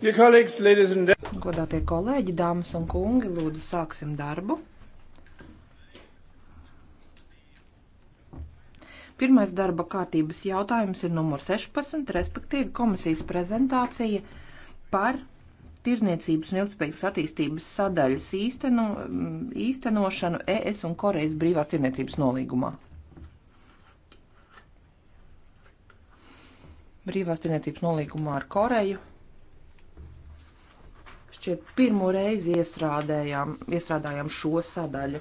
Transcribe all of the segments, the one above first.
Godātie kolēģi, dāmas un kungi, lūdzu sāksim darbu. Pirmais darba kārtības jautājums ir numur 16, respektīvi komisijas prezentācija par tirniecības un ilgspējīgas attīstības sadaļas īsteno, īstenošanu ES un Korejas brīvās tirniecības nolīgumā. Brīvās tirniecības nolīgumā ar Koreju šķiet pirmo reizi iestrādējām, iestrādājām šo sadaļu.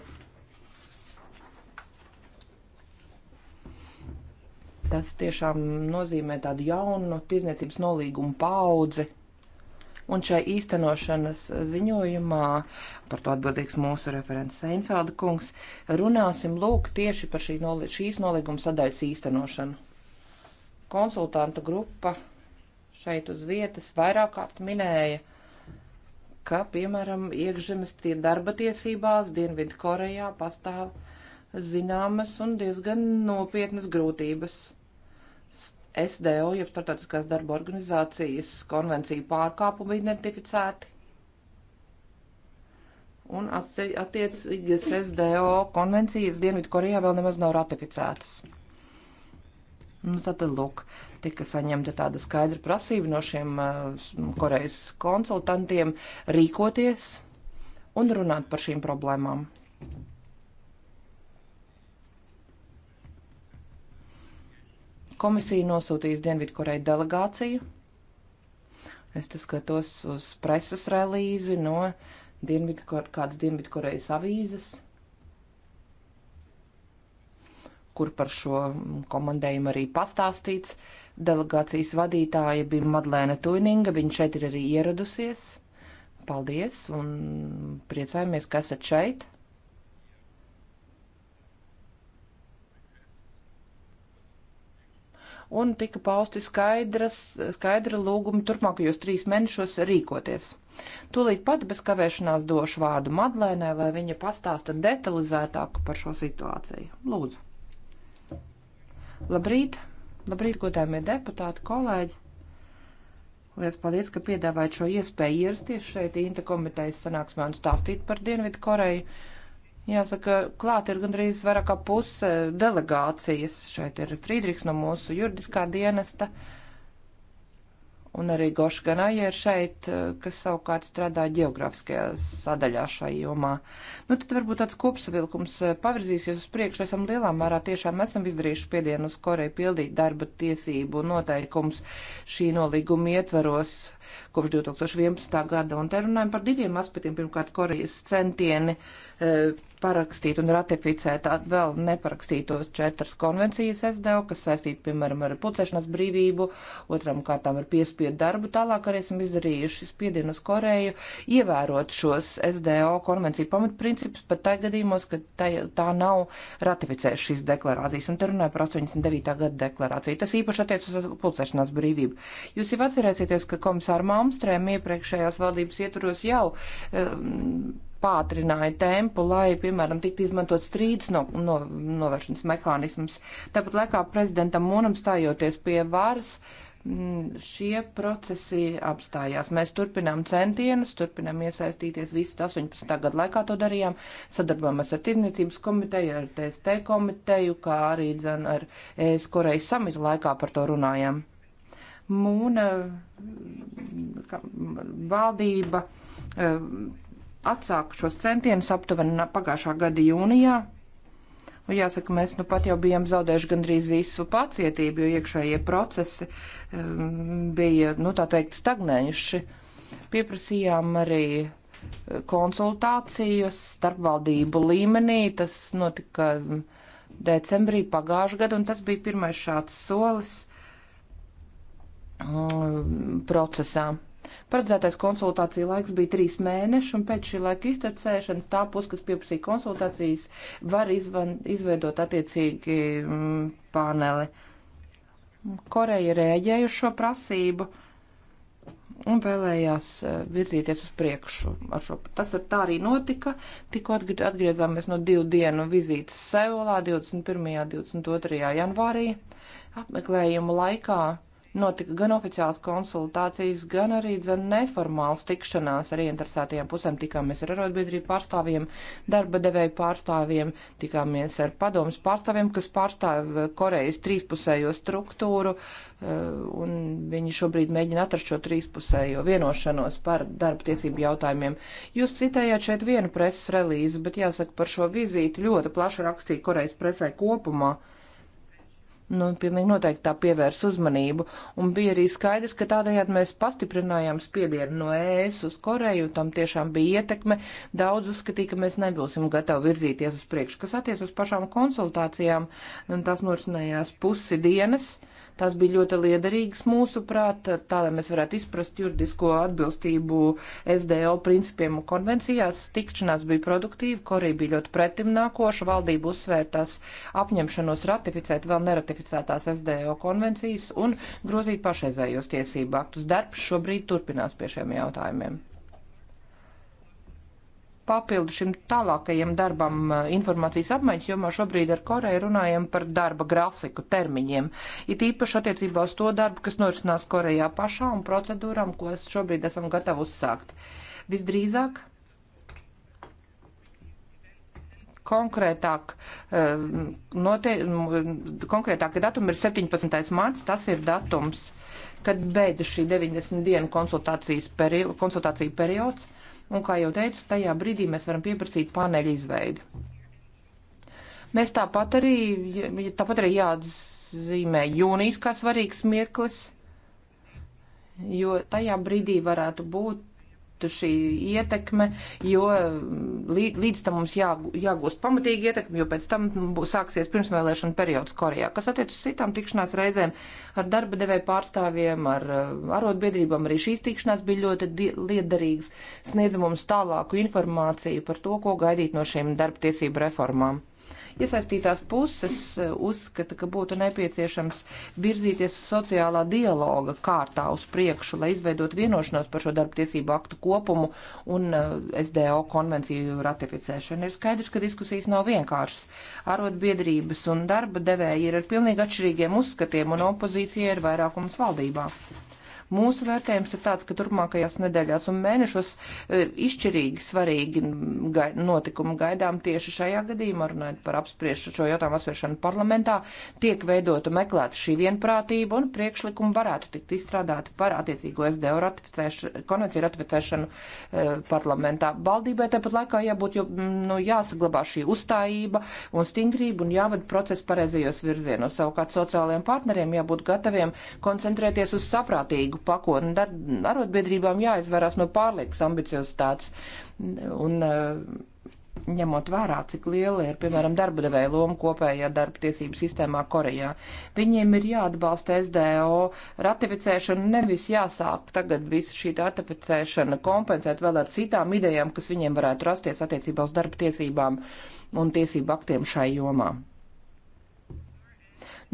Tas tiešām nozīmē tādu jaunu tirniecības nolīgumu paudzi. Un šai īstenošanas ziņojumā, par to atbildīgs mūsu referents Seinfelda kungs, runāsim lūk tieši par šī nolī, šīs nolīguma sadaļas īstenošanu. Konsultanta grupa šeit uz vietas vairāk kārt minēja, ka, piemēram, iekšzemes tie darba tiesībās Dienvidu Korejā pastāv zināmas un diezgan nopietnas grūtības. SDO, jeb Startautiskās darba organizācijas konvenciju pārkāpumi identificēti. Un attiecīgas SDO konvencijas Dienvidu Korejā vēl nemaz nav ratificētas. Nu, tad, lūk, tika saņemta tāda skaidra prasība no šiem eh, nu, Korejas konsultantiem rīkoties un runāt par šīm problēmām. Komisija nosūtīs Dienvidkoreju delegāciju. Es skatos uz preses relīzi no Dienvidkore, kādas Dienvidkorejas avīzes kur par šo mm, komandējumu arī pastāstīts. Delegācijas vadītāja bija Madlēna Tuininga, viņa šeit ir arī ieradusies. Paldies un priecājamies, ka esat šeit. un tika pausti skaidras, skaidra lūguma turpmākajos trīs mēnešos rīkoties. Tūlīt pat bez kavēšanās došu vārdu Madlēnai, lai viņa pastāsta detalizētāk par šo situāciju. Lūdzu! Labrīt! Labrīt, godājumie deputāti, kolēģi! Lielas paldies, ka piedāvājat šo iespēju ierasties šeit Inta komitejas sanāksmē un stāstīt par Dienvidu Koreju. Jāsaka, klāt ir gandrīz vairāk kā puse delegācijas. Šeit ir Frīdriks no mūsu juridiskā dienesta. Uh, un arī Goša Ganaja ir šeit, eh, kas savukārt strādā geogrāfiskajā sadaļā šai jomā. Nu, tad varbūt tāds kopsavilkums eh, pavirzīsies uz priekšu. Esam lielā mērā tiešām esam izdarījuši piedienu uz Koreju pildīt darba tiesību noteikums šī nolīguma ietvaros kopš 2011. gada. Un te runājam par diviem aspektiem. Pirmkārt, Korejas centieni. E, parakstīt un ratificēt vēl neparakstītos četras konvencijas SDO, kas saistīti, piemēram, ar pulcēšanās brīvību, otram kārtām ar piespiedu darbu. Tālāk arī esam izdarījuši spiedienu uz Koreju, ievērot šos SDO konvenciju pamatprincipus, pat tā gadījumos, ka tā, tā nav ratificējuši šīs deklarācijas. Un te runāju par 89. gada deklarāciju. Tas īpaši attiec uz pulcēšanās brīvību. Jūs jau atcerēsieties, ka komisāra Malmstrēm iepriekšējās valdības ietvaros jau um, pātrināja tempu, lai, piemēram, tiktu izmantot strīdus no, no, novēršanas mehānismus. Tāpat laikā prezidentam Mūnam stājoties pie varas, mm, šie procesi apstājās. Mēs turpinām centienus, turpinām iesaistīties visu 18. gadu laikā to darījām, sadarbojamies ar Tirniecības komiteju, ar TST komiteju, kā arī dzen ar ES Korejas samitu laikā par to runājām. Mūna mm, valdība eh, atsāka šos centienus aptuveni pagājušā gada jūnijā. Un nu, jāsaka, mēs nu pat jau bijām zaudējuši gandrīz visu pacietību, jo iekšējie procesi um, bija, nu tā teikt, stagnējuši. Pieprasījām arī uh, konsultācijas starpvaldību līmenī. Tas notika um, decembrī pagājušajā gadā, un tas bija pirmais šāds solis um, procesā. Paredzētais konsultāciju laiks bija trīs mēneši, un pēc šī laika iztecēšanas tā puse, kas pieprasīja konsultācijas, var izvan, izveidot attiecīgi mm, pāneli. Koreja rēģēja uz šo prasību un vēlējās e, virzīties uz priekšu. Ar šo. Tas ar tā arī notika. Tikko atgriezāmies no divu dienu vizītes Seulā 21. un 22. janvārī. Apmeklējumu laikā Notika gan oficiāls konsultācijas, gan arī dzen, neformāls tikšanās ar interesētajām pusēm. Tikāmies ar arotbiedrību pārstāvjiem, darba devēju pārstāvjiem, tikāmies ar padomus pārstāvjiem, kas pārstāv eh, Korejas trīspusējo struktūru, eh, un viņi šobrīd mēģina atrast šo trīspusējo vienošanos par darba tiesību jautājumiem. Jūs citējāt šeit vienu preses relīzi, bet jāsaka par šo vizīti ļoti plaši rakstīja Korejas presē kopumā nu, pilnīgi noteikti tā pievērs uzmanību. Un bija arī skaidrs, ka tādējādi mēs pastiprinājām spiedienu no ES uz Koreju, tam tiešām bija ietekme. Daudz uzskatīja, ka mēs nebūsim gatavi virzīties uz priekšu. Kas attiec uz pašām konsultācijām, un tas norisinājās pusi dienas. Uh, Tās bija ļoti liederīgas mūsu prāt, tā lai mēs varētu izprast juridisko atbilstību SDO principiem un konvencijās. Tikšanās bija produktīva, Korija bija ļoti pretimnākoša, valdība uzsvērtās apņemšanos ratificēt vēl neratificētās SDO konvencijas un grozīt pašreizējos tiesību aktus. Darbs šobrīd turpinās pie šiem jautājumiem papildu šim tālākajam darbam uh, informācijas apmaiņas jomā šobrīd ar Koreju runājam par darba grafiku termiņiem. It īpaši attiecībā uz to darbu, kas norisinās Korejā pašā un procedūram, ko es šobrīd esam gatavi uzsākt. Visdrīzāk. Konkrētāk, uh, notie, mm, konkrētāk datumi ir 17. mārts, tas ir datums, kad beidzas šī 90 dienu konsultācijas peri, konsultācija periods un, kā jau teicu, tajā brīdī mēs varam pieprasīt paneļu izveidi. Mēs tāpat arī, tāpat arī jāatzīmē jūnijas kā svarīgs mirklis, jo tajā brīdī varētu būt šī ietekme, jo mm, līdz tam mums jā, jāgūst pamatīgi ietekme, jo pēc tam būs sāksies pirmsvēlēšana periods Korejā, kas attiec uz citām tikšanās reizēm ar darba devēju pārstāvjiem, ar eh, arotbiedrībām. Arī šīs tikšanās bija ļoti liederīgas, sniedza mums tālāku informāciju par to, ko gaidīt no šiem darba tiesību reformām. Iesaistītās puses eh, uzskata, ka būtu nepieciešams virzīties sociālā dialoga kārtā uz priekšu, lai izveidot vienošanos par šo darbtiesību aktu kopumu un eh, SDO konvenciju ratificēšanu. Ir skaidrs, ka diskusijas nav vienkāršas. Arotbiedrības un darba devēji ir ar pilnīgi atšķirīgiem uzskatiem un opozīcija ir vairākums valdībā. Mūsu vērtējums ir tāds, ka turpmākajās nedēļās un mēnešos e, izšķirīgi svarīgi notikumi gaidām tieši šajā gadījumā, runājot par apspriešanu šo jautājumu apspriešanu parlamentā, tiek veidota meklēta šī vienprātība un priekšlikumi varētu tikt izstrādāti par attiecīgo SDO ratificēšanu, konvenciju ratificēšanu eh, parlamentā. Valdībai tāpat laikā jābūt, jo nu, jāsaglabā šī uzstājība un stingrība un jāvada process pareizajos virzienos. Savukārt sociālajiem partneriem jābūt gataviem koncentrēties uz saprātīgu milzīgu pakotni. Arotbiedrībām jāizvarās no pārliekas ambiciozitātes. Un, eh, ņemot vērā, cik liela ir, piemēram, darba devēja loma kopējā darba tiesību sistēmā Korejā. Viņiem ir jāatbalsta SDO ratificēšana, nevis jāsāk tagad visa šī ratificēšana kompensēt vēl ar citām idejām, kas viņiem varētu rasties attiecībā uz darba tiesībām un tiesību aktiem šai jomā.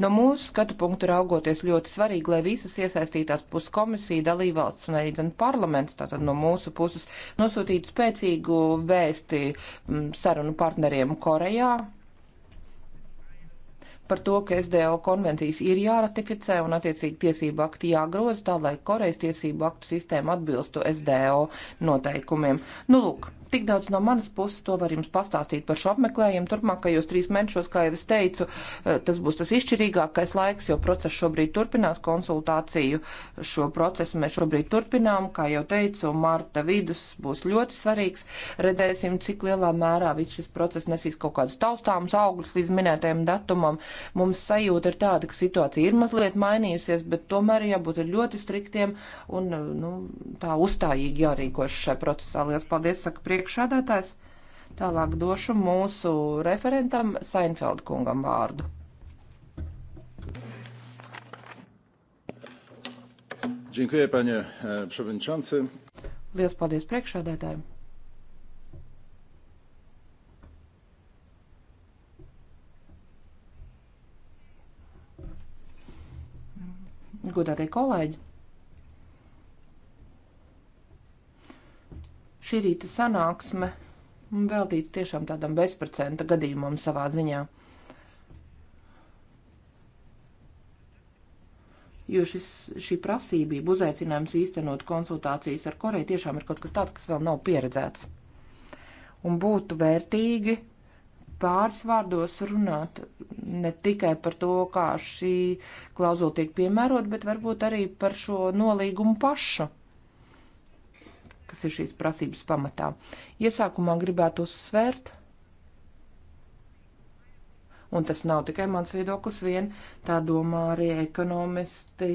No mūsu skatu punktu raugoties ļoti svarīgi, lai visas iesaistītās puses komisija, dalībvalsts un arī dzen parlaments, tātad no mūsu puses, nosūtītu spēcīgu vēsti mm, sarunu partneriem Korejā par to, ka SDO konvencijas ir jāratificē un attiecīgi tiesību akti jāgroza tā, lai Korejas tiesību aktu sistēma atbilstu SDO noteikumiem. Nu, lūk, Tik daudz no manas puses to var jums pastāstīt par šo apmeklējumu. Turpmākajos trīs mēnešos, kā jau es teicu, eh, tas būs tas izšķirīgākais laiks, jo process šobrīd turpinās konsultāciju. Šo procesu mēs šobrīd turpinām, kā jau teicu, marta vidus būs ļoti svarīgs. Redzēsim, cik lielā mērā viss šis process nesīs kaut kādus taustāmus augļus līdz minētajam datumam. Mums sajūta ir tāda, ka situācija ir mazliet mainījusies, bet tomēr jābūt ļoti striktiem un nu, tā uzstājīgi jārīkojas šajā procesā. Lielas paldies, saka priekšsēdētājiem priekšādātājs. Tālāk došu mūsu referentam Seinfeld kungam vārdu. Dziękuję, panie e, przewodniczący. Liels paldies priekšādātājiem. Godātie kolēģi! šī rīta sanāksme veltīta tiešām tādam bezprecenta gadījumam savā ziņā. Jo šis, šī prasībība, uzaicinājums īstenot konsultācijas ar Koreju tiešām ir kaut kas tāds, kas vēl nav pieredzēts. Un būtu vērtīgi pāris vārdos runāt ne tikai par to, kā šī klauzula tiek piemērota, bet varbūt arī par šo nolīgumu pašu kas ir šīs prasības pamatā. Iesākumā gribētu uzsvērt, un tas nav tikai mans viedoklis vien, tā domā arī ekonomisti.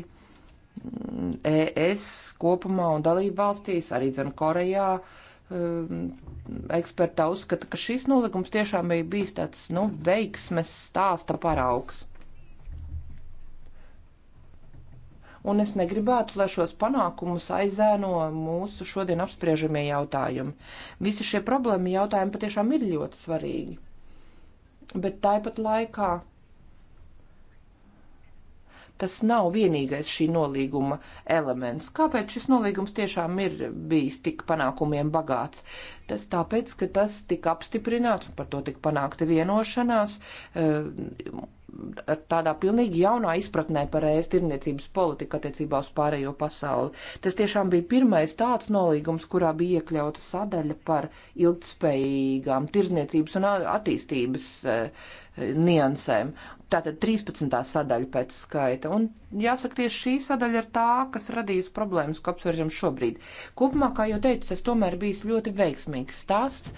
Mm, ES kopumā un dalību valstīs, arī dzen Korejā, mm, ekspertā uzskata, ka šis nolikums tiešām bija bijis tāds, nu, veiksmes stāsta paraugs. un es negribētu, lai šos panākumus aizēno mūsu šodien apspriežamie jautājumi. Visi šie problēma jautājumi patiešām ir ļoti svarīgi. Bet tāpat laikā tas nav vienīgais šī nolīguma elements. Kāpēc šis nolīgums tiešām ir bijis tik panākumiem bagāts? Tas tāpēc, ka tas tika apstiprināts un par to tika panākta vienošanās eh, tādā pilnīgi jaunā izpratnē par ēst tirniecības politiku attiecībā uz pārējo pasauli. Tas tiešām bija pirmais tāds nolīgums, kurā bija iekļauta sadaļa par ilgtspējīgām tirzniecības un attīstības e, niansēm. Tātad 13. sadaļa pēc skaita. Un jāsaka, tieši šī sadaļa ir tā, kas radījusi problēmas, ko apsveram šobrīd. Kopumā, kā jau teicu, tas tomēr bijis ļoti veiksmīgs stāsts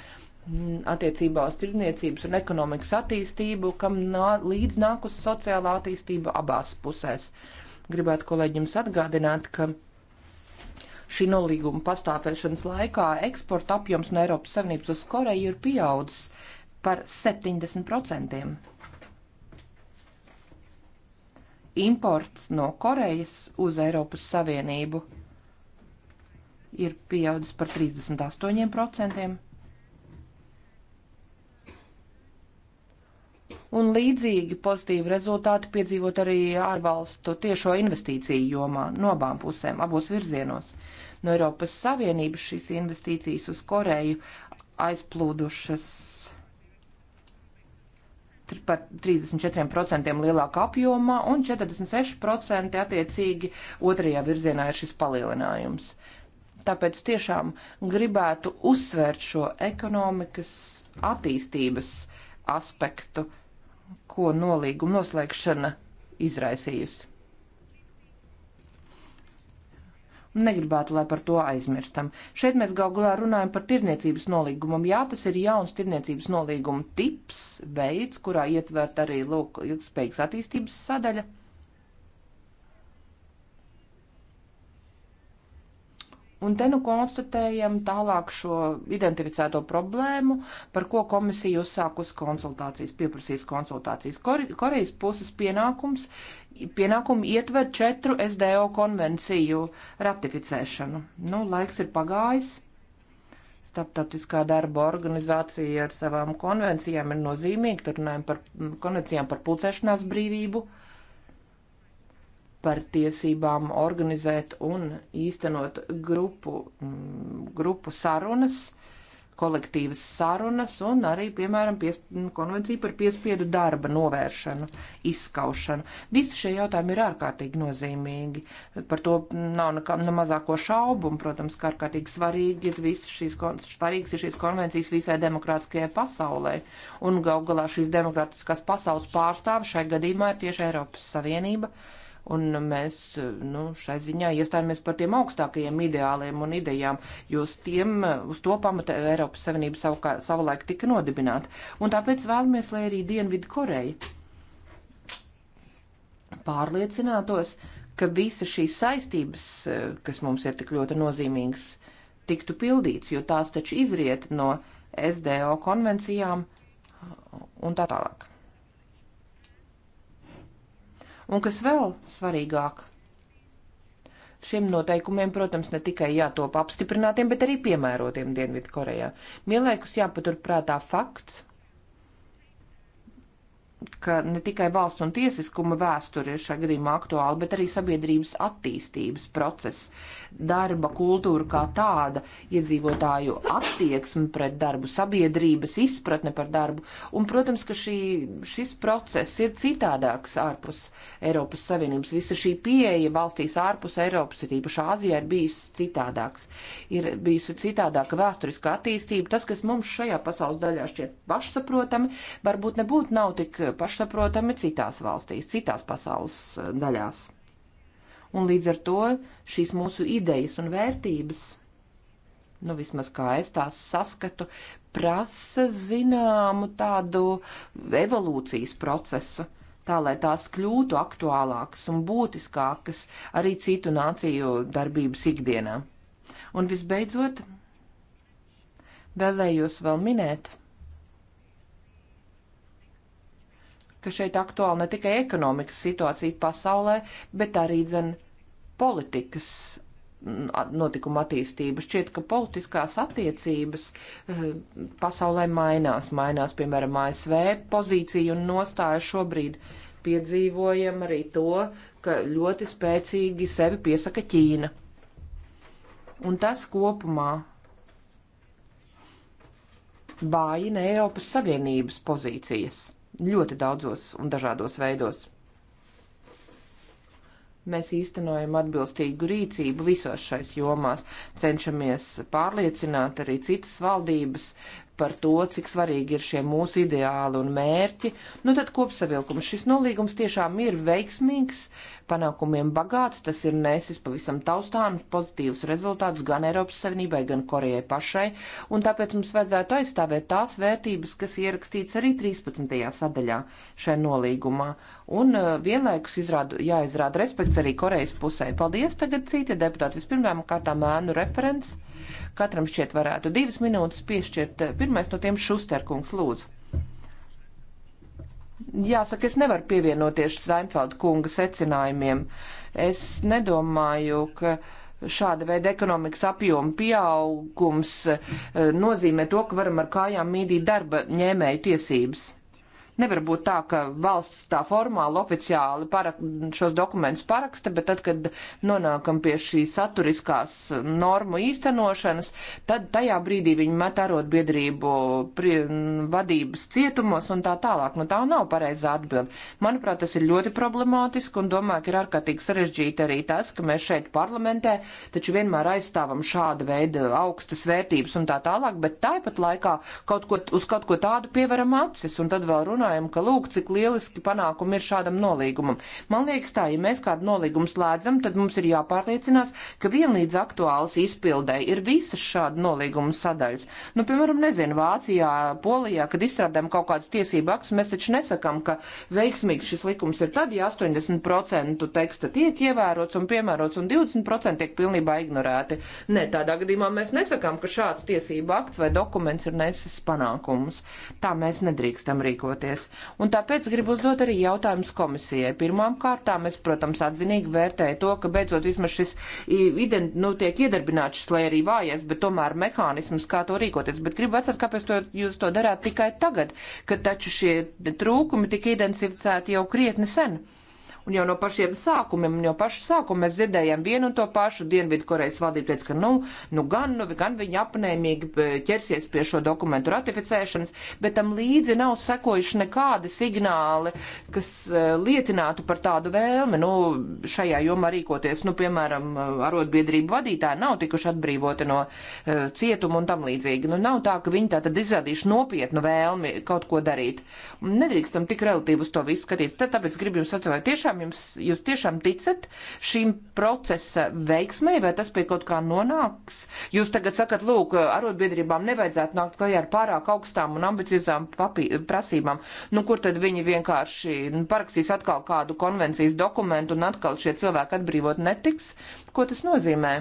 attiecībā uz tirdzniecības un ekonomikas attīstību, kam nā, līdz nākus sociālā attīstība abās pusēs. Gribētu kolēģiem atgādināt, ka šī nolīguma pastāvēšanas laikā eksporta apjoms no Eiropas Savienības uz Koreju ir pieaudzis par 70%. Imports no Korejas uz Eiropas Savienību ir pieaudzis par 38%. un līdzīgi pozitīvi rezultāti piedzīvot arī ārvalstu tiešo investīciju jomā no abām pusēm, abos virzienos. No Eiropas Savienības šīs investīcijas uz Koreju aizplūdušas par 34% lielākā apjomā un 46% attiecīgi otrajā virzienā ir šis palielinājums. Tāpēc tiešām gribētu uzsvērt šo ekonomikas attīstības aspektu ko nolīguma noslēgšana izraisījusi. Un negribētu, lai par to aizmirstam. Šeit mēs gal galā runājam par tirniecības nolīgumam. Jā, tas ir jauns tirniecības nolīguma tips, veids, kurā ietvert arī, lūk, ilgspējīgas attīstības sadaļa. Un te nu konstatējam tālāk šo identificēto problēmu, par ko komisija uzsākus konsultācijas, pieprasīs konsultācijas. Korejas puses pienākums, pienākumi ietver četru SDO konvenciju ratificēšanu. Nu, laiks ir pagājis. Starptautiskā darba organizācija ar savām konvencijām ir nozīmīga, tur runājam par konvencijām par pulcēšanās brīvību par tiesībām organizēt un īstenot grupu, grupu sarunas, kolektīvas sarunas un arī, piemēram, pies, konvenciju par piespiedu darba novēršanu, izskaušanu. Visi šie jautājumi ir ārkārtīgi nozīmīgi. Par to nav nekā ne mazāko šaubu, un, protams, ka ārkārtīgi svarīgi ir visas šīs, svarīgs ir šīs konvencijas visai demokrātiskajai pasaulē. Un gal galā šīs demokrātiskās pasaules pārstāve šai gadījumā ir tieši Eiropas Savienība. Uh, un mēs nu, šai ziņā iestājāmies par tiem augstākajiem ideāliem un idejām, jo uz, tiem, uz to pamata Eiropas Savienība savukā, savulaik tika nodibināta. Un tāpēc vēlamies, lai arī Dienvidu Koreja pārliecinātos, ka visa šīs saistības, kas mums ir tik ļoti nozīmīgas, tiktu pildīts, jo tās taču izriet no SDO konvencijām un tā tālāk. Un kas vēl svarīgāk? Šiem noteikumiem, protams, ne tikai jātop apstiprinātiem, bet arī piemērotiem Dienvidkorejā. Vienlaikus jāpaturprātā fakts, ka ne tikai valsts un tiesiskuma vēsture ir šajā gadījumā aktuāla, bet arī sabiedrības attīstības process darba kultūru kā tāda, iedzīvotāju attieksmi pret darbu, sabiedrības izpratne par darbu. Un, protams, ka šī, šis process ir citādāks ārpus Eiropas Savienības. Visa šī pieeja valstīs ārpus Eiropas, ir īpaši Āzijā, ir bijusi citādāks. Ir bijusi citādāka vēsturiska attīstība. Tas, kas mums šajā pasaules daļā šķiet pašsaprotami, varbūt nebūtu nav tik pašsaprotami citās valstīs, citās pasaules eh, daļās un līdz ar to šīs mūsu idejas un vērtības, nu vismaz kā es tās saskatu, prasa zināmu tādu evolūcijas procesu, tā lai tās kļūtu aktuālākas un būtiskākas arī citu nāciju darbības ikdienā. Un visbeidzot, vēlējos vēl minēt, ka šeit aktuāli ne tikai ekonomikas situācija pasaulē, bet arī dzen politikas mm, notikuma attīstība. Šķiet, ka politiskās attiecības eh, pasaulē mainās. Mainās, piemēram, ASV pozīcija un nostāja šobrīd. Piedzīvojam arī to, ka ļoti spēcīgi sevi piesaka Ķīna. Un tas kopumā vājina Eiropas Savienības pozīcijas ļoti daudzos un dažādos veidos. Mēs īstenojam atbilstīgu rīcību visos šais jomās, cenšamies pārliecināt arī citas valdības par to, cik svarīgi ir šie mūsu ideāli un mērķi. Nu tad kopsavilkums šis nolīgums tiešām ir veiksmīgs panākumiem bagāts, tas ir nesis pavisam taustāms pozitīvs rezultāts gan Eiropas Savienībai, gan Korejai pašai, un tāpēc mums vajadzētu aizstāvēt tās vērtības, kas ierakstīts arī 13. sadaļā šai nolīgumā, un uh, vienlaikus izrādu, jāizrāda respekts arī Korejas pusē. Paldies tagad citi deputāti, vispirmām kārtām ēnu referents, katram šķiet varētu divas minūtes piešķirt, uh, pirmais no tiem Šusterkungs lūdzu. Jāsaka, es nevaru pievienoties Zainfelda kunga secinājumiem. Es nedomāju, ka šāda veida ekonomikas apjoma pieaugums eh, nozīmē to, ka varam ar kājām mīdīt darba ņēmēju tiesības. Nevar būt tā, ka valsts tā formāli, oficiāli parak, šos dokumentus paraksta, bet tad, kad nonākam pie šīs saturiskās normu īstenošanas, tad tajā brīdī viņi met arotbiedrību vadības cietumos un tā tālāk. Nu, tā nav pareizā atbilde. Manuprāt, tas ir ļoti problemātiski un domāju, ka ir ārkārtīgi sarežģīti arī tas, ka mēs šeit parlamentē taču vienmēr aizstāvam šādu veidu augstas vērtības un tā tālāk, bet tāpat laikā kaut ko, uz kaut ko tādu pievaram acis un tad vēl runā runājam, ka lūk, cik lieliski panākumi ir šādam nolīgumam. Man liekas tā, ja mēs kādu nolīgumu slēdzam, tad mums ir jāpārliecinās, ka vienlīdz aktuāls izpildē ir visas šāda nolīguma sadaļas. Nu, piemēram, nezinu, Vācijā, Polijā, kad izstrādājam kaut kādus tiesību aktus, mēs taču nesakam, ka veiksmīgi šis likums ir tad, ja 80% teksta tiek ievērots un piemērots un 20% tiek pilnībā ignorēti. Nē, tādā gadījumā mēs nesakām, ka šāds tiesību akts vai dokuments ir nesis panākumus. Tā mēs nedrīkstam rīkoties vēlamies. Un tāpēc gribu uzdot arī jautājumus komisijai. Pirmām kārtām es, protams, atzinīgi vērtēju to, ka beidzot vismaz šis ident, nu, tiek iedarbināts, lai arī vājies, bet tomēr mehānisms, kā to rīkoties. Bet gribu atcerēt, kāpēc to, jūs to darāt tikai tagad, kad taču šie trūkumi tika identificēti jau krietni sen. Un jau no pašiem sākumiem, jau pašu sākumu mēs dzirdējām vienu un to pašu. Dienvidkorejas valdība teica, ka nu, nu gan, nu, gan viņi apņēmīgi e, ķersies pie šo dokumentu ratificēšanas, bet tam līdzi nav sekojuši nekādi signāli, kas e, liecinātu par tādu vēlmi, nu, šajā jomā rīkoties, nu, piemēram, e, arotbiedrību vadītāji nav tikuši atbrīvoti no uh, cietuma un tam līdzīgi. Nu, nav tā, ka viņi tā tad izrādīšu nopietnu vēlmi kaut ko darīt. Nedrīkstam tik relatīvi uz to visu skatīties. Tad, tāpēc gribu jums atcerēt, tiešām jautājumi jums, jūs tiešām ticat šīm procesa veiksmai, vai tas pie kaut kā nonāks? Jūs tagad sakat, lūk, arotbiedrībām nevajadzētu nākt klajā ar pārāk augstām un ambiciozām prasībām. Nu, kur tad viņi vienkārši nu, parakstīs atkal kādu konvencijas dokumentu un atkal šie cilvēki atbrīvot netiks? Ko tas nozīmē?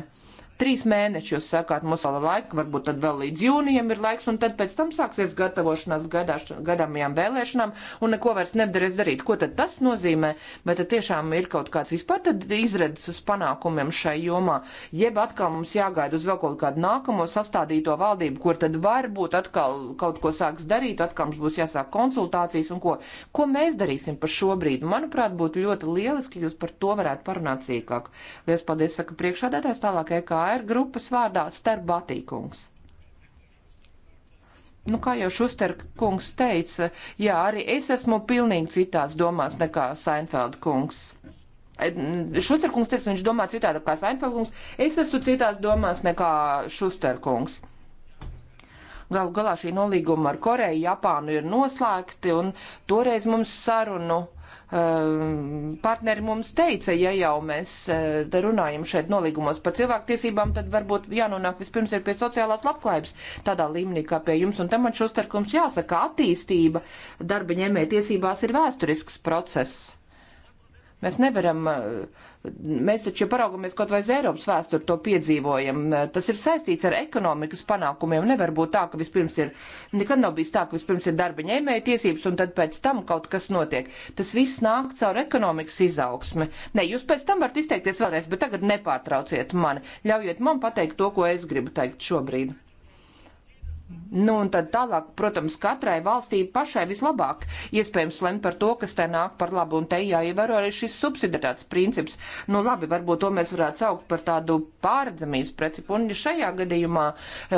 Trīs mēneši jūs sakāt, mums vēl ir laika, varbūt tad vēl līdz jūnijam ir laiks, un tad pēc tam sāksies gatavošanās gadāmajām vēlēšanām, un neko vairs nedarēs darīt. Ko tad tas nozīmē? Vai tad tiešām ir kaut kāds vispār tad izredzes uz panākumiem šai jomā, jeb atkal mums jāgaida uz vēl kaut kādu nākamo sastādīto valdību, kur tad varbūt atkal kaut ko sāks darīt, atkal mums būs jāsāk konsultācijas un ko. Ko mēs darīsim par šo brīdi? Manuprāt, būtu ļoti lieliski, ja jūs par to varētu parunāt sīkāk. Lielas paldies, saka priekšādētājs tālāk EKR. EKR grupas vārdā Starbatīkungs. Nu, kā jau Šusterkungs teica, jā, arī es esmu pilnīgi citās domās nekā Seinfeld kungs. E, Šusterkungs teica, viņš domā citādi kā Seinfeld kungs, es esmu citās domās nekā Šusterkungs. Galu galā šī nolīguma ar Koreju, Japānu ir noslēgti, un toreiz mums sarunu Ehm, partneri mums teica, ja jau mēs eh, runājam šeit nolīgumos par cilvēktiesībām, tad varbūt jānonāk vispirms ir pie sociālās labklājības tādā līmenī kā pie jums. Un tam man šostarkums jāsaka, attīstība darba ņēmē tiesībās ir vēsturisks process. Mēs nevaram uh, Mēs taču, ja paraugamies kaut vai uz Eiropas vēsturi, to piedzīvojam. Tas ir saistīts ar ekonomikas panākumiem. Nevar būt tā, ka vispirms ir, nekad nav bijis tā, ka vispirms ir darba ņēmēja tiesības un tad pēc tam kaut kas notiek. Tas viss nāk caur ekonomikas izaugsmi. Nē, jūs pēc tam varat izteikties vēlreiz, bet tagad nepārtrauciet mani. Ļaujiet man pateikt to, ko es gribu teikt šobrīd. Nu, un tad tālāk, protams, katrai valstī pašai vislabāk iespējams lemt par to, kas te nāk par labu, un te jāievēro arī šis subsidiatāts princips. Nu, labi, varbūt to mēs varētu saukt par tādu pārredzamības principu, un šajā gadījumā,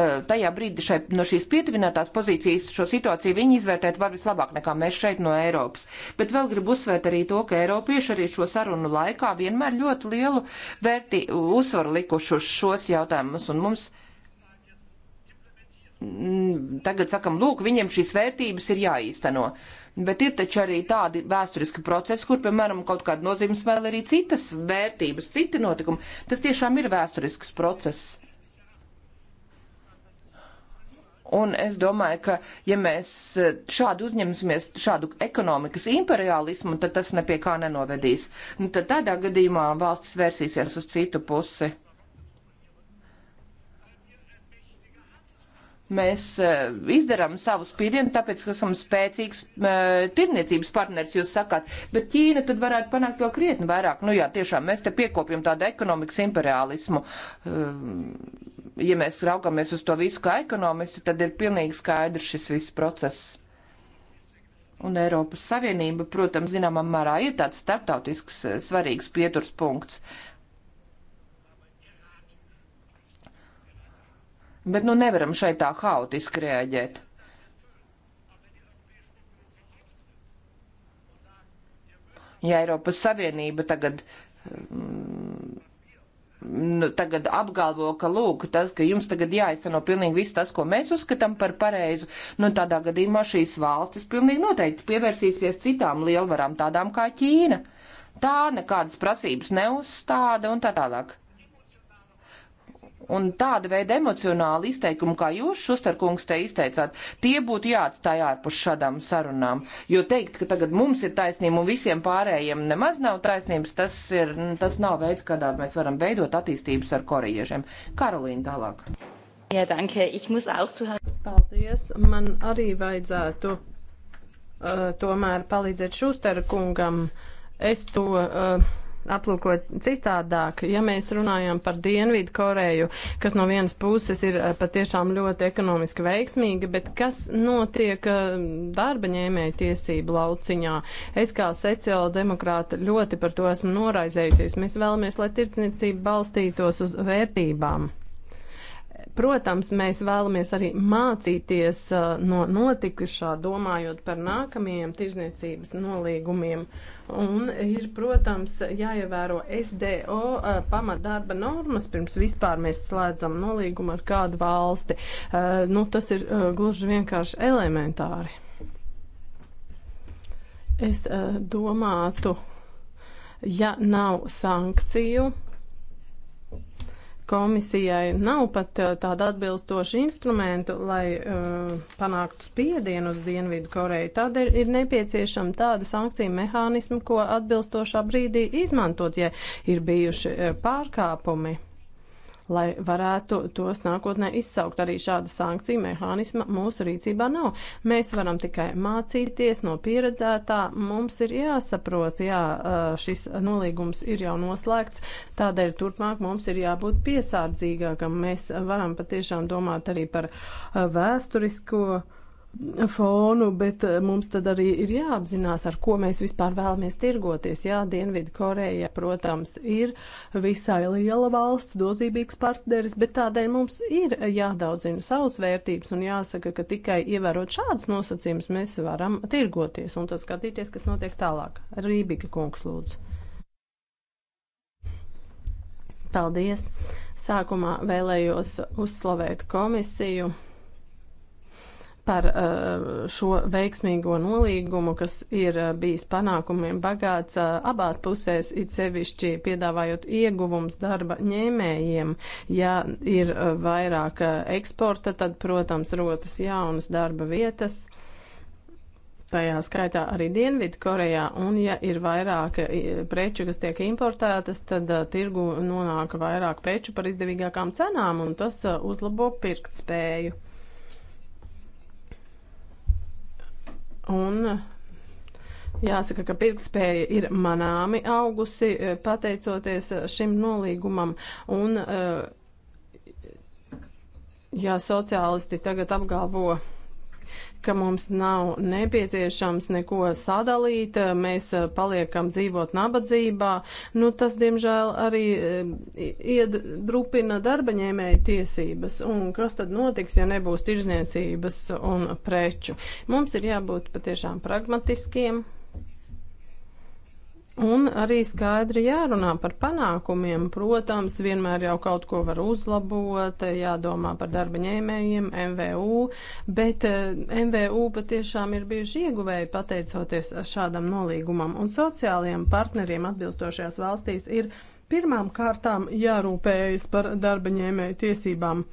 eh, tajā brīdī šai, no šīs pietuvinātās pozīcijas šo situāciju viņi izvērtēt var vislabāk nekā mēs šeit no Eiropas. Bet vēl gribu uzsvērt arī to, ka Eiropieši arī šo sarunu laikā vienmēr ļoti lielu vērti uzsvaru likuši uz šos jautājumus, un mums. Mm, tagad sakam, lūk, viņiem šīs vērtības ir jāīsteno. Bet ir taču arī tādi vēsturiski procesi, kur, piemēram, kaut kāda nozīme spēlē arī citas vērtības, citi notikumi. Tas tiešām ir vēsturisks process. Un es domāju, ka ja mēs šādu uzņemsimies, šādu ekonomikas imperialismu, tad tas nepie kā nenovedīs. Un nu, tad tādā gadījumā valsts vērsīsies uz citu pusi. Mēs eh, izdarām savu spiedienu, tāpēc, ka esam spēcīgs eh, tirniecības partners, jūs sakāt, bet Ķīna tad varētu panākt vēl krietni vairāk. Nu jā, tiešām mēs te piekopjam tādu ekonomikas imperialismu. Eh, ja mēs raugamies uz to visu kā ekonomisti, tad ir pilnīgi skaidrs šis viss process. Un Eiropas Savienība, protams, zināmā mērā ir tāds starptautisks svarīgs pieturs punkts. Uh, Bet nu nevaram šeit tā haotiski rēģēt. Ja Eiropas Savienība tagad mm, nu, tagad apgalvo, ka lūk, tas, ka jums tagad jāizsano pilnīgi viss tas, ko mēs uzskatām par pareizu, nu tādā gadījumā šīs valstis pilnīgi noteikti pievērsīsies citām lielvarām, tādām kā Ķīna. Tā nekādas prasības neuzstāda un tā tālāk. Un tāda veida emocionāli izteikumi, kā jūs, Šusterkungs, te izteicāt, tie būtu jāatstāj ārpus šādām sarunām. Jo teikt, ka tagad mums ir taisnība un visiem pārējiem nemaz nav taisnības, tas, ir, tas nav veids, kādā mēs varam veidot attīstības ar korejiešiem. Karolīna tālāk. Jā, danke. Ich muss auch zu Paldies. Man arī vajadzētu uh, tomēr palīdzēt Šusterkungam. Es to. Uh, aplūkot citādāk. Ja mēs runājam par Dienvidu Koreju, kas no vienas puses ir eh, patiešām ļoti ekonomiski veiksmīga, bet kas notiek eh, darba ņēmēju tiesību lauciņā? Es kā sociāla demokrāta ļoti par to esmu noraizējusies. Mēs vēlamies, lai tirdzniecība balstītos uz vērtībām. Protams, mēs vēlamies arī mācīties uh, no notikušā, domājot par nākamajiem tirzniecības nolīgumiem. Un ir, protams, jāievēro SDO uh, pamatdarba normas, pirms vispār mēs slēdzam nolīgumu ar kādu valsti. Uh, nu, tas ir gluži vienkārši elementāri. Es domātu, ja nav sankciju, Komisijai nav pat eh, tāda atbilstoša instrumentu, lai uh, panāktu spiedienu uz Dienvidu Koreju. Tādēļ ir nepieciešama tāda sankcija mehānisma, ko atbilstošā brīdī izmantot, ja ir bijuši eh, pārkāpumi lai varētu tos nākotnē izsaukt. Arī šāda sankcija mehānisma mūsu rīcībā nav. Mēs varam tikai mācīties no pieredzētā. Mums ir jāsaprot, jā, šis nolīgums ir jau noslēgts, tādēļ turpmāk mums ir jābūt piesardzīgākam. Mēs varam patiešām domāt arī par vēsturisko fonu, bet eh, mums tad arī ir jāapzinās, ar ko mēs vispār vēlamies tirgoties. Jā, Dienvidu Koreja, protams, ir visai liela valsts, dozīmīgs partneris, bet tādēļ mums ir jādaudzina savas vērtības un jāsaka, ka tikai ievērot šādus nosacījumus mēs varam tirgoties un tad skatīties, kas notiek tālāk. Rībika kungs lūdzu. Paldies! Sākumā vēlējos uzslavēt komisiju par uh, šo veiksmīgo nolīgumu, kas ir uh, bijis panākumiem bagāts uh, abās pusēs, it sevišķi piedāvājot ieguvums darba ņēmējiem. Ja ir vairāk eksporta, tad, protams, rotas jaunas darba vietas. Tajā skaitā arī Dienvidkorejā, un ja ir vairāk preču, kas tiek importētas, tad uh, tirgu nonāk vairāk preču par izdevīgākām cenām, un tas uh, uzlabo pirktspēju. Un Jāsaka, ka pirktspēja ir manāmi augusi eh, pateicoties eh, šim nolīgumam. Un, eh, ja sociālisti tagad apgalvo ka mums nav nepieciešams neko sadalīt, mēs eh, paliekam dzīvot nabadzībā. Nu, tas, diemžēl, arī eh, iedrupina darbaņēmēju tiesības. Un kas tad notiks, ja nebūs tirzniecības un preču? Mums ir jābūt patiešām pragmatiskiem. Un arī skaidri jārunā par panākumiem. Protams, vienmēr jau kaut ko var uzlabot, jādomā par darba ņēmējiem, MVU, bet eh, MVU patiešām ir bijuši ieguvēji pateicoties šādam nolīgumam. Un sociālajiem partneriem atbilstošajās valstīs ir pirmām kārtām jārūpējas par darba ņēmēju tiesībām.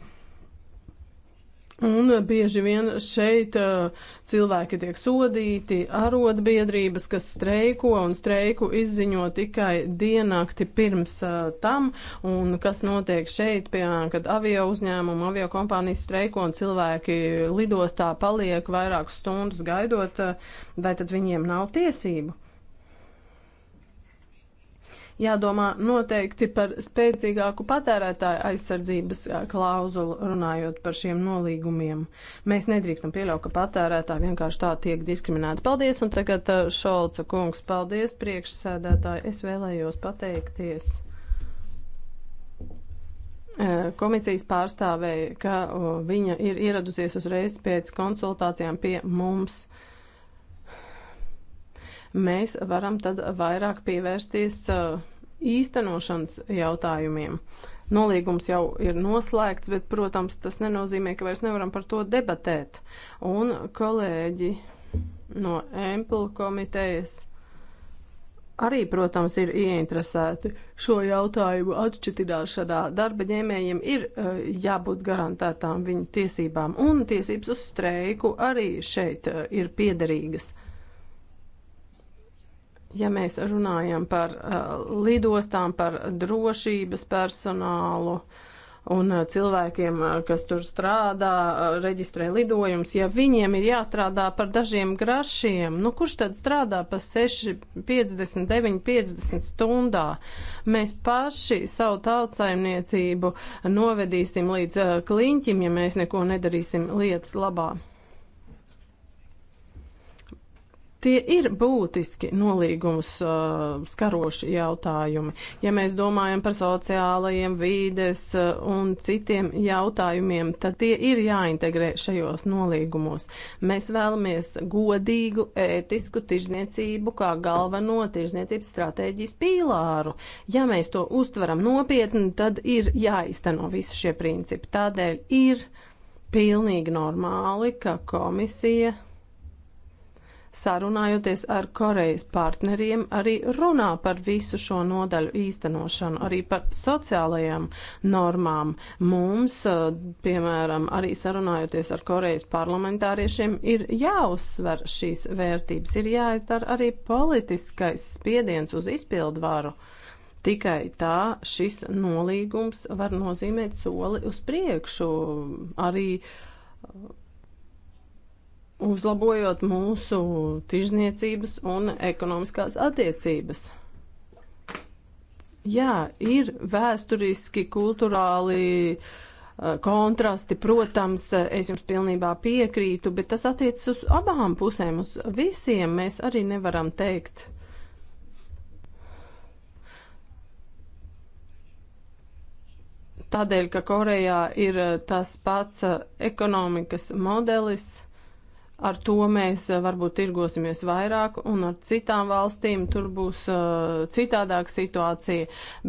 Un bieži vien šeit uh, cilvēki tiek sodīti, arotbiedrības, kas streiko un streiku izziņo tikai diennakti pirms uh, tam, un kas notiek šeit, piemēram, kad avio uzņēmumu, avio kompānijas streiko un cilvēki lidostā paliek vairākas stundas gaidot, uh, vai tad viņiem nav tiesību? Jādomā noteikti par spēcīgāku patērētāju aizsardzības klauzulu runājot par šiem nolīgumiem. Mēs nedrīkstam pieļaut, ka patērētāji vienkārši tā tiek diskriminēti. Paldies, un tagad Šolca kungs, paldies priekšsēdētāji. Es vēlējos pateikties komisijas pārstāvēja, ka viņa ir ieradusies uzreiz pēc konsultācijām pie mums. Uh, mēs varam tad vairāk pievērsties uh, īstenošanas jautājumiem. Nolīgums jau ir noslēgts, bet, protams, tas nenozīmē, ka vairs nevaram par to debatēt. Un kolēģi no Emplu komitejas arī, protams, ir ieinteresēti šo jautājumu atšķitināšanā. Darba ņēmējiem ir uh, jābūt garantētām viņu tiesībām, un tiesības uz streiku arī šeit uh, ir piederīgas. Ja mēs runājam par uh, lidostām, par drošības personālu un uh, cilvēkiem, uh, kas tur strādā, uh, reģistrē lidojumus, ja viņiem ir jāstrādā par dažiem grašiem, nu kurš tad strādā pa 6, 50, 9, 50 stundā? Mēs paši savu tautsaimniecību novedīsim līdz uh, kliņķim, ja mēs neko nedarīsim lietas labā. Tie ir būtiski nolīgumus uh, skaroši jautājumi. Ja mēs domājam par sociālajiem, vīdes uh, un citiem jautājumiem, tad tie ir jāintegrē šajos nolīgumos. Mēs vēlamies godīgu, ētisku tirzniecību kā galveno tirzniecības stratēģijas pīlāru. Ja mēs to uztveram nopietni, tad ir jāizteno visi šie principi. Tādēļ ir pilnīgi normāli, ka komisija sarunājoties ar Korejas partneriem, arī runā par visu šo nodaļu īstenošanu, arī par sociālajām normām. Mums, eh, piemēram, arī sarunājoties ar Korejas parlamentāriešiem, ir jāuzsver šīs vērtības, ir jāizdara arī politiskais spiediens uz izpildvaru. Tikai tā šis nolīgums var nozīmēt soli uz priekšu arī uzlabojot mūsu tirzniecības un ekonomiskās attiecības. Jā, ir vēsturiski, kulturāli eh, kontrasti, protams, es jums pilnībā piekrītu, bet tas attiecas uz abām pusēm, uz visiem mēs arī nevaram teikt. Tādēļ, ka Korejā ir tas pats ekonomikas modelis Ar to mēs eh, varbūt tirgosimies vairāk, un ar citām valstīm tur būs uh, citādāka situācija.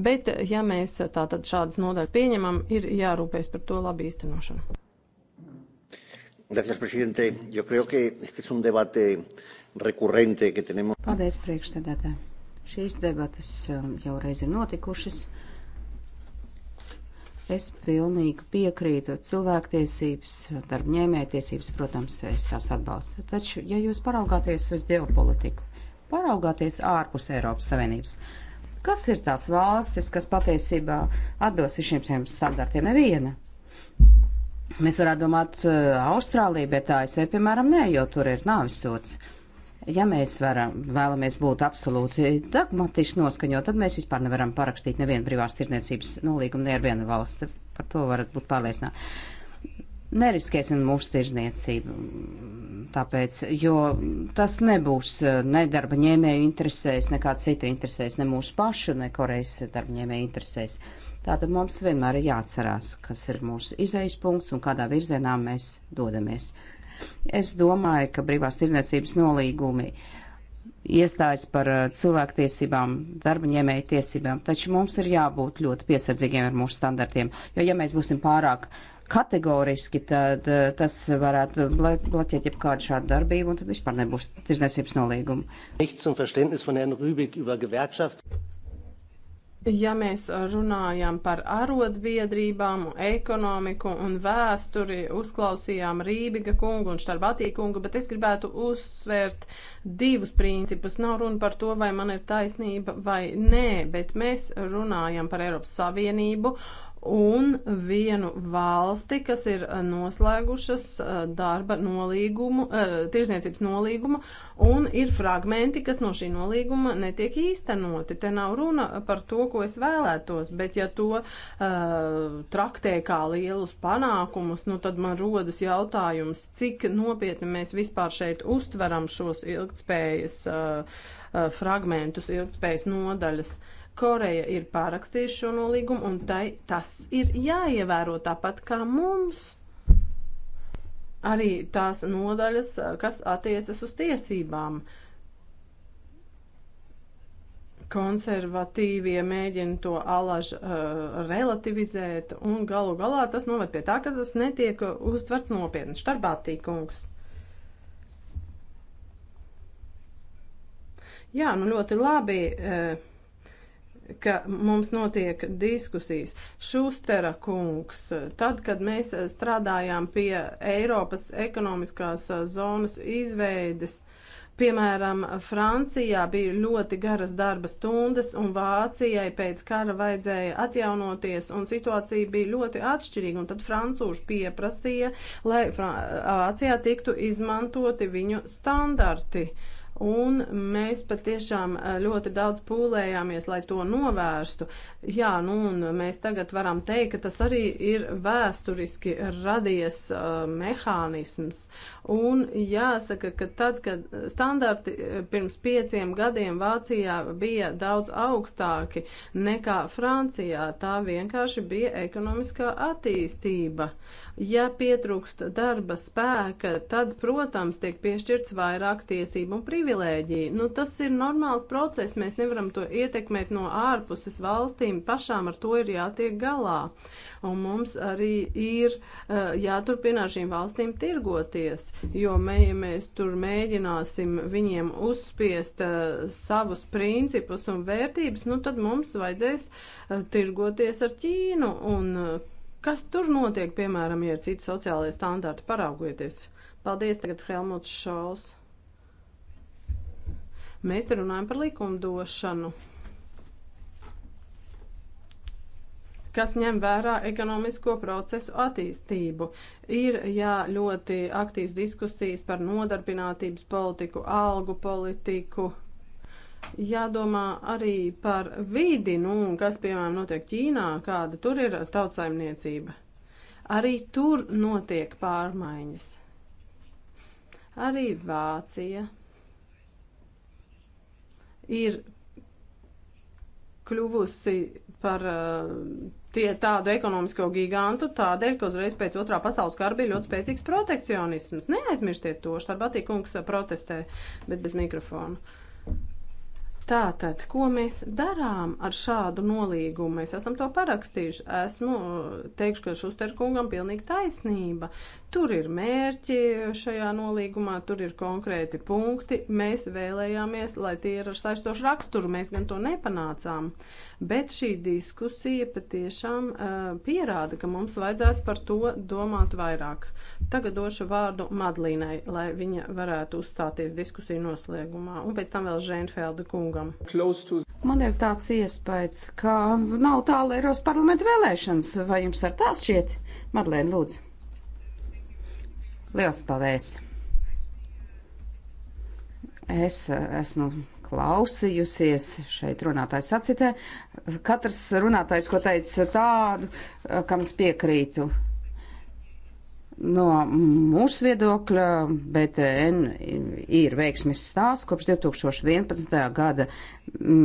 Bet, eh, ja mēs tātad šādas nodaļas pieņemam, ir jārūpēs par to labu īstenošanu. Gracias, presidente. Yo creo que este es un debate recurrente que tenemos. Paldies, priekšsēdētāji. Šīs debatas jau reiz ir notikušas. Es pilnīgi piekrītu cilvēktiesības, darbņēmētiesības, protams, es tās atbalstu. Taču, ja jūs paraugāties uz ģeopolitiku, paraugāties ārpus Eiropas Savienības, kas ir tās valstis, kas patiesībā atbilst visiem šiem standartiem? Neviena. Mēs varētu domāt eh, Austrālija, bet ASV, piemēram, nē, jo tur ir nāvisots. Ja mēs varam, vēlamies būt absolūti dogmatiski noskaņot, tad mēs vispār nevaram parakstīt nevienu privās tirniecības nolīgumu ne ar vienu valsti. Par to varat būt pārliecināti. Neriskēsim mūsu tirzniecību, tāpēc, jo tas nebūs eh, ne darba ņēmēju interesēs, ne kāda cita interesēs, ne mūsu pašu, ne Korejas darba ņēmēju interesēs. Tātad mums vienmēr ir jāatcerās, kas ir mūsu izejas punkts un kādā virzienā mēs dodamies. Es domāju, ka brīvās tirdzniecības nolīgumi iestājas par uh, cilvēktiesībām, darba ņēmēju tiesībām, taču mums ir jābūt ļoti piesardzīgiem ar mūsu standartiem, jo ja mēs būsim pārāk kategoriski, tad uh, tas varētu bloķēt jebkādu šādu darbību, un tad vispār nebūs tirdzniecības nolīgumu. Ja mēs runājam par arotbiedrībām, ekonomiku un vēsturi, uzklausījām Rībiga kungu un Štarbatī kungu, bet es gribētu uzsvērt divus principus. Nav runa par to, vai man ir taisnība vai nē, bet mēs runājam par Eiropas Savienību un vienu valsti, kas ir eh, noslēgušas eh, darba nolīgumu, eh, tirzniecības nolīgumu, un ir fragmenti, kas no šī nolīguma netiek īstenoti. Te nav runa par to, ko es vēlētos, bet ja to uh, traktē kā lielus panākumus, nu tad man rodas jautājums, cik nopietni mēs vispār šeit uztveram šos ilgtspējas uh, fragmentus, ilgtspējas nodaļas. Uh, Koreja ir pārakstījusi šo nolīgumu, un tai tas ir jāievēro tāpat kā mums. Arī tās nodaļas, eh, kas attiecas uz tiesībām. Konservatīvie mēģina to alaž uh, relativizēt, un galu galā tas noved pie tā, ka tas netiek uztverts nopietni. Štarbātīkungs. Jā, nu ļoti labi. Uh, ka mums notiek diskusijas. Šustera kungs, tad, kad mēs strādājām pie Eiropas ekonomiskās zonas izveides, Piemēram, Francijā bija ļoti garas darba stundas, un Vācijai pēc kara vajadzēja atjaunoties, un situācija bija ļoti atšķirīga. Tad francūži pieprasīja, lai Vācijā tiktu izmantoti viņu standarti. Uh, un mēs patiešām eh, ļoti daudz pūlējāmies, lai to novērstu. Jā, nu, un mēs tagad varam teikt, ka tas arī ir vēsturiski radies uh, mehānisms, un jāsaka, ka tad, kad standarti eh, pirms pieciem gadiem Vācijā bija daudz augstāki nekā Francijā, tā vienkārši bija ekonomiskā attīstība. Ja pietrūkst darba spēka, tad, protams, tiek piešķirts vairāk tiesību un privātību privilēģija. Nu, tas ir normāls process, mēs nevaram to ietekmēt no ārpuses valstīm, pašām ar to ir jātiek galā. Un mums arī ir uh, jāturpina ar šīm valstīm tirgoties, jo mē, ja mēs tur mēģināsim viņiem uzspiest uh, savus principus un vērtības, nu, tad mums vajadzēs uh, tirgoties ar Ķīnu. Un, uh, kas tur notiek, piemēram, ja ir citi sociālie standarti, paraugieties. Paldies, tagad Helmuts Šaus. Mēs te runājam par likumdošanu, kas ņem vērā ekonomisko procesu attīstību. Ir jā, ļoti aktīvas diskusijas par nodarbinātības politiku, algu politiku. Jādomā arī par vidi, nu, kas, piemēram, notiek Ķīnā, kāda tur ir tautsaimniecība. Arī tur notiek pārmaiņas. Arī Vācija ir kļuvusi par uh, tie, tādu ekonomisko gigantu, tādēļ, ka uzreiz pēc otrā pasaules kara bija ļoti spēcīgs protekcionisms. Neaizmirstiet to, Štarbatī kungs protestē, bet bez mikrofona. Tātad, ko mēs darām ar šādu nolīgumu? Mēs esam to parakstījuši. Esmu, teikšu, ka Šusterkungam pilnīgi taisnība. Tur ir mērķi šajā nolīgumā, tur ir konkrēti punkti. Mēs vēlējāmies, lai tie ir ar saistošu raksturu. Mēs gan to nepanācām. Bet šī diskusija patiešām uh, pierāda, ka mums vajadzētu par to domāt vairāk. Tagad došu vārdu Madlīnai, lai viņa varētu uzstāties diskusiju noslēgumā. Un pēc tam vēl Žēnfelda kungam. To... Man ir tāds iespējas, ka nav tālu Eiropas parlamenta vēlēšanas. Vai jums ar tās šķiet? Madlēna, lūdzu. Liels paldies! Es eh, esmu klausījusies šeit runātājs sacitē. Katrs runātājs, ko teica tādu, eh, kam es piekrītu, No mūsu viedokļa BTN ir veiksmes stāsts. Kopš 2011. gada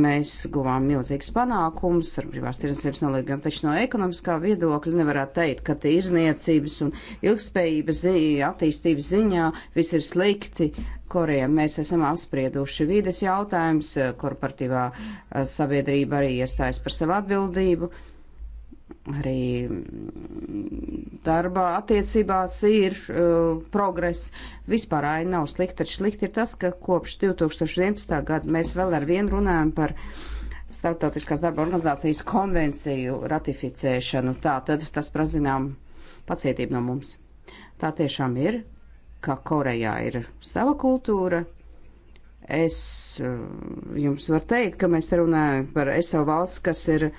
mēs guvām milzīgs panākums ar privās tirdzniecības nolīgumiem, taču no ekonomiskā viedokļa nevarētu teikt, ka tirzniecības un ilgspējības zi attīstības ziņā viss ir slikti. Korejam mēs esam apsprieduši vides jautājums, korporatīvā sabiedrība arī iestājas par savu atbildību arī darbā attiecībās ir uh, progress. Vispār aina nav slikta, taču slikti ir tas, ka kopš 2011. gada mēs vēl ar vienu runājam par Startautiskās darba organizācijas konvenciju ratificēšanu. Tā tad tas prazinām pacietību no mums. Tā tiešām ir, ka Korejā ir sava kultūra, es uh, jums varu teikt, ka mēs te runājam par ESO valsts, kas ir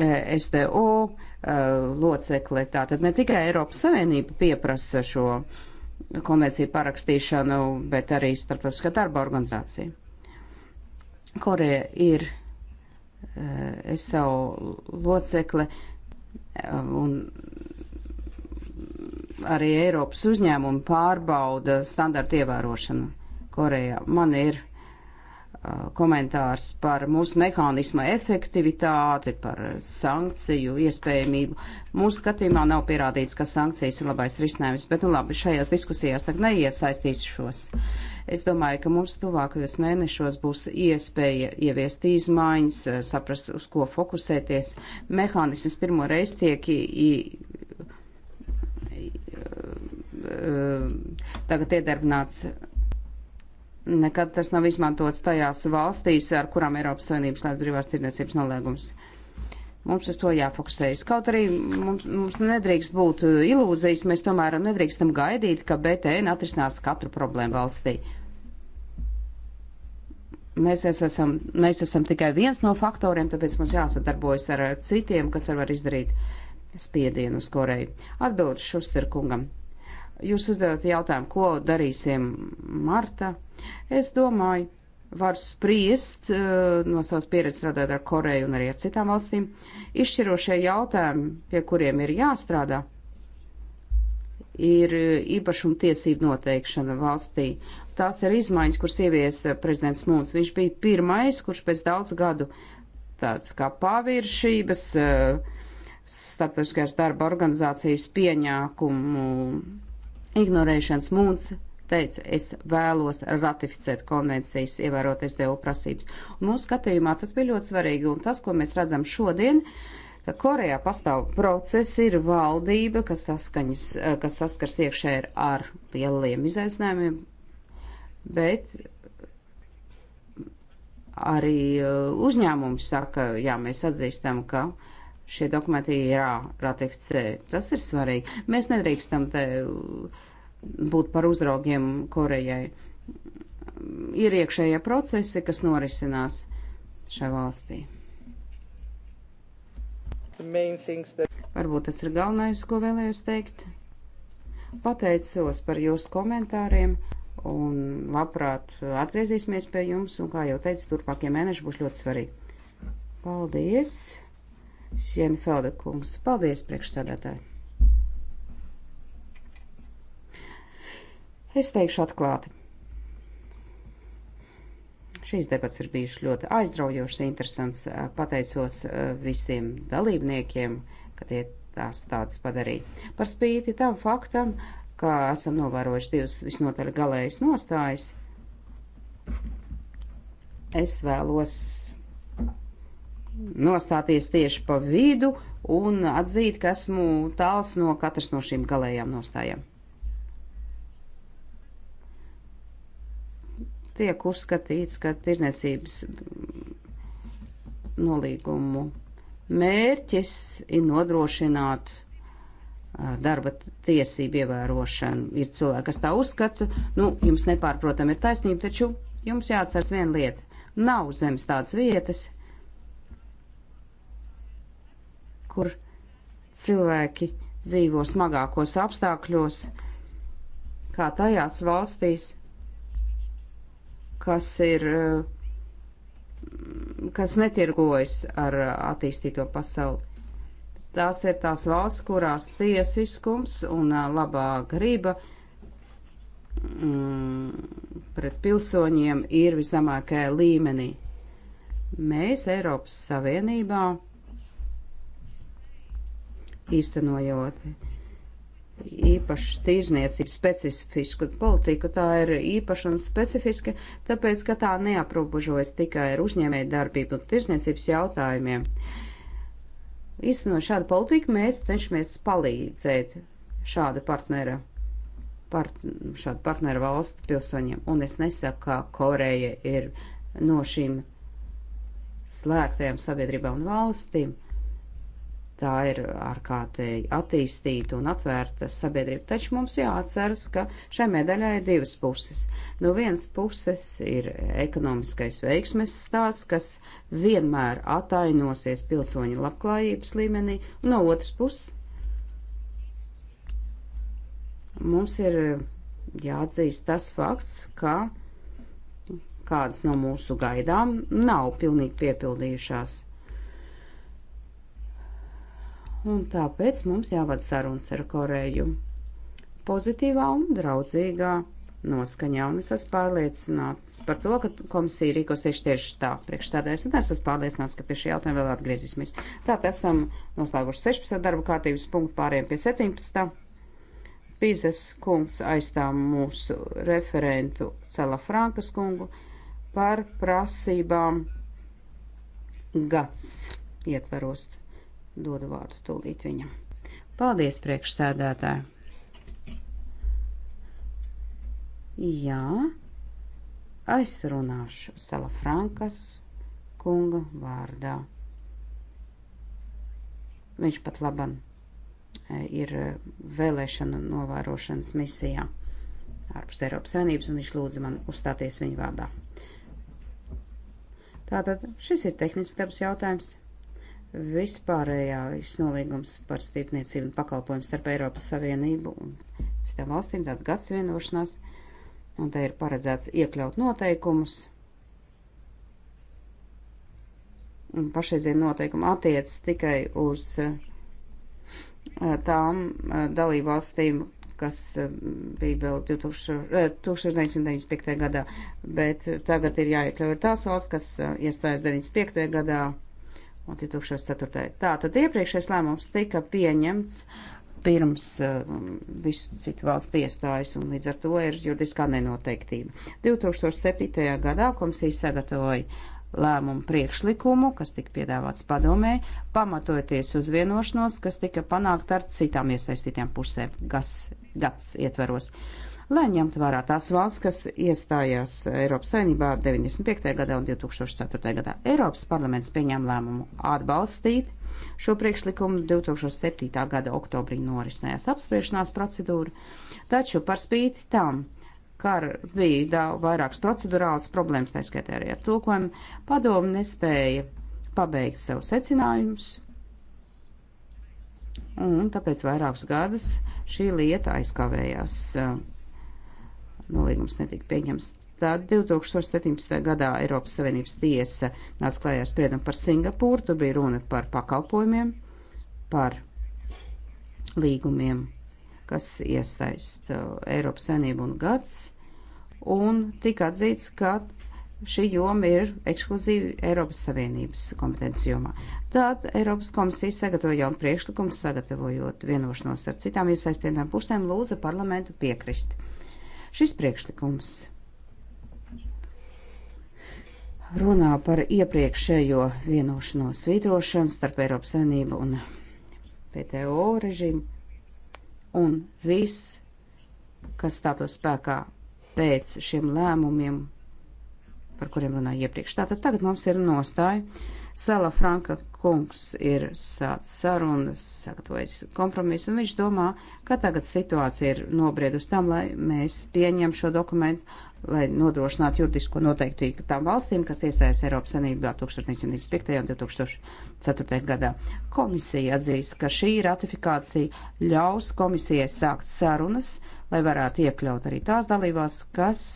Eh, SDO eh, locekle. Tātad ne tikai Eiropas Savienība pieprasa šo konvenciju parakstīšanu, bet arī starptautiskā darba organizācija. Koreja ir eh, SAO locekle un arī Eiropas uzņēmumi pārbauda standartu ievērošanu Korejā. Man ir komentārs par mūsu mehānisma efektivitāti, par sankciju iespējamību. Mūsu skatījumā nav pierādīts, ka sankcijas ir labais risinājums, bet nu labi, šajās diskusijās tagad neiesaistīšos. Es domāju, ka mums tuvākajos mēnešos būs iespēja ieviest izmaiņas, saprast, uz ko fokusēties. Mehānisms pirmo reizi tiek tagad iedarbināts nekad tas nav izmantots tajās valstīs, ar kurām Eiropas Savienības slēdz brīvās tirdzniecības nolēgums. Mums uz to jāfokusējas. Kaut arī mums, mums nedrīkst būt ilūzijas, mēs tomēr nedrīkstam gaidīt, ka BTN atrisinās katru problēmu valstī. Mēs esam, mēs esam tikai viens no faktoriem, tāpēc mums jāsadarbojas ar citiem, kas var izdarīt spiedienu uz Koreju. Atbildi Šuster kungam. Jūs uzdevāt jautājumu, ko darīsim martā. Es domāju, var spriest eh, no savas pieredzes strādāt ar Koreju un arī ar citām valstīm. Izšķirošie jautājumi, pie kuriem ir jāstrādā, ir eh, īpašuma tiesību noteikšana valstī. Tās ir izmaiņas, kuras ievies prezidents Mūns. Viņš bija pirmais, kurš pēc daudz gadu tāds kā paviršības eh, starptautiskās darba organizācijas pieņākumu ignorēšanas mūns teica, es vēlos ratificēt konvencijas, ievērot SDO prasības. Un mūsu skatījumā tas bija ļoti svarīgi, un tas, ko mēs redzam šodien, ka Korejā pastāv process, ir valdība, kas, saskaņas, eh, kas saskars iekšē ar lieliem izaicinājumiem, bet arī eh, uzņēmumi saka, jā, mēs atzīstam, ka uh, šie dokumenti ir ratificē. Tas ir svarīgi. Mēs nedrīkstam te būt par uzraugiem Korejai. Ir iekšējie procesi, kas norisinās šajā valstī. That... Varbūt tas ir galvenais, ko vēlējos teikt. Pateicos par jūsu komentāriem un labprāt atgriezīsimies pie jums, un kā jau teicu, turpākie mēneši būs ļoti svarīgi. Paldies! Sienfelda kungs. Paldies, priekšsēdētāji! Es teikšu atklāti. Šīs debats ir bijušas ļoti aizraujošas, interesants. Pateicos eh, visiem dalībniekiem, ka tie tās tādas padarīja. Par spīti tam faktam, ka esam novērojuši divas visnotaļ galējas nostājas, es vēlos nostāties tieši pa vidu un atzīt, ka esmu tāls no katras no šīm galējām nostājām. Tiek uzskatīts, ka tirniecības nolīgumu mērķis ir nodrošināt darba tiesību ievērošanu. Ir cilvēki, kas tā uzskatu, nu, jums nepārprotam ir taisnība, taču jums jāatceras viena lieta. Nav zemes tādas vietas, kur cilvēki dzīvo smagākos apstākļos, kā tajās valstīs, kas ir, eh, kas netirgojas ar eh, attīstīto pasauli. Tās ir tās valsts, kurās tiesiskums un eh, labā grība mm, pret pilsoņiem ir visamākajā līmenī. Mēs Eiropas Savienībā īstenojot īpašu tīrzniecības specifisku politiku. Tā ir īpaša un specifiska, tāpēc, ka tā neaprobežojas tikai ar uzņēmēju darbību un tīrzniecības jautājumiem. Īstenot šādu politiku, mēs cenšamies palīdzēt šāda partnera, part, šāda partnera valstu pilsoņiem. Un es nesaku, ka Koreja ir no šīm slēgtajām sabiedrībām un valstīm tā ir ārkārtēji attīstīta un atvērta sabiedrība. Taču mums jāatceras, ka šai medaļai ir divas puses. No vienas puses ir ekonomiskais veiksmes stāsts, kas vienmēr atainosies pilsoņu labklājības līmenī, un no otras puses mums ir jāatzīst tas fakts, ka kādas no mūsu gaidām nav pilnīgi piepildījušās Un tāpēc mums jāvada sarunas ar Koreju pozitīvā un draudzīgā noskaņā. Un es esmu pārliecināts par to, ka komisija rīkosies tieši tā priekšstādājas. Un es esmu pārliecināts, ka pie šī jautājuma vēl atgriezīsimies. Tātad esam noslēguši 16. darba kārtības punktu pāriem pie 17. Pīzes kungs aizstāv mūsu referentu Cela Frankas kungu par prasībām gads ietverost. Dodu vārdu tūlīt viņam. Paldies, priekšsēdētāji! Jā, aizrunāšu Salafrankas kunga vārdā. Viņš pat laban e, ir e, vēlēšana novērošanas misijā ārpus Eiropas Savienības, un viņš lūdza man uzstāties viņa vārdā. Tātad šis ir tehnisks dabas jautājums vispārējais nolīgums par stīpniecību un pakalpojumu starp Eiropas Savienību un citām valstīm, tāda gads vienošanās, un te ir paredzēts iekļaut noteikumus. Un pašreizie noteikumi attiec tikai uz eh, tām eh, dalībvalstīm, kas eh, bija vēl 1995. gadā, bet tagad ir jāiekļauj tās valsts, kas iestājas 95. gadā un 2004. Tā tad iepriekšējais lēmums tika pieņemts pirms uh, visu citu valstu iestājas, un līdz ar to ir juridiskā nenoteiktība. 2007. gadā komisija sagatavoja lēmumu priekšlikumu, kas tika piedāvāts padomē, pamatojoties uz vienošanos, kas tika panākt ar citām iesaistītām pusēm, kas gads ietveros. Uh, lai ņemtu vērā tās valsts, kas iestājās Eiropas saimnībā 95. gadā un 2004. gadā. Eiropas parlaments pieņēma lēmumu atbalstīt šo priekšlikumu 2007. gada oktobrī norisinājās apspriešanās procedūra, taču par spīti tam, kā bija daudz vairākas procedurālas problēmas, tā skaitā arī ar tulkojumu, padomu nespēja pabeigt sev secinājumus, un tāpēc vairākus gadus šī lieta aizkavējās nolīgums netika pieņems. Tad 2017. gadā Eiropas Savienības tiesa nāca klājā ar spriedumu par Singapūru. Tur bija runa par pakalpojumiem, par līgumiem, kas iestaist uh, Eiropas Savienību un gads. Un tika atzīts, ka šī joma ir ekskluzīvi Eiropas Savienības kompetences jomā. Tad Eiropas komisija sagatavoja jaunu priekšlikumu, sagatavojot vienošanos ar citām iesaistītām pusēm, lūdza parlamentu piekrist. Šis priekšlikums runā par iepriekšējo vienošanos svītrošanu starp Eiropas Savienību un PTO režīmu, un viss, kas stātos spēkā pēc šiem lēmumiem, par kuriem runāju iepriekš. Tātad tagad mums ir nostāja Sala Franka kungs ir sācis sarunas, sagatavojis kompromisu, un viņš domā, ka tagad situācija ir nobriedus tam, lai mēs pieņem šo dokumentu, lai nodrošinātu juridisko noteiktību tām valstīm, kas iestājas Eiropas Sanībā 1995. un 2004. gadā. Komisija atzīst, ka šī ratifikācija ļaus komisijai sākt sarunas, lai varētu iekļaut arī tās dalībās, kas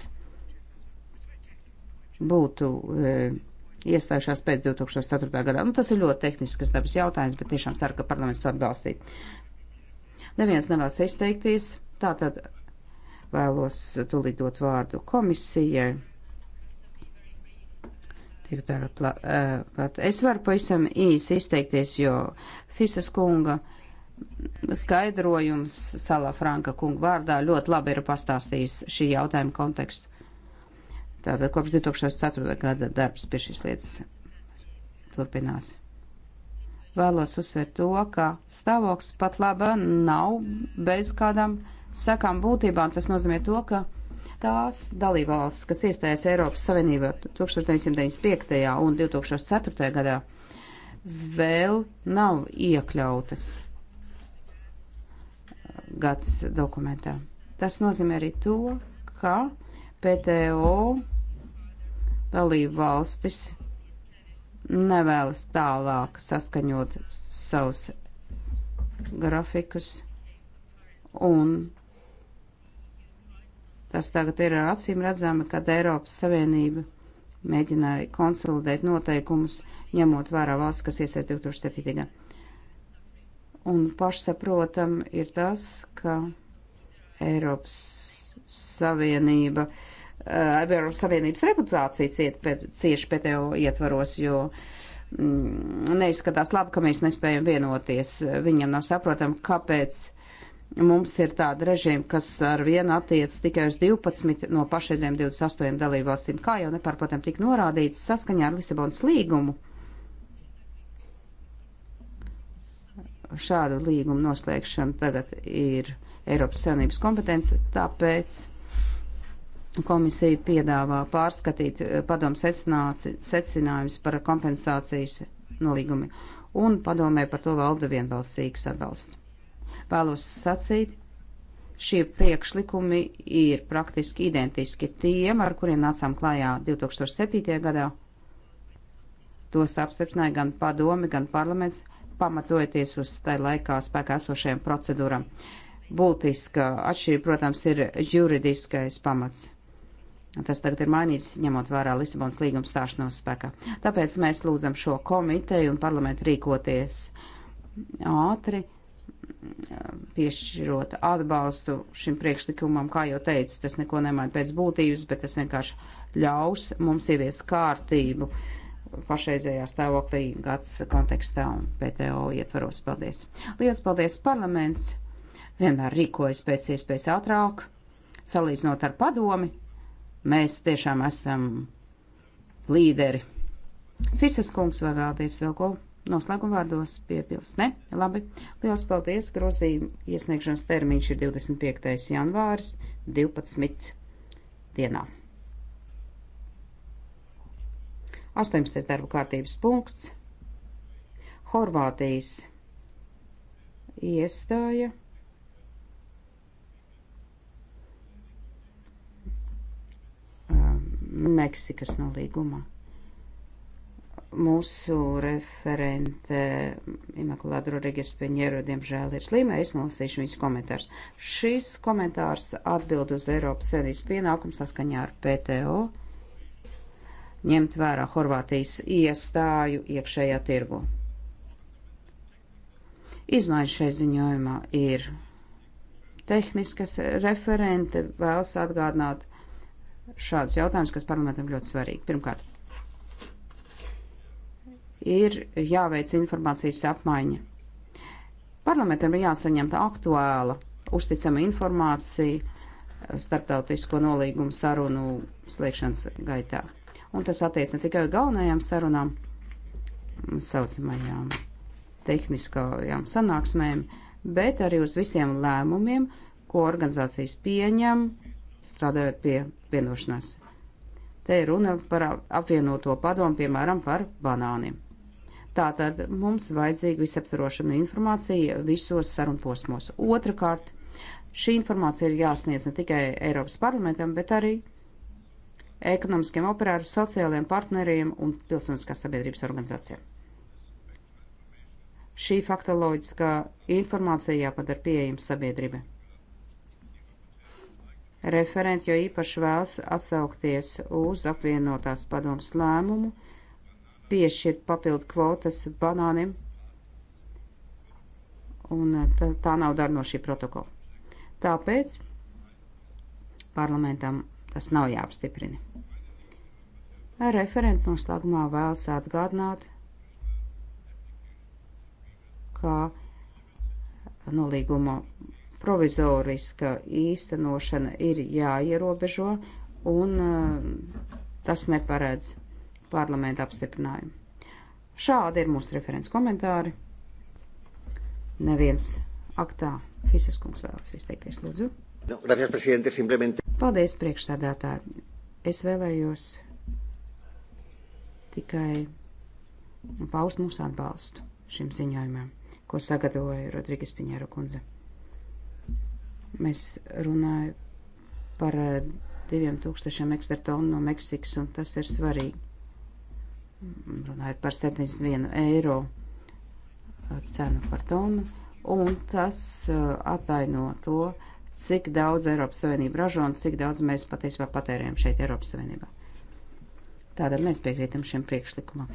būtu. E, iestājušās pēc 2004. gadā. Nu, tas ir ļoti tehnisks dabas jautājums, bet tiešām ceru, ka parlaments to atbalstīt. Neviens nevēlas izteikties, tātad vēlos tūlīt dot vārdu komisijai. Tik tā, pla, eh, pat es varu pavisam īsi izteikties, jo Fisas kunga skaidrojums Salā Franka kunga vārdā ļoti labi ir pastāstījis šī jautājuma kontekstu. Tātad kopš 2004. gada darbs pie šīs lietas turpinās. Vēlos uzsvērt to, ka stāvoklis pat laba nav bez kādām sakām būtībām. Tas nozīmē to, ka tās dalībvalstis, kas iestājas Eiropas Savienībā 1995. un 2004. gadā, vēl nav iekļautas gads dokumentā. Tas nozīmē arī to, ka PTO dalību valstis nevēlas tālāk saskaņot savus grafikus, un tas tagad ir acīm redzami, kad Eiropas Savienība mēģināja konsolidēt noteikumus, ņemot vērā valsts, kas iestāja 2007. gadā. Un pašsaprotam ir tas, ka Eiropas Savienība, eh, Eiropas Savienības reputācija ciet, pēc, cieši PTO ietvaros, jo mm, neizskatās labi, ka mēs nespējam vienoties. Viņam nav saprotam, kāpēc mums ir tāda režīma, kas ar vienu attiec tikai uz 12 no pašreizējiem 28 dalībvalstīm, kā jau nepārprotam tik norādīts saskaņā ar Lisabonas līgumu. Šādu līgumu noslēgšana tagad ir Eiropas Savienības kompetence, tāpēc komisija piedāvā pārskatīt eh, padomu secinājumus par kompensācijas nolīgumi, un padomē par to valda vienbalsīgs atbalsts. Vēlos sacīt, šie priekšlikumi ir praktiski identiski tiem, ar kuriem nācām klājā 2007. gadā. Tos apstiprināja gan padomi, gan parlaments, pamatojoties uz tai laikā spēkā esošajām procedūram. Uh, Būtiska atšķirība, protams, ir juridiskais pamats. Tas tagad ir mainīts, ņemot vērā Lisabonas līguma stāšanos spēkā. Tāpēc mēs lūdzam šo komiteju un parlamentu rīkoties ātri, piešķirot atbalstu šim priekšlikumam. Kā jau teicu, tas neko nemaina pēc būtības, bet tas vienkārši ļaus mums ievies kārtību pašreizējā stāvoklī gads kontekstā un PTO ietvaros. Paldies! Lielas paldies parlaments! vienmēr rīkojas pēc iespējas ātrāk, salīdzinot ar padomi. Mēs tiešām esam līderi. Fisas kungs vai vēlties vēl ko noslēguma vārdos piebilst? Ne? Labi. Lielas paldies. Grozījuma iesniegšanas termiņš ir 25. janvāris 12. dienā. 18. darba kārtības punkts. Horvātijas iestāja Meksikas nolīgumā. Mūsu referente Imakulāda Rodrīgas Peņero, diemžēl, ir slima. Es nolasīšu viņas komentārus. Šis komentārs atbild uz Eiropas Savienības pienākumu saskaņā ar PTO ņemt vērā Horvātijas iestāju iekšējā tirgu. Izmaiņas šai ziņojumā ir tehniskas referente vēlas atgādināt šāds jautājums, kas parlamentam ļoti svarīgi. Pirmkārt, ir jāveic informācijas apmaiņa. Parlamentam ir jāsaņem aktuāla, uzticama informācija eh, starptautisko nolīgumu sarunu slēgšanas gaitā. Un tas attiec ne tikai galvenajām sarunām, saucamajām tehniskajām sanāksmēm, bet arī uz visiem lēmumiem, ko organizācijas pieņem, strādājot pie vienošanās. Te ir runa par apvienoto padomu, piemēram, par banāniem. Tātad mums vajadzīga visaptvarošana informācija visos sarunposmos. Otrakārt, šī informācija ir jāsniedz ne tikai Eiropas parlamentam, bet arī ekonomiskiem operāriem, sociālajiem partneriem un pilsoniskās sabiedrības organizācijām. Šī faktoloģiskā informācija jāpadara pieejama sabiedrībai. Referenti jo īpaši vēlas atsaukties uz apvienotās padomas lēmumu piešķirt papildu kvotas banāniem, un eh, tā, tā nav daļa no šī protokola. Tāpēc parlamentam tas nav jāapstiprina. Referenti noslēgumā vēlas atgādināt, kā nolīguma provizoriska īstenošana ir jāierobežo un eh, tas neparedz parlamenta apstiprinājumu. Šādi ir mūsu referents komentāri. Neviens aktā. Fises kungs vēlas izteikties, lūdzu. No, gracias, presidente, simplemente. Paldies, priekšsādātāji. Es vēlējos tikai paust mūsu atbalstu šim ziņojumam, ko sagatavoja Rodrigas Piņēra kundze. Mēs runājam par eh, diviem tūkstošiem ekstertonu no Meksikas, un tas ir svarīgi. Runājot par 71 eiro eh, cenu par tonu, un tas eh, ataino to, cik daudz Eiropas Savienība ražo un cik daudz mēs patiesībā patērējam šeit Eiropas Savienībā. Tātad mēs piekrītam šiem priekšlikumam.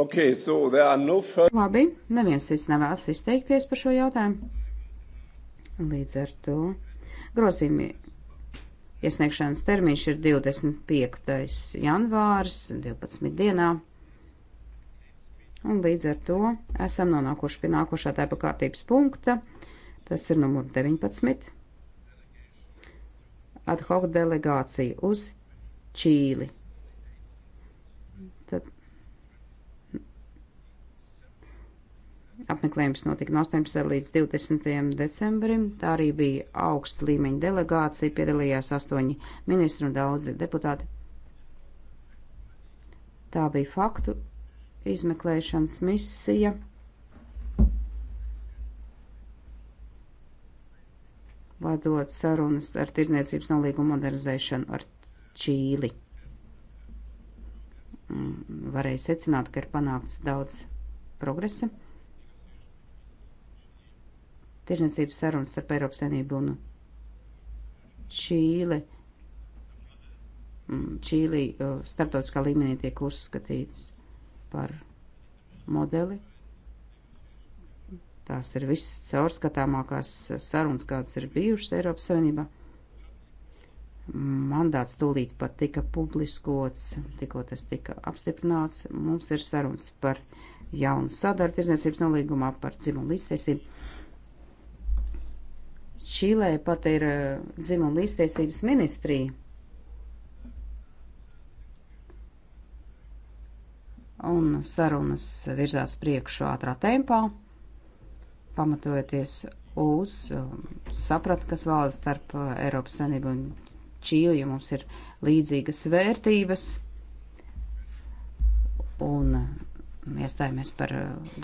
Okay, so no... Labi, neviens cits nevēlas izteikties par šo jautājumu. Līdz ar to grozījumi iesniegšanas termiņš ir 25. janvāris, 12. dienā. Un līdz ar to esam nonākuši pie nākošā tēpa kārtības punkta. Tas ir numur 19. Ad hoc delegācija uz Čīli. Apmeklējums notika no 18. līdz 20. decembrim. Tā arī bija augsta līmeņa delegācija, piedalījās astoņi ministri un daudzi deputāti. Tā bija faktu izmeklēšanas misija. Vadot sarunas ar tirdzniecības nolīgumu modernizēšanu ar Čīli. Mm, varēja secināt, ka ir panākts daudz progresa tirzniecības sarunas starp Eiropas Savienību un Čīli. Mm, Čīlī starptautiskā līmenī tiek uzskatīts par modeli. Tās ir viss caurskatāmākās sarunas, kādas ir bijušas Eiropas Savienībā. Mandāts tūlīt pat tika publiskots, tikko tas tika apstiprināts. Mums ir sarunas par jaunu sadaru tirzniecības nolīgumā par dzimumu līdztiesību. Čīlē pat ir eh, dzimuma līdztiesības ministrija. Un sarunas virzās priekšu ātrā tempā, pamatojoties uz eh, sapratu, kas valda starp eh, Eiropas Sanību un Čīli, jo mums ir līdzīgas vērtības. Un iestājāmies par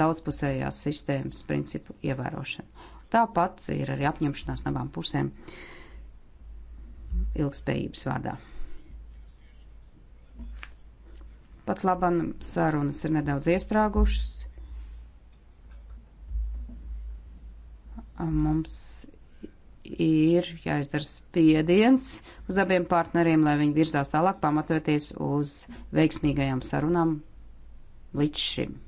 daudzpusējās sistēmas principu ievērošanu Tāpat ir arī apņemšanās no abām pusēm ilgspējības vārdā. Pat labam sarunas ir nedaudz iestrāgušas. Mums ir jāizdara spiediens uz abiem partneriem, lai viņi virzās tālāk, pamatoties uz veiksmīgajām sarunām līdz šim.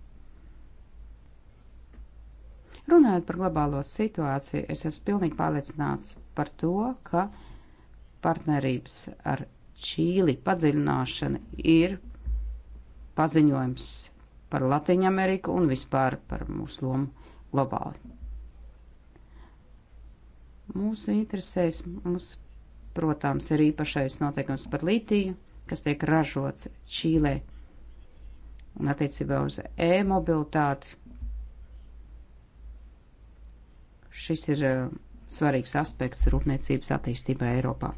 Runājot par globālo situāciju, es esmu pilnīgi pārliecināts par to, ka partnerības ar Čīli padziļināšana ir paziņojums par Latviju Ameriku un vispār par mūsu lomu globāli. Mūsu interesēs, mums, protams, ir īpašais noteikums par litiju, kas tiek ražots Čīlē. Un attiecībā uz e-mobilitāti Šis ir eh, svarīgs aspekts rūpniecības attīstībā Eiropā.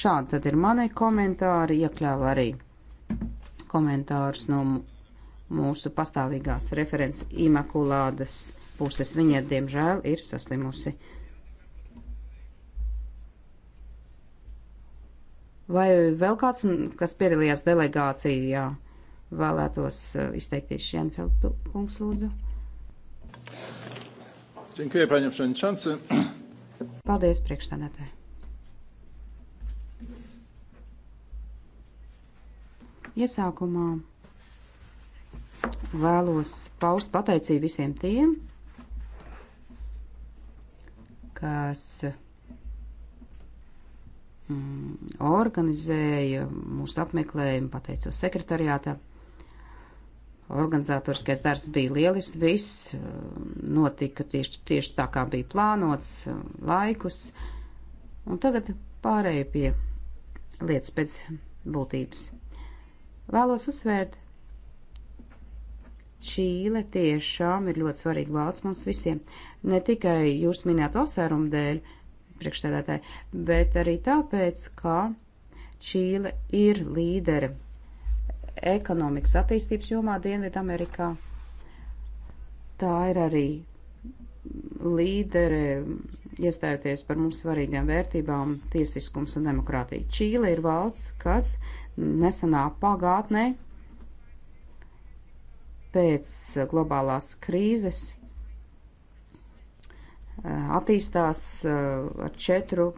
Šādi tad ir mani komentāri, iekļāva arī komentārus no mūsu pastāvīgās referents Imakulādas puses. Viņa, diemžēl, ir saslimusi. Vai vēl kāds, kas piedalījās delegācijā, vēlētos eh, izteikties Šienfeld kungs lūdzu? Dziękuję, panie przewodniczący. Paldies, priekšsēdētāji. Iesākumā vēlos paust pateicību visiem tiem, kas mm, organizēja mūsu apmeklējumu, pateicos sekretariātam. Organizatoriskais darbs bija lielisks, viss uh, notika tieši, tieši tā, kā bija plānots, uh, laikus. Un tagad pārēju pie lietas pēc būtības. Vēlos uzsvērt, Čīle tiešām ir ļoti svarīga valsts mums visiem. Ne tikai jūs minēto apsvērumu dēļ, priekšstādātāji, bet arī tāpēc, ka Čīle ir līdere ekonomikas attīstības jomā Dienvidamerikā. Tā ir arī līdere iestājoties par mums svarīgām vērtībām - tiesiskums un demokrātija. Čīle ir valsts, kas nesenā pagātnē pēc globālās krīzes attīstās uh, ar 4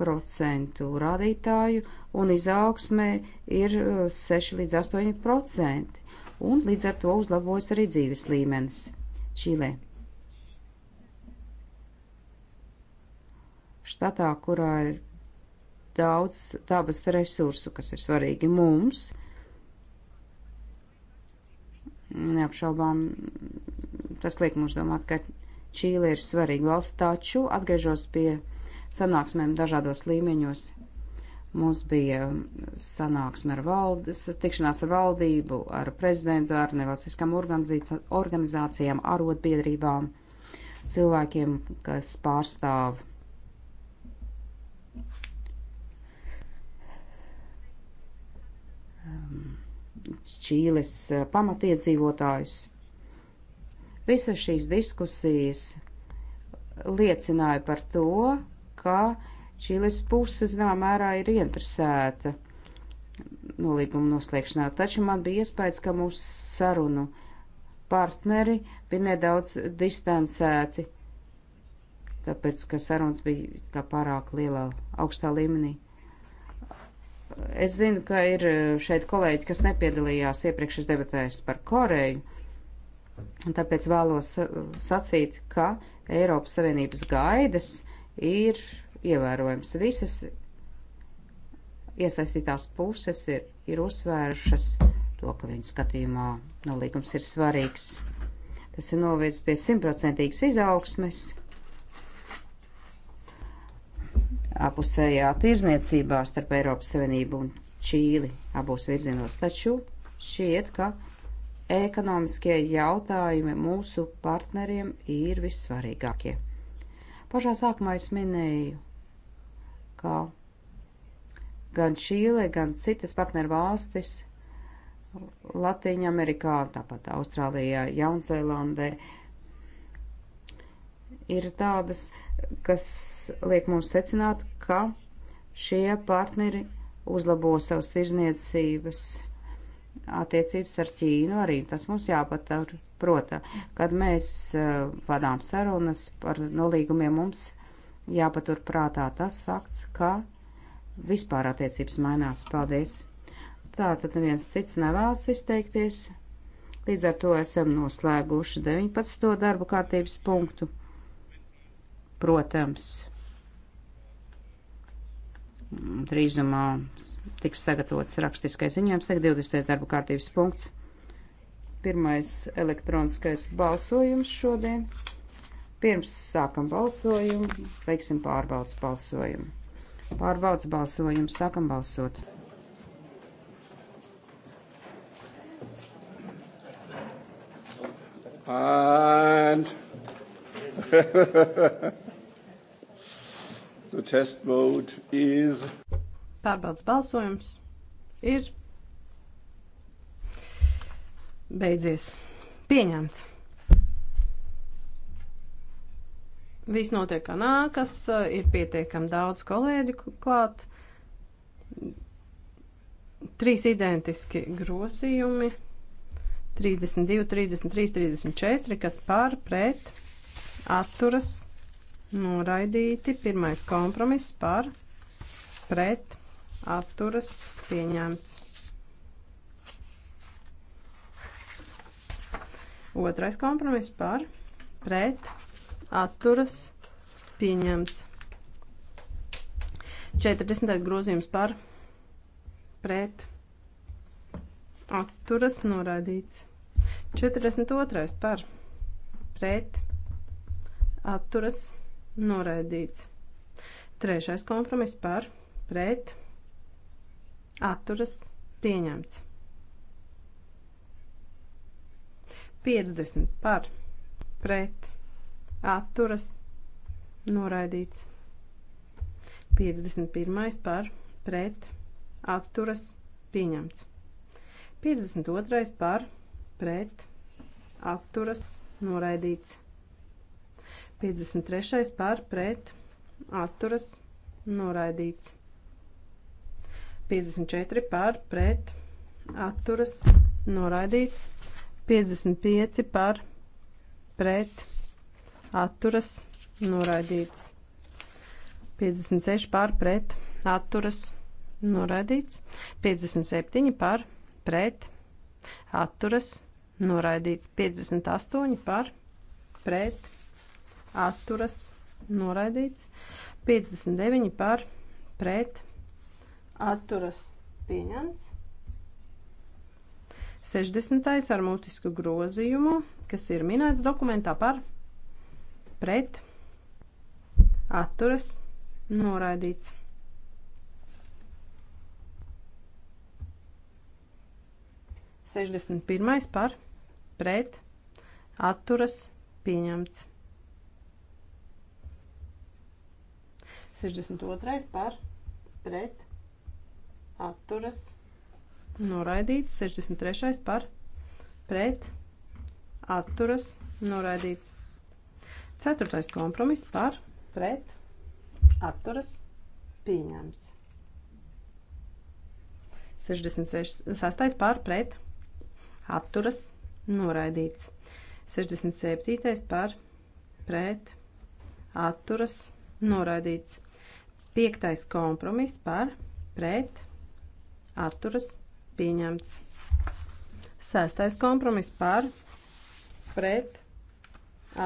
procentu rādītāju un izaugsmē ir 6 uh, līdz 8 procenti. Un līdz ar to uzlabojas arī dzīves līmenis Čilē. Štatā, kurā ir daudz dabas resursu, kas ir svarīgi mums, neapšaubām tas liek mums domāt, ka Čīle ir svarīga valsts, taču atgriežos pie sanāksmēm dažādos līmeņos. Mums bija sanāksme ar valdes, tikšanās ar valdību, ar prezidentu, ar nevalstiskām organizācijām, arotbiedrībām, cilvēkiem, kas pārstāv Čīles pamatiedzīvotājus. Visas šīs diskusijas liecināja par to, ka Čīles puse, zinām, mērā ir interesēta nolīguma noslēgšanā, taču man bija iespējas, ka mūsu sarunu partneri bija nedaudz distancēti, tāpēc, ka sarunas bija kā pārāk lielā augstā līmenī. Es zinu, ka ir eh, šeit kolēģi, kas nepiedalījās iepriekšējās debatēs par Koreju, un tāpēc vēlos eh, sacīt, ka Eiropas Savienības gaidas ir ievērojams. Visas iesaistītās puses ir, ir uzsvērušas to, ka viņu skatījumā nolīgums nu, ir svarīgs. Tas ir novērts pie simtprocentīgas izaugsmes. Apusējā tirzniecībā starp Eiropas Savienību un Čīli abos virzienos, taču šķiet, ka ekonomiskie jautājumi mūsu partneriem ir vissvarīgākie. Pašā sākumā es minēju, ka gan Čīle, gan citas partneru valstis Latīņa Amerikā, tāpat Austrālijā, Jaunzēlandē ir tādas, kas liek mums secināt, ka šie partneri uzlabo savas tirzniecības attiecības ar Ķīnu arī tas mums jāpatur. Prota, kad mēs uh, vadām sarunas par nolīgumiem, mums jāpatur prātā tas fakts, ka vispār attiecības mainās. Paldies! Tā tad neviens cits nevēlas izteikties. Līdz ar to esam noslēguši 19. darba kārtības punktu. Protams, drīzumā tiks sagatavots rakstiskais ziņojums, tiek 20. darba kārtības punkts. Pirmais elektroniskais balsojums šodien. Pirms sākam balsojumu, veiksim pārbaudas balsojumu. Pārbaudas balsojumu, sākam balsot. And the test vote is Pārbaudas balsojums ir beidzies. Pieņemts. Viss notiek kā nākas, ir pietiekami daudz kolēģu klāt. Trīs identiski grozījumi. 32, 33, 34, kas pār pret atturas noraidīti. Pirmais kompromiss par pret atturas pieņemts. Otrais kompromiss par pret atturas pieņemts. 40. grozījums par pret atturas noraidīts. 42. par pret atturas noraidīts. Trešais kompromiss par pret atturas atturas pieņemts. 50 par pret atturas noraidīts. 51 par pret atturas pieņemts. 52 par pret atturas noraidīts. 53 par pret atturas noraidīts. 54 par pret atturas noraidīts. 55 par pret atturas noraidīts. 56 par pret atturas noraidīts. 57 par pret atturas noraidīts. 58 par pret atturas noraidīts. 59 par pret atturas pieņemts. 60. ar mutisku grozījumu, kas ir minēts dokumentā par pret atturas noraidīts. Sešdesmit pirmais par pret atturas pieņemts. 62. par pret atturas noraidīts. 63. par pret atturas noraidīts. 4. kompromiss par pret atturas pieņemts. 66. par pret atturas noraidīts. 67. par pret atturas noraidīts. 5. kompromiss par pret atturas noraidīts atturas pieņemts. Sestais kompromiss par pret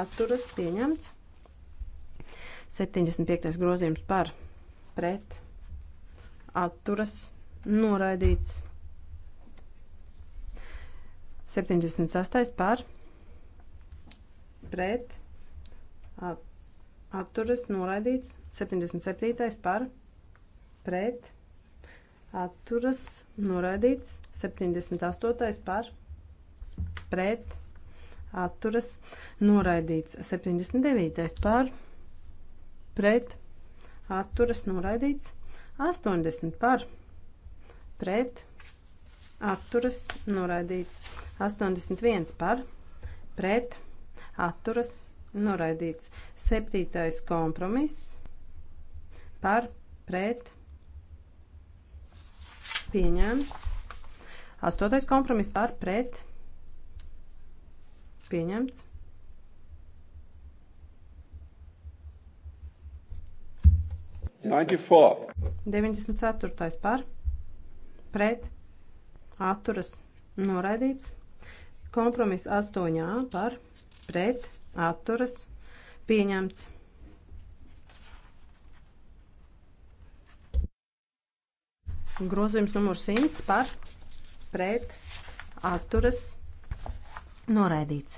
atturas pieņemts. 75. grozījums par pret atturas noraidīts. 76. par pret atturas noraidīts. 77. par pret atturas noraidīts atturas noraidīts 78. par pret atturas noraidīts 79. par pret atturas noraidīts 80 par pret atturas noraidīts 81 par pret atturas noraidīts 7. kompromiss par pret atturas pieņemts. Astotais kompromiss par pret pieņemts. Ninety-four. 94. par pret atturas noraidīts. Kompromiss 8. par pret atturas pieņemts. Grozījums numurs 100 par pret atturas noraidīts.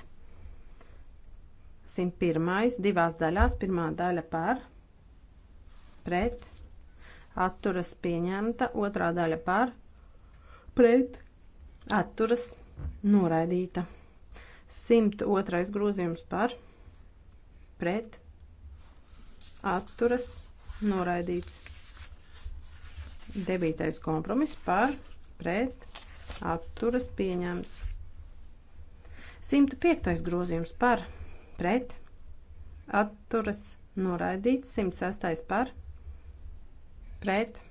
101. divās daļās, pirmā daļa par pret atturas pieņemta, otrā daļa par pret atturas noraidīta. 102. grozījums par pret atturas noraidīts. Devītais kompromiss par pret atturas pieņemts. 105. grozījums par pret atturas noraidīts. 106. par pret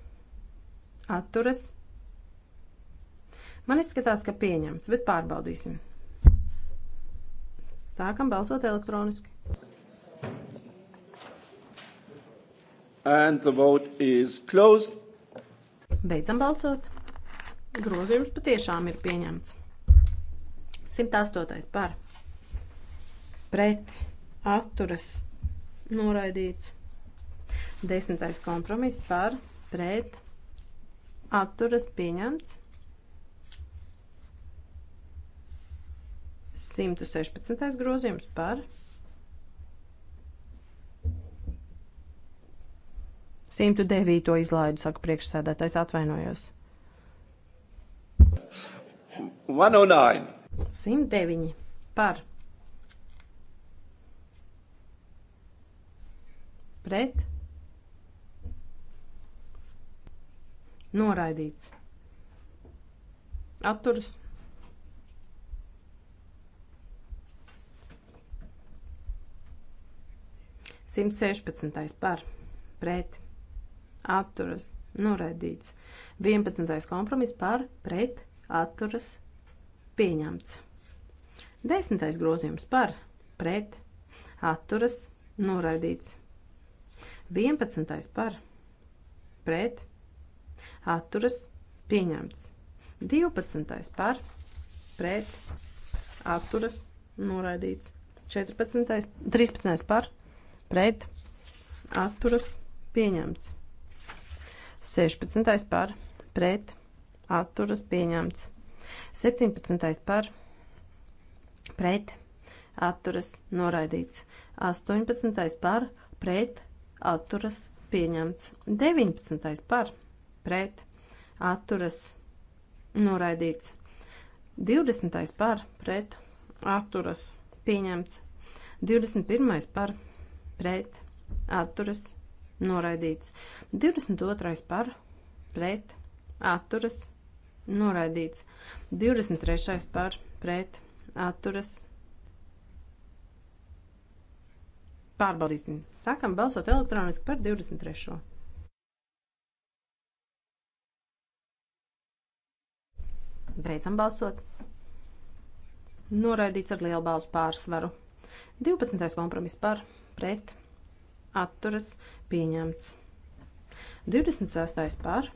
atturas. Man izskatās, ka pieņemts, bet pārbaudīsim. Sākam balsot elektroniski. And the vote is closed. Beidzam balsot. Grozījums patiešām ir pieņemts. 108. par pret atturas noraidīts. 10. kompromiss par pret atturas pieņemts. 116. grozījums par pret 109. izlaidu, saka priekšsēdētājs, atvainojos. 109. 109. Par. Pret. Noraidīts. Atturas. Simt sešpadsmitais par pret atturas noraidīts. 11. kompromiss par pret atturas pieņemts. 10. grozījums par pret atturas noraidīts. 11. par pret atturas pieņemts. 12. par pret atturas noraidīts. 14. 13. par pret atturas pieņemts. 16. par pret atturas pieņemts. 17. par pret atturas noraidīts. 18. par pret atturas pieņemts. 19. par pret atturas noraidīts. 20. par pret atturas pieņemts. 21. par pret atturas pieņemts noraidīts. 22. par pret atturas noraidīts. 23. par pret atturas pārbaudīsim. Sākam balsot elektroniski par 23. Beidzam balsot. Noraidīts ar lielu balsu pārsvaru. 12. kompromiss par pret atturas pieņemts. 26. par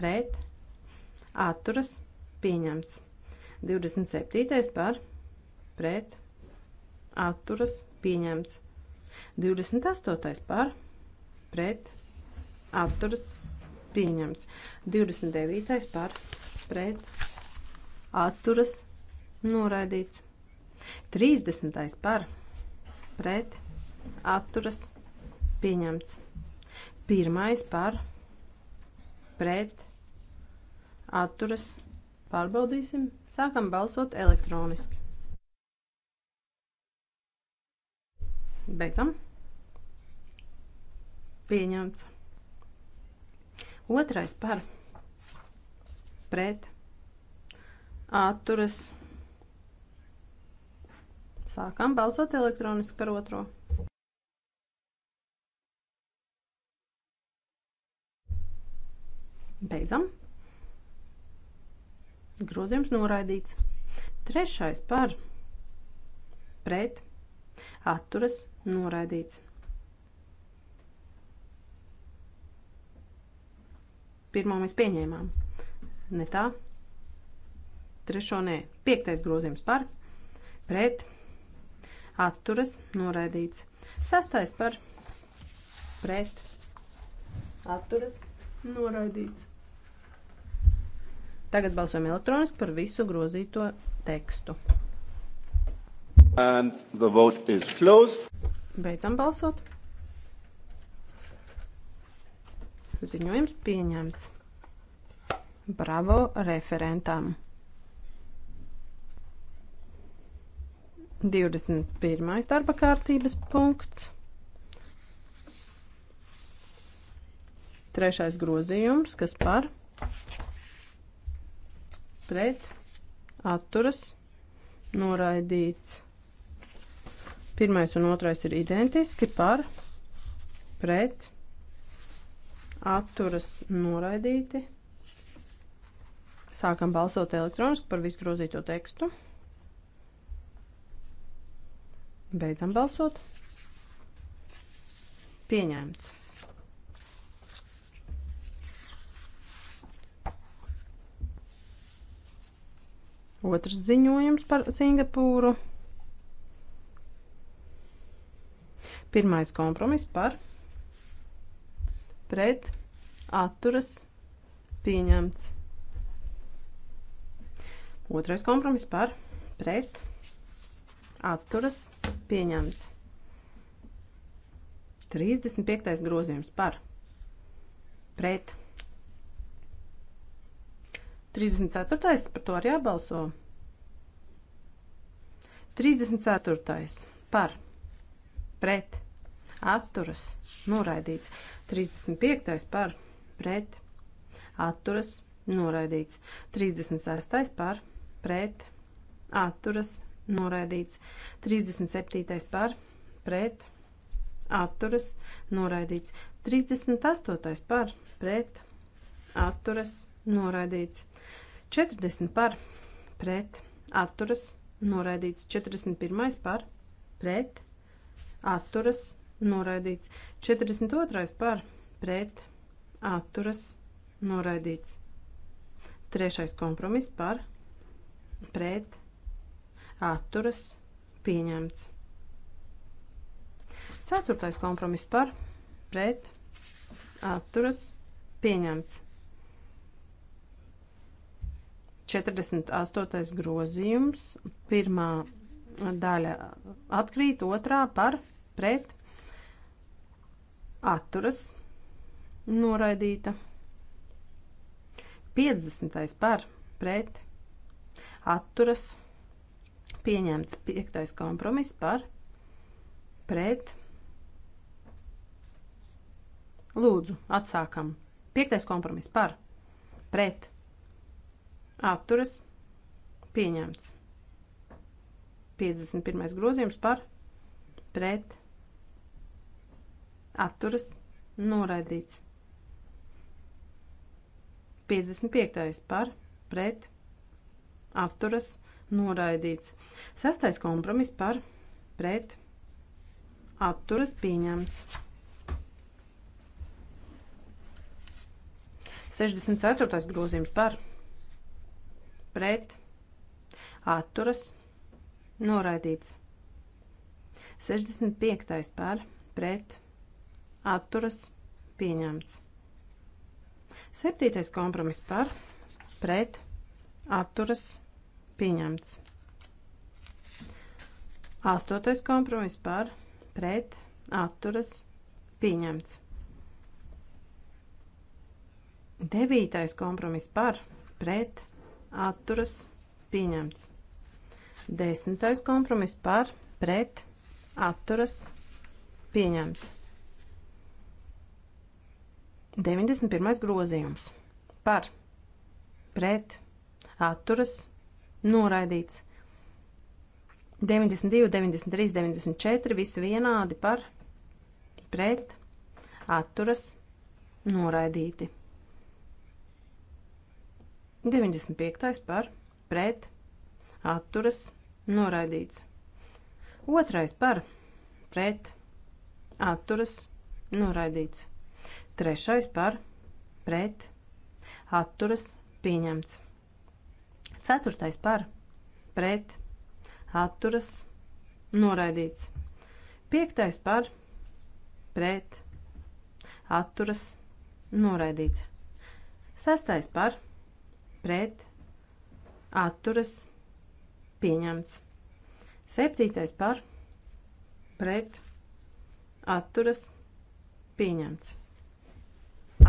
pret atturas pieņemts. 27. par pret atturas pieņemts. 28. par pret atturas pieņemts. 29. par pret atturas noraidīts. 30. par pret atturas pieņemts atturas pieņemts. Pirmais par pret atturas pārbaudīsim. Sākam balsot elektroniski. Beidzam. Pieņemts. Otrais par pret atturas. Sākam balsot elektroniski par otro. Beidzam. Grozījums noraidīts. Trešais par pret atturas noraidīts. Pirmo mēs pieņēmām. Ne tā. Trešo nē. Piektais grozījums par pret atturas noraidīts. Sastais par pret atturas noraidīts Noraidīts. Tagad balsojam elektroniski par visu grozīto tekstu. And the vote is closed. Beidzam balsot. Ziņojums pieņemts. Bravo referentam. 21. darba kārtības punkts. Trešais grozījums, kas par pret atturas noraidīts. Pirmais un otrais ir identiski par pret atturas noraidīti. Sākam balsot elektroniski par visgrozīto tekstu. Beidzam balsot. Pieņemts. Otrs ziņojums par Singapūru. Pirmais kompromiss par pret atturas pieņemts. Otrais kompromiss par pret atturas pieņemts. 35. grozījums par pret 34. par to arī jābalso. 34. par pret atturas noraidīts. 35. par pret atturas noraidīts. 36. par pret atturas noraidīts. 37. par pret atturas noraidīts. 38. par pret atturas noraidīts noraidīts. 40 par pret atturas noraidīts. 41 par pret atturas noraidīts. 42 par pret atturas noraidīts. Trešais kompromiss par pret atturas pieņemts. Ceturtais kompromiss par pret atturas pieņemts. 48. grozījums, pirmā daļa atkrīt, otrā par pret atturas noraidīta. 50. par pret atturas pieņemts 5. kompromiss par pret lūdzu atsākam. 5. kompromiss par pret atturas pieņemts. 51. grozījums par pret atturas noraidīts. 55. par pret atturas noraidīts. 6. kompromiss par pret atturas pieņemts. 64. grozījums par pret pret, atturas, noraidīts. 65. par, pret, atturas, pieņemts. 7. kompromiss par, pret, atturas, pieņemts. 8. kompromiss par, pret, atturas, pieņemts. 9. kompromiss par, pret, atturas, pieņemts. Devītais kompromiss par, pret, atturas pieņemts. Desmitais kompromiss par pret atturas pieņemts. 91. grozījums par pret atturas noraidīts. 92, 93, 94 visi vienādi par pret atturas noraidīti. 95. par pret atturas noraidīts. Otrais par pret atturas noraidīts. Trešais par pret atturas pieņemts. Ceturtais par pret atturas noraidīts. Piektais par pret atturas noraidīts. Sestais par pret pret, atturas, pieņemts. Septītais par, pret, atturas, pieņemts.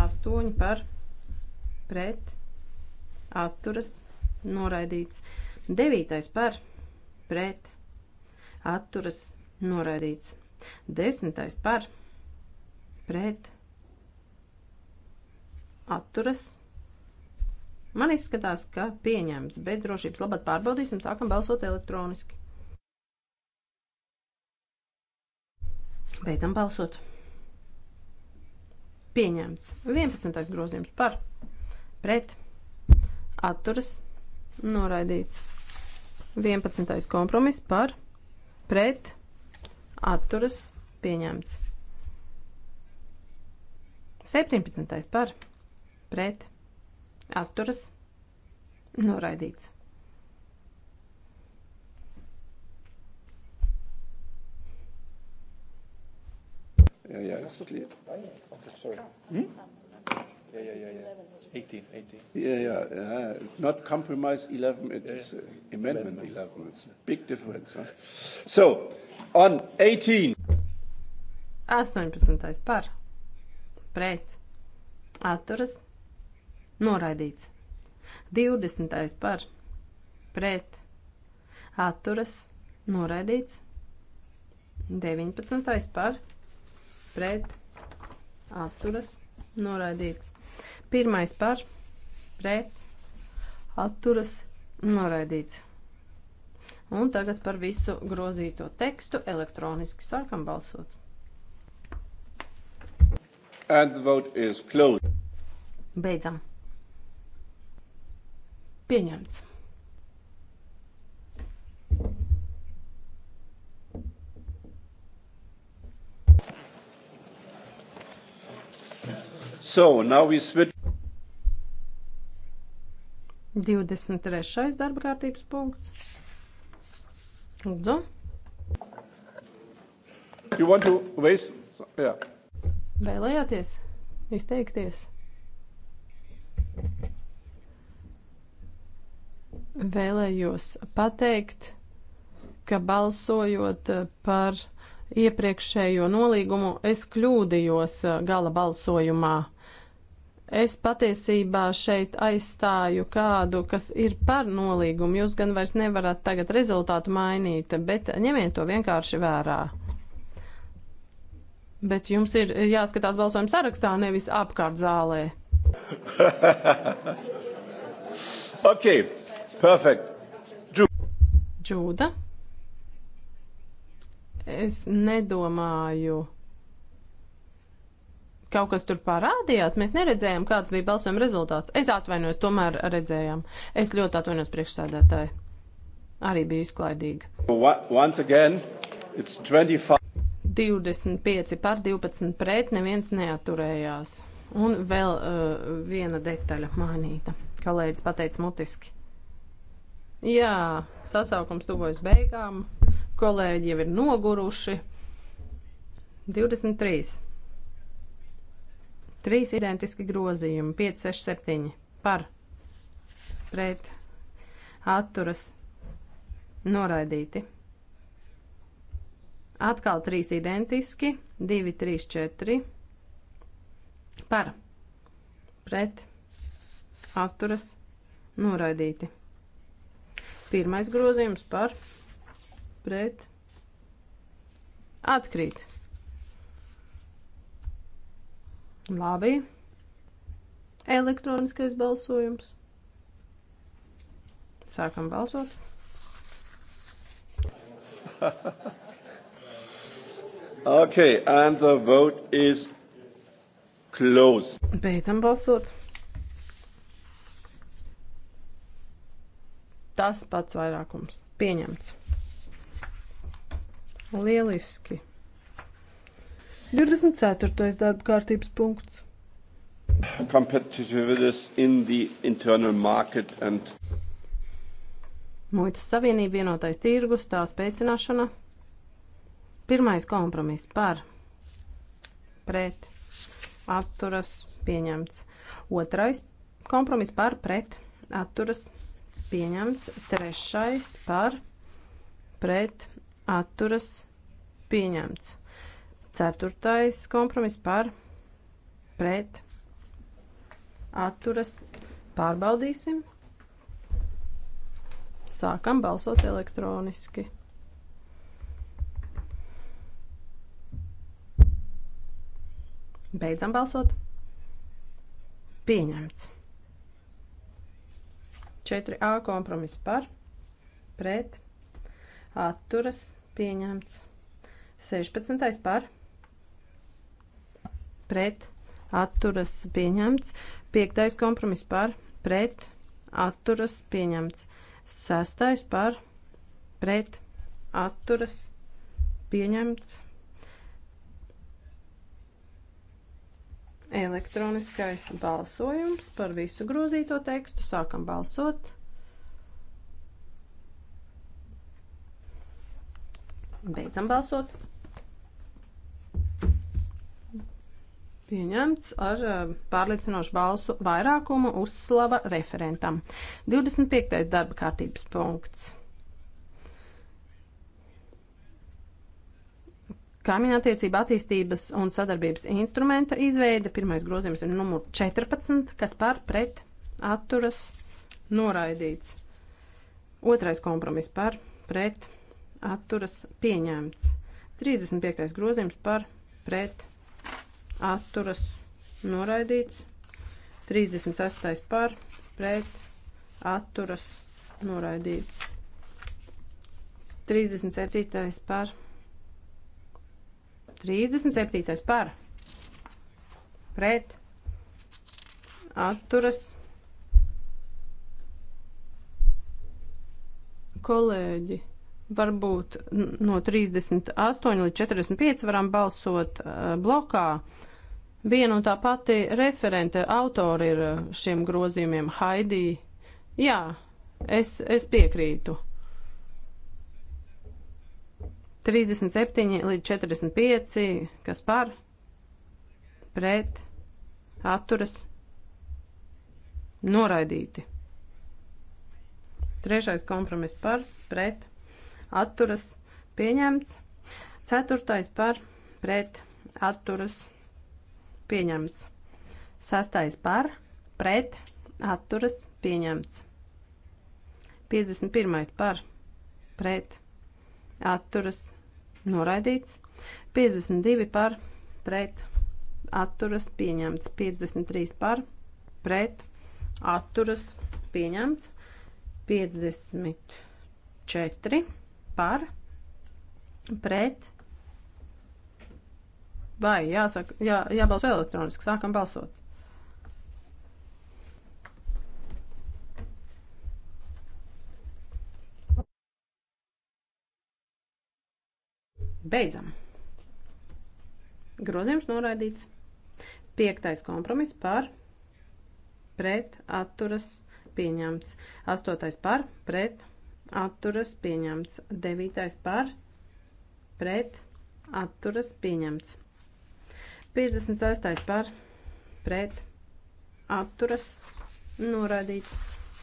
Astoņi par, pret, atturas, noraidīts. Devītais par, pret, atturas, noraidīts. Desmitais par, pret, atturas, noraidīts atturas Man izskatās, ka pieņemts, bet drošības labad pārbaudīsim, sākam balsot elektroniski. Beidzam balsot. Pieņemts. 11. grozījums par, pret, atturas, noraidīts. 11. kompromiss par, pret, atturas, pieņemts. 17. par, pret, atturas noraidīts. Ja, ja, it's clear. Okay, sorry. Hmm? hmm? Yeah, yeah, yeah, yeah. 18, 18. Yeah, yeah, yeah. It's not compromise 11, it yeah, is uh, yeah. amendment 11. It's a big difference. Huh? So, on 18. 18. par. Pret. Atturas Noraidīts. 20. par pret atturas noraidīts. 19. par pret atturas noraidīts. 1. par pret atturas noraidīts. Un tagad par visu grozīto tekstu elektroniski sākam balsot. And the vote is closed. Beidzam. Pieņemts. So, now we switch. 23. darba kārtības punkts. Lūdzu. You want to waste? Yeah. Vēlējāties izteikties? vēlējos pateikt, ka balsojot eh, par iepriekšējo nolīgumu, es kļūdījos eh, gala balsojumā. Es patiesībā šeit aizstāju kādu, kas ir par nolīgumu. Jūs gan vairs nevarat tagad rezultātu mainīt, bet ņemiet to vienkārši vērā. Bet jums ir jāskatās balsojuma sarakstā, nevis apkārt zālē. okay. Perfect. Džūda. Es nedomāju. Kaut kas tur parādījās, mēs neredzējām, kāds bija balsojuma rezultāts. Es atvainojos, tomēr redzējām. Es ļoti atvainojos priekšsēdētāji. Arī biju izklaidīga. Once again, it's 25. 25 par 12 pret, neviens neaturējās. Un vēl uh, viena detaļa mainīta. Kolēģis pateica mutiski. Jā, sasaukums tuvojas beigām. Kolēģi jau ir noguruši. 23. Trīs identiski grozījumi. 5, 6, 7. Par. Pret. Atturas. Noraidīti. Atkal trīs identiski. 2, 3, 4. Par. Pret. Atturas. Noraidīti. Pirmais grozījums par pret atkrīt. Labi. Elektroniskais balsojums. Sākam balsot. okay, and the vote is closed. Beidzam balsot. Tas pats vairākums. Pieņemts. Lieliski. 24. darba kārtības punkts. Competitiveness in the internal market and. Muitas savienība vienotais tirgus, tā spēcināšana. Pirmais kompromiss par, pret, atturas, pieņemts. Otrais kompromiss par, pret, atturas, pieņemts pieņemts, trešais par pret atturas pieņemts, ceturtais kompromiss par pret atturas pārbaudīsim. Sākam balsot elektroniski. Beidzam balsot. Pieņemts. 4A kompromiss par, pret, atturas, pieņemts. 16. par, pret, atturas, pieņemts. 5. kompromiss par, pret, atturas, pieņemts. 6. par, pret, atturas, pieņemts. Elektroniskais balsojums par visu grozīto tekstu. Sākam balsot. Beidzam balsot. Pieņemts ar eh, pārliecinošu balsu vairākumu uzslava referentam. 25. darba kārtības punkts. kaimiņattiecība attīstības un sadarbības instrumenta izveida. Pirmais grozījums ir numur 14, kas par pret atturas noraidīts. Otrais kompromiss par pret atturas pieņemts. 35. grozījums par pret atturas noraidīts. 36. par pret atturas noraidīts. 37. par pret 37. par pret atturas kolēģi. Varbūt no 38 līdz 45 varam balsot uh, blokā. Viena un tā pati referente autori ir uh, šiem grozījumiem Haidī. Jā, es, es piekrītu. 37 līdz 45, kas par, pret, atturas, noraidīti. Trešais kompromiss par, pret, atturas, pieņemts. Ceturtais par, pret, atturas, pieņemts. Sastais par, pret, atturas, pieņemts. 51. par, pret, atturas noraidīts, 52 par pret atturas pieņemts, 53 par pret atturas pieņemts, 54 par pret. Vai jāsaka, jā, jābalso elektroniski, sākam balsot. Beidzam. Grozījums noraidīts. Piektais kompromiss par pret atturas pieņemts. Astotais par pret atturas pieņemts. Devītais par pret atturas pieņemts. 56. par pret atturas noraidīts.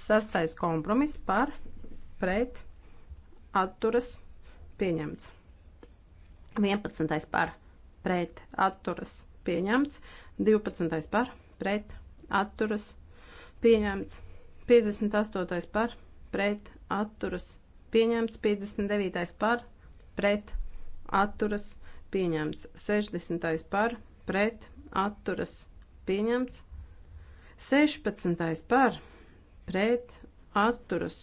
Sastais kompromiss par pret atturas pieņemts. 11. par pret atturas pieņemts, 12. par pret atturas pieņemts, 58. par pret atturas pieņemts, 59. par pret atturas pieņemts, 60. par pret atturas pieņemts, 16. par pret atturas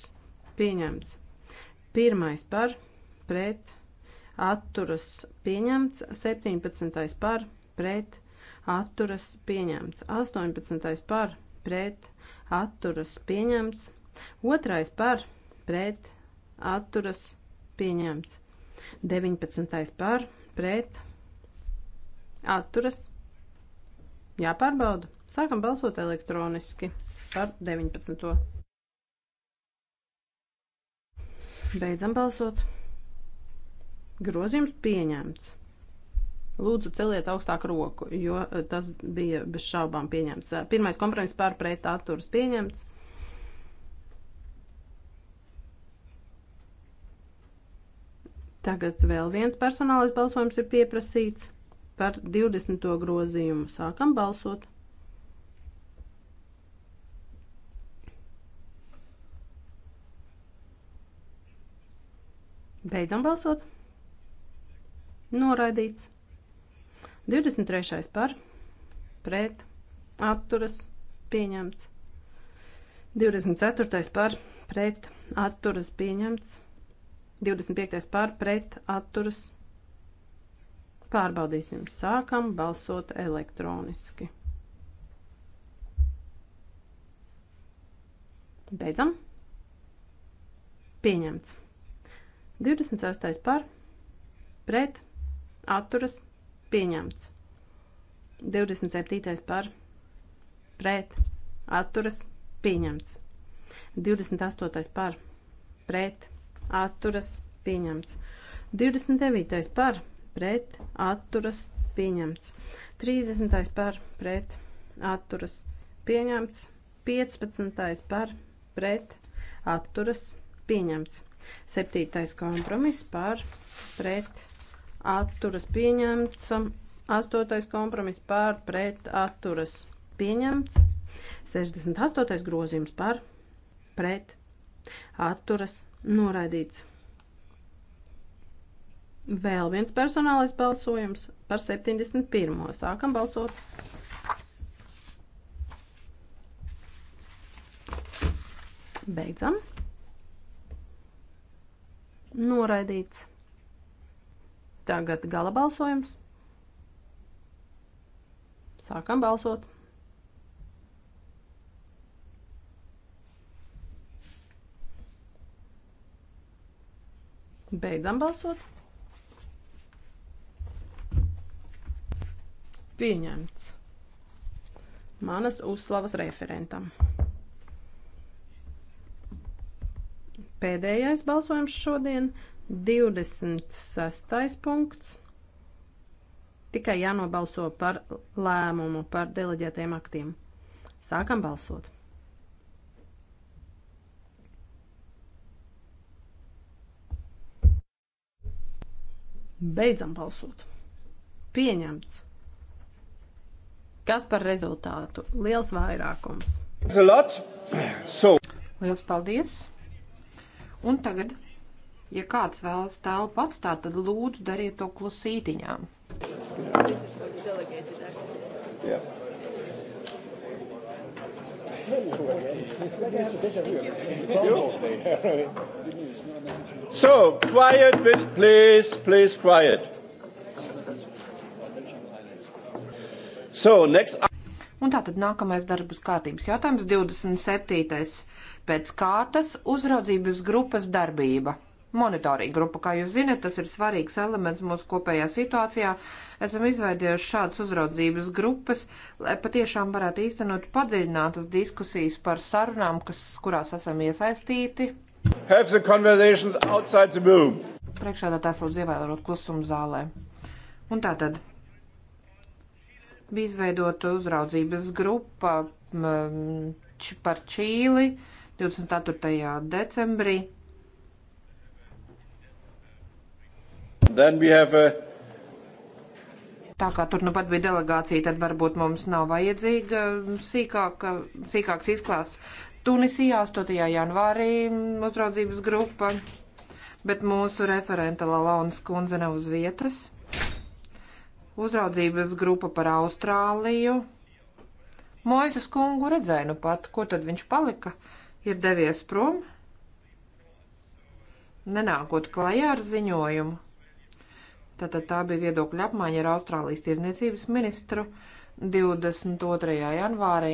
pieņemts, 1. par pret atturas pieņemts, 17. par pret atturas pieņemts, 18. par pret atturas pieņemts, 2. par pret atturas pieņemts, 19. par pret atturas jāpārbauda. Sākam balsot elektroniski par 19. Beidzam balsot. Grozījums pieņemts. Lūdzu, celiet augstāk roku, jo eh, tas bija bez šaubām pieņemts. Eh, pirmais kompromiss par pret atturas pieņemts. Tagad vēl viens personālais balsojums ir pieprasīts par 20. grozījumu. Sākam balsot. Beidzam balsot noraidīts. 23. par, pret, atturas, pieņemts. 24. par, pret, atturas, pieņemts. 25. par, pret, atturas, pārbaudīsim. Sākam balsot elektroniski. Beidzam. Pieņemts. 26. par, pret, atturas atturas pieņemts. 27. par pret atturas pieņemts. 28. par pret atturas pieņemts. 29. par pret atturas pieņemts. 30. par pret atturas pieņemts. 15. par pret atturas pieņemts. 7. kompromiss par pret atturas pieņemts atturas pieņemts. Astotais kompromiss par pret atturas pieņemts. 68. grozījums par pret atturas noraidīts. Vēl viens personālais balsojums par 71. Sākam balsot. Beidzam. Noraidīts. Tagad gala balsojums. Sākam balsot. Beidzam balsot. Pieņemts. Manas uzslavas referentam. Pēdējais balsojums šodien 26. punkts. Tikai jānobalso par lēmumu par deleģētajiem aktiem. Sākam balsot. Beidzam balsot. Pieņemts. Kas par rezultātu? Liels vairākums. So. Liels paldies! Un tagad Ja kāds vēlas telpu atstāt, tad lūdzu dariet to klusītiņā. Yeah. So, quiet, please, please, quiet. So, next... Un tātad nākamais darbas kārtības jautājums 27. pēc kārtas uzraudzības grupas darbība monitoringa grupu. Kā jūs zinat, tas ir svarīgs elements mūsu kopējā situācijā. Esam izveidojuši šādas uzraudzības grupas, lai patiešām varētu īstenot padziļinātas diskusijas par sarunām, kas, kurās esam iesaistīti. Priekšādā tās lūdzu ievērot klusumu zālē. Un tā tad bija izveidota uzraudzības grupa par Čīli 24. decembrī A... Tā kā tur nu pat bija delegācija, tad varbūt mums nav vajadzīga um, sīkāka, sīkāks izklāsts. Tunisijā 8. janvārī mm, uzraudzības grupa, bet mūsu referenta Lalaunas kundze nav uz vietas. Uzraudzības grupa par Austrāliju. Moisas kungu redzēju nu pat, kur tad viņš palika, ir devies prom, nenākot klajā ar ziņojumu. Tātad tā bija viedokļa apmaiņa ar Austrālijas tirdzniecības ministru 22. janvārī.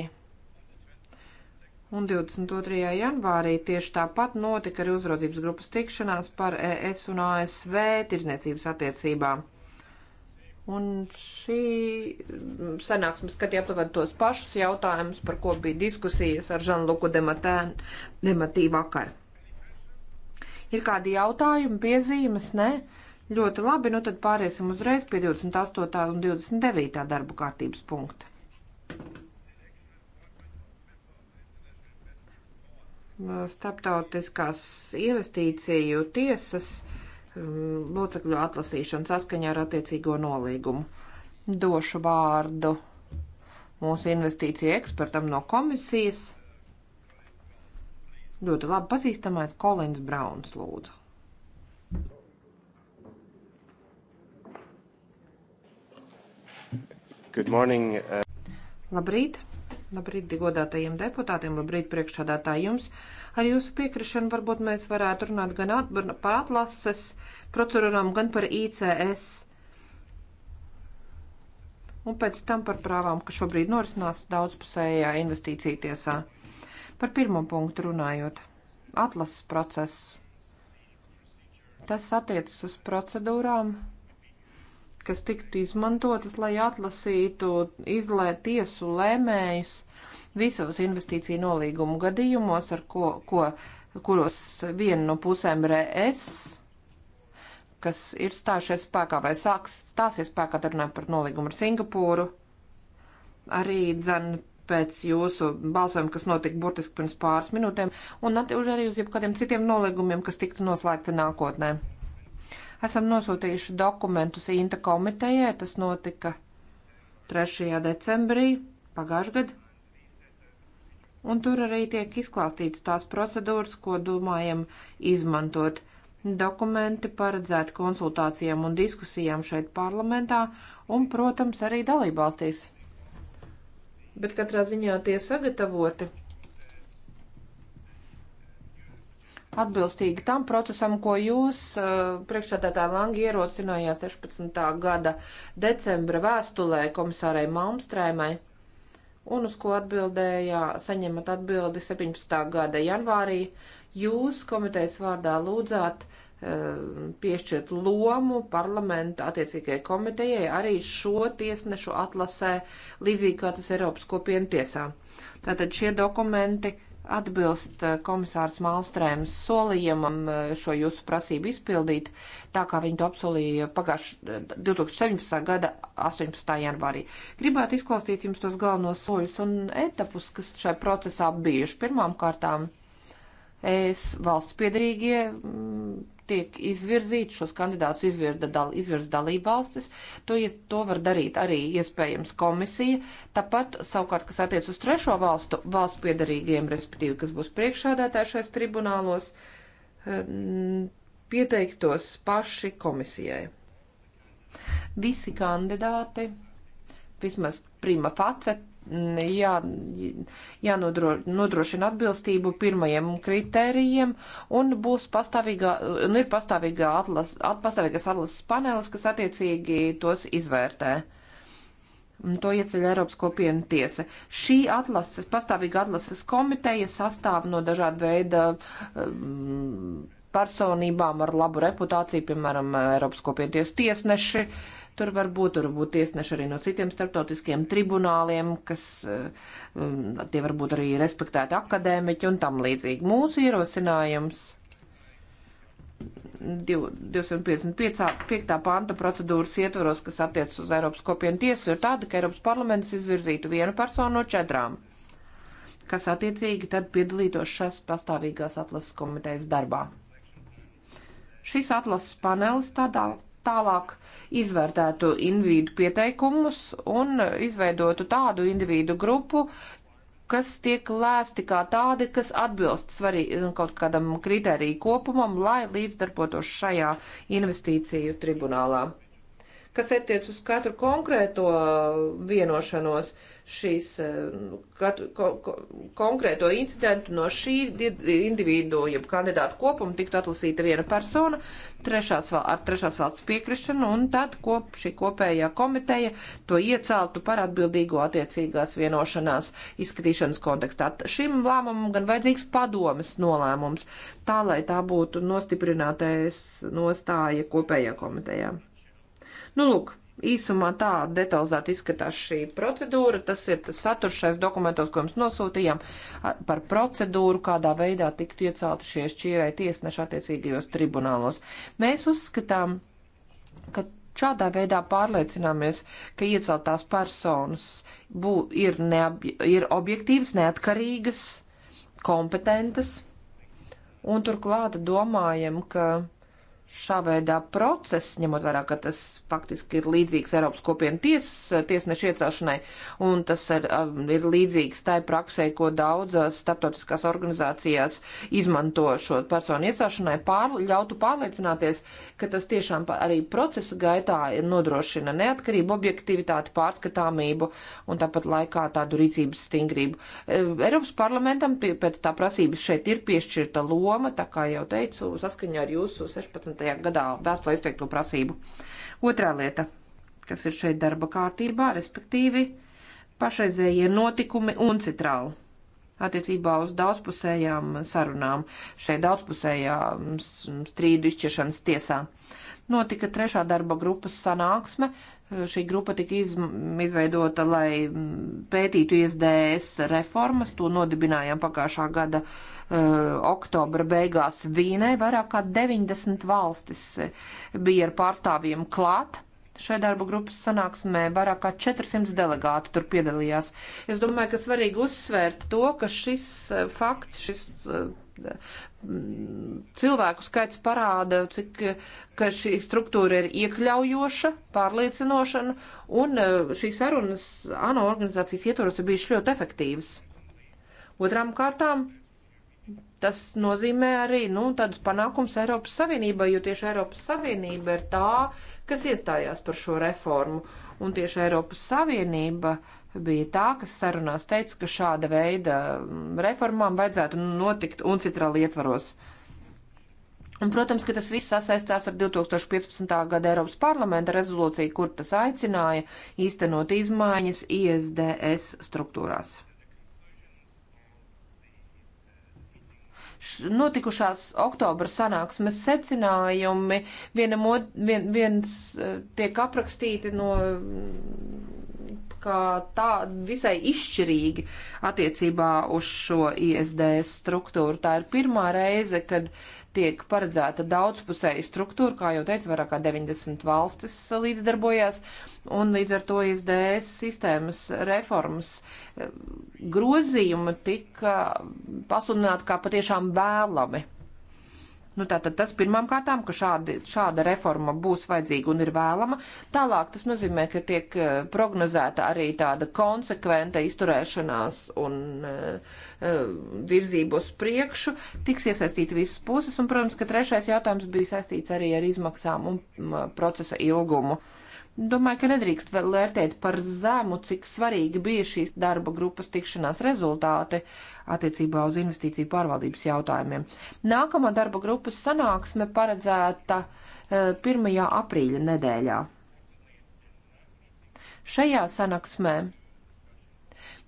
Un 22. janvārī tieši tāpat notika arī uzraudzības grupas tikšanās par ES un ASV tirdzniecības attiecībām. Un šī sanāksme skatīja aptuveni tos pašus jautājumus, par ko bija diskusijas ar Žanluku Dematī vakar. Ir kādi jautājumi, piezīmes, ne? Uh, Ļoti labi, nu tad pāriesim uzreiz pie 28. un 29. darbu kārtības punkta. Starptautiskās investīciju tiesas um, locekļu atlasīšana saskaņā ar attiecīgo nolīgumu. Došu vārdu mūsu investīciju ekspertam no komisijas. Ļoti labi pazīstamais Kolins Brauns lūdzu. Good morning. Uh... Labrīt! Labrīt, godātajiem deputātiem, labrīt, priekšsādātāji jums. Ar jūsu piekrišanu varbūt mēs varētu runāt gan par atlases procedūrām, gan par ICS. Un pēc tam par prāvām, ka šobrīd norisinās daudzpusējā investīcija tiesā. Par pirmo punktu runājot. Atlases process. Tas attiecas uz procedūrām, kas tiktu izmantotas, lai atlasītu izlē tiesu lēmējus visos investīciju nolīgumu gadījumos, ar ko, ko, kuros viena no pusēm ir ES, kas ir stājušies spēkā vai sāks stāsies spēkā, tad runājot par nolīgumu ar Singapūru, arī dzen pēc jūsu balsojuma, kas notika burtiski pirms pāris minūtēm, un arī uz jebkādiem citiem nolīgumiem, kas tiktu noslēgti nākotnē. Esam nosūtījuši dokumentus Inta komitejai, tas notika 3. decembrī pagājušajā gadā. Un tur arī tiek izklāstīts tās procedūras, ko domājam izmantot. Dokumenti paredzēti konsultācijām un diskusijām šeit parlamentā un, protams, arī dalībvalstīs. Bet katrā ziņā tie sagatavoti atbilstīgi tam procesam, ko jūs priekšstādātā Langi ierosinājāt 16. gada decembra vēstulē komisārai Malmstrēmai un uz ko atbildējā, saņemat atbildi 17. gada janvārī, jūs komitejas vārdā lūdzāt piešķirt lomu parlamenta attiecīgajai komitejai arī šo tiesnešu atlasē, līdzīgi kā tas Eiropas kopienu tiesā. Tātad šie dokumenti atbilst eh, komisārs Malmstrēms solījumam eh, šo jūsu prasību izpildīt, tā kā viņi to apsolīja pagājušā eh, 2017. gada 18. janvārī. Gribētu izklāstīt jums tos galvenos soļus un etapus, kas šajā procesā bijuši. Pirmām kārtām es valsts piedarīgie mm, tiek izvirzīti, šos kandidātus izvirda, dal, izvirz dalība valstis, to, to var darīt arī iespējams komisija. Tāpat savukārt, kas attiec uz trešo valstu, valstu piedarīgiem, respektīvi, kas būs priekšādātāji šais tribunālos, eh, pieteiktos paši komisijai. Visi kandidāti, vismaz prima facet, jā, jānodrošina atbilstību pirmajiem kritērijiem, un būs pastāvīgā, un ir pastāvīgā atlas, at, pastāvīgas atlases panelis, kas attiecīgi tos izvērtē. Un to ieceļ Eiropas kopienu tiesa. Šī atlases, pastāvīga atlases komiteja sastāv no dažāda veida um, personībām ar labu reputāciju, piemēram, Eiropas kopienu tiesa tiesneši. Uh, Tur var būt, tur var būt tiesneši arī no citiem starptautiskiem tribunāliem, kas eh, um, tie var būt arī respektēti akadēmiķi un tam līdzīgi. Mūsu ierosinājums 255. panta procedūras ietvaros, kas attiec uz Eiropas kopienu tiesu, ir tāda, ka Eiropas parlaments izvirzītu vienu personu no četrām kas attiecīgi tad piedalītos šās pastāvīgās atlases komitejas darbā. Šis atlases panelis tādā tālāk izvērtētu individu pieteikumus un izveidotu tādu individu grupu, kas tiek lēsti kā tādi, kas atbilst svarī, kaut kādam kritēriju kopumam, lai līdzdarbotos šajā investīciju tribunālā. Kas attiec uz katru konkrēto vienošanos, uh, šīs eh, nu, katru, ko, ko, konkrēto incidentu no šī individu, jeb kandidātu kopuma tiktu atlasīta viena persona trešās, ar trešās valsts piekrišanu, un tad kop, šī kopējā komiteja to ieceltu par atbildīgo attiecīgās vienošanās izskatīšanas kontekstā. Šim lēmumam gan vajadzīgs padomas nolēmums, tā lai tā būtu nostiprinātais nostāja kopējā komitejā. Nu, lūk, Īsumā tā detalizēti izskatās šī procedūra. Tas ir tas saturs šais dokumentos, ko jums nosūtījām par procedūru, kādā veidā tiktu iecelti šie šķīrai tiesneši attiecīgajos tribunālos. Mēs uzskatām, ka Šādā veidā pārliecināmies, ka ieceltās personas bū, ir, neab, ir objektīvas, neatkarīgas, kompetentas, un turklāt domājam, ka šā veidā process, ņemot vērā, ka tas faktiski ir līdzīgs Eiropas kopienu tiesas, tiesnešu iecelšanai, un tas ir, um, ir līdzīgs tai praksē, ko daudzas uh, starptautiskās organizācijās izmanto šo personu iecelšanai, pār, ļautu pārliecināties, ka tas tiešām arī procesa gaitā nodrošina neatkarību, objektivitāti, pārskatāmību un tāpat laikā tādu rīcības stingrību. Uh, Eiropas parlamentam pēc tā prasības šeit ir piešķirta loma, tā kā jau teicu, saskaņā ar jūsu 16. 2019. gadā vēstulē izteikto prasību. Otrā lieta, kas ir šeit darba kārtībā, respektīvi pašreizējie notikumi un citrāli attiecībā uz daudzpusējām sarunām šeit daudzpusējā mm, strīdu izšķiršanas tiesā. Notika trešā darba grupas sanāksme Šī grupa tika iz, izveidota, lai mm, pētītu ISDS reformas. To nodibinājām pagājušā gada uh, oktobra beigās Vīnē. Vairāk kā 90 valstis e, bija ar pārstāvjiem klāt. Šai darba grupas sanāksmē vairāk kā 400 delegāti tur piedalījās. Es domāju, ka svarīgi uzsvērt to, ka šis e, fakts, šis cilvēku skaits parāda, cik, ka šī struktūra ir iekļaujoša, pārliecinoša, un eh, šīs sarunas ANO organizācijas ietvaros ir bijušas ļoti efektīvas. Otrām kārtām Tas nozīmē arī nu, tādus panākumus Eiropas Savienībai, jo tieši Eiropas Savienība ir tā, kas iestājās par šo reformu. Un tieši Eiropas Savienība bija tā, kas sarunās teica, ka šāda veida mm, reformām vajadzētu notikt un citrāli ietvaros. Un, protams, ka tas viss sasaistās ar 2015. gada Eiropas parlamenta rezolūciju, kur tas aicināja īstenot izmaiņas ISDS struktūrās. notikušās oktobra sanāksmes secinājumi vienam, vien, viens eh, tiek aprakstīti no kā tā visai izšķirīgi attiecībā uz šo ISDS struktūru. Tā ir pirmā reize, kad tiek paredzēta daudzpusēja struktūra, kā jau teicu, vairāk kā 90 valstis līdzdarbojās, un līdz ar to ISDS sistēmas reformas eh, grozījuma tika pasludināta kā patiešām vēlami Nu, tātad tas pirmām kārtām, ka šādi, šāda reforma būs vajadzīga un ir vēlama. Tālāk tas nozīmē, ka tiek eh, prognozēta arī tāda konsekventa izturēšanās un uh, virzību uz priekšu, tiks iesaistīti visas puses, un, protams, ka trešais jautājums bija saistīts arī ar izmaksām un procesa ilgumu. Uh, Domāju, ka nedrīkst vēl vērtēt par zemu, cik svarīgi bija šīs darba grupas tikšanās rezultāti attiecībā uz investīciju pārvaldības jautājumiem. Nākamā darba grupas sanāksme paredzēta 1. Eh, aprīļa nedēļā. Šajā sanāksmē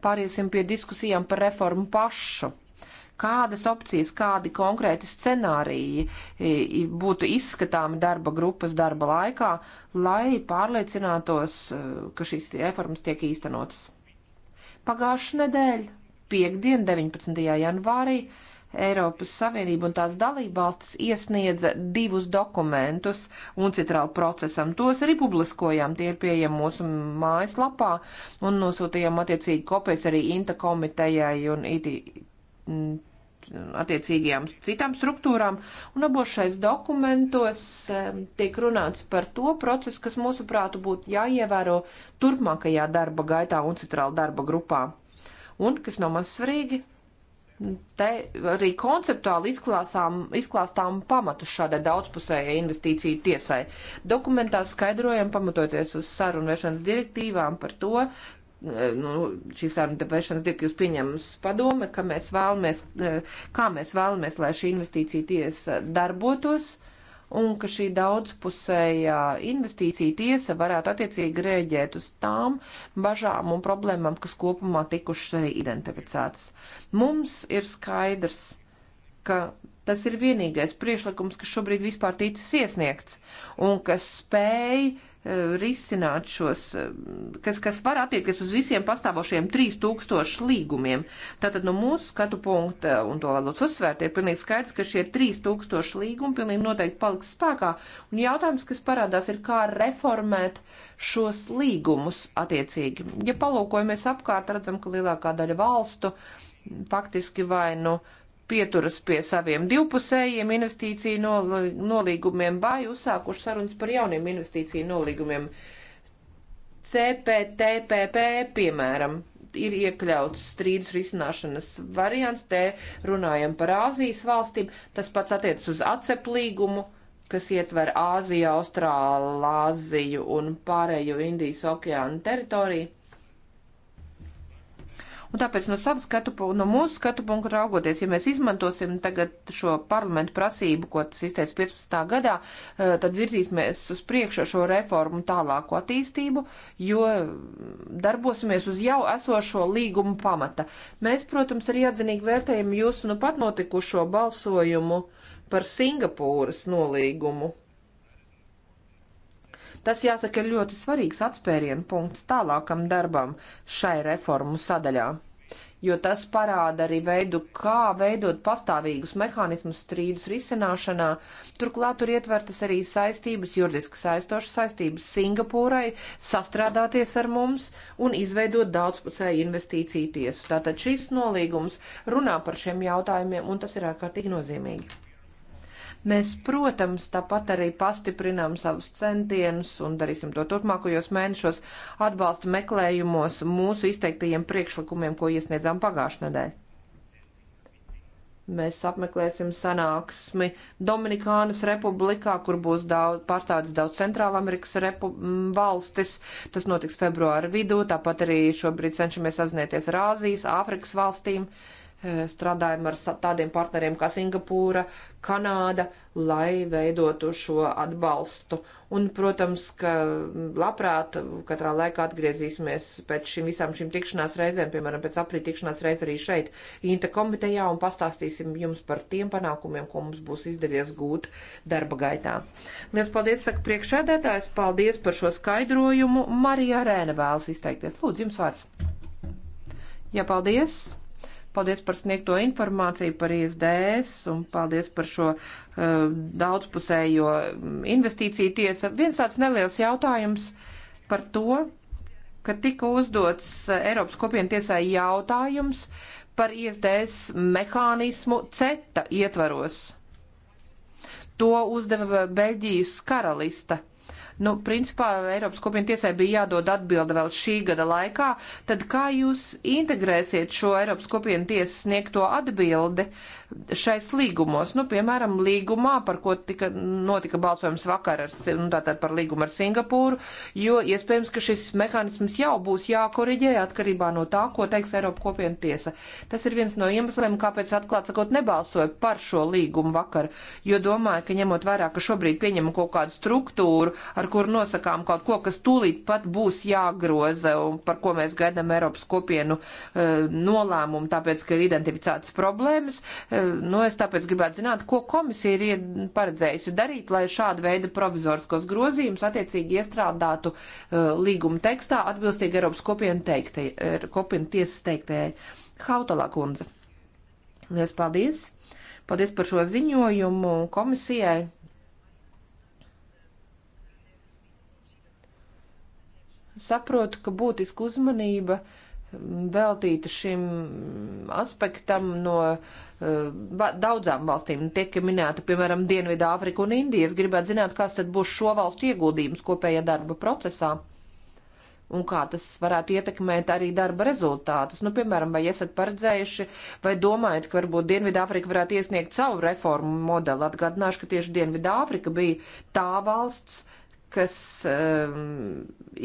pāriesim pie diskusijām par reformu pašu kādas opcijas, kādi konkrēti scenāriji e, būtu izskatāmi darba grupas darba laikā, lai pārliecinātos, e, ka šīs reformas tiek īstenotas. Pagājušā nedēļa, piekdien, 19. janvārī, Eiropas Savienība un tās dalībvalstis iesniedza divus dokumentus un citrālu procesam. Tos arī publiskojām, tie ir pieejami mūsu mājaslapā un nosūtījām attiecīgi kopēs arī Inta komitejai un IT Mm, attiecīgajām citām struktūrām, un abos šais dokumentos tiek runāts par to procesu, kas mūsuprāt būtu jāievēro turpmākajā darba gaitā un citrāla darba grupā. Un, kas nav maz svarīgi, te arī konceptuāli izklāsām, izklāstām pamatus šādai daudzpusējai investīciju tiesai. Dokumentā skaidrojam, pamatoties uz sarunu vēršanas direktīvām par to, Eh, nu, šīs ārnu devēšanas direktīvas pieņems padome, ka mēs vēlamies, eh, kā mēs vēlamies, lai šī investīcija tiesa darbotos un ka šī daudzpusējā investīcija tiesa varētu attiecīgi rēģēt uz tām bažām un problēmām, kas kopumā tikušas arī identificētas. Mums ir skaidrs, ka tas ir vienīgais priešlikums, kas šobrīd vispār ticis iesniegts un kas spēja Eh, risināt šos, eh, kas, kas var attiekties uz visiem pastāvošiem 3000 līgumiem. Tātad no mūsu skatu punkta, un to vēlos uzsvērt, ir pilnīgi skaidrs, ka šie 3000 līgumi pilnīgi noteikti paliks spēkā. Un jautājums, kas parādās, ir kā reformēt šos līgumus attiecīgi. Ja palūkojamies apkārt, redzam, ka lielākā daļa valstu faktiski vai nu. No pieturas pie saviem divpusējiem investīciju nol nolīgumiem vai uzsākuši sarunas par jauniem investīciju nolīgumiem. CPTPP, piemēram, ir iekļauts strīdus risināšanas variants, te runājam par Āzijas valstīm, tas pats attiecas uz ACEP līgumu, kas ietver Āziju, Austrālāziju un pārējo Indijas okeānu teritoriju Un tāpēc no savas skatu, no mūsu skatu punktu raugoties, ja mēs izmantosim tagad šo parlamentu prasību, ko tas izteica 15. gadā, eh, tad virzīsimies uz priekšu šo reformu tālāko attīstību, jo darbosimies uz jau esošo līgumu pamata. Mēs, protams, arī atzinīgi vērtējam jūsu nu pat notikušo balsojumu par Singapūras nolīgumu Tas jāsaka ir ļoti svarīgs atspērienu punkts tālākam darbam šai reformu sadaļā jo tas parāda arī veidu, kā veidot pastāvīgus mehānismus strīdus risināšanā. Turklāt tur ietvertas arī saistības, juridiski saistošas saistības Singapūrai, sastrādāties ar mums un izveidot daudzpusēju investīciju tiesu. Tātad šis nolīgums runā par šiem jautājumiem, un tas ir ārkārtīgi nozīmīgi. Mēs, protams, tāpat arī pastiprinām savus centienus un darīsim to turpmākajos mēnešos atbalsta meklējumos mūsu izteiktajiem priekšlikumiem, ko iesniedzām pagājušajā nedēļā. Mēs apmeklēsim sanāksmi Dominikānas republikā, kur būs daudz, pārstāvis daudz Centrālamerikas repu, m, valstis. Tas notiks februāra vidū, tāpat arī šobrīd cenšamies sazināties ar Āzijas, Āfrikas valstīm. Uh, Eh, strādājam ar tādiem partneriem kā Singapūra, Kanāda, lai veidotu šo atbalstu. Un, protams, ka labprāt katrā laikā atgriezīsimies pēc šīm visām šīm tikšanās reizēm, piemēram, pēc aprīļa tikšanās reizes arī šeit, Inta komitejā, un pastāstīsim jums par tiem panākumiem, ko mums būs izdevies gūt darba gaitā. Lielas paldies, saka priekšēdētājs, paldies par šo skaidrojumu. Marija Rēna vēlas izteikties. Lūdzu, jums vārds. Jā, paldies! Paldies par sniegto informāciju par ISDS un paldies par šo uh, daudzpusējo mm, investīciju tiesa. Viens tāds neliels jautājums par to, ka tika uzdots eh, Eiropas kopienu tiesai jautājums par ISDS mehānismu CETA ietvaros. To uzdeva Beļģijas karalista nu, principā Eiropas kopienu tiesai bija jādod atbilde vēl šī gada laikā, tad kā jūs integrēsiet šo Eiropas kopienu tiesas sniegto atbildi uh, šais līgumos, nu, piemēram, līgumā, par ko tika, notika balsojums vakar, ar, nu, tātad par līgumu ar Singapūru, jo iespējams, ka šis mehānisms jau būs jākoriģē atkarībā no tā, ko teiks Eiropa kopiena tiesa. Tas ir viens no iemesliem, kāpēc atklāt sakot nebalsoju par šo līgumu vakar, jo domāju, ka ņemot vērā, ka šobrīd pieņemam kaut kādu struktūru, ar kuru nosakām kaut ko, kas tūlīt pat būs jāgroza un par ko mēs gaidām Eiropas kopienu e, nolēmumu, tāpēc, ka ir identificētas problēmas, e, nu, es tāpēc gribētu zināt, ko komisija ir paredzējusi darīt, lai šāda veida provizoriskos grozījumus attiecīgi iestrādātu uh, līguma tekstā atbilstīgi Eiropas kopienu, teiktai, kopienu tiesas teiktajai. Hautalā kundze. Lies paldies! Paldies par šo ziņojumu komisijai! saprotu, ka būtiska uzmanība um, veltīta šim aspektam no Eh, daudzām valstīm. Tiek minēta, piemēram, Dienvidā Afrika un Indija. Es gribētu zināt, kas tad būs šo valstu ieguldījums kopējā darba procesā un kā tas varētu ietekmēt arī darba rezultātus. Nu, piemēram, vai esat paredzējuši vai domājat, ka varbūt Dienvidāfrika varētu iesniegt savu reformu modeli? Atgādināšu, ka tieši Dienvidāfrika bija tā valsts, kas um,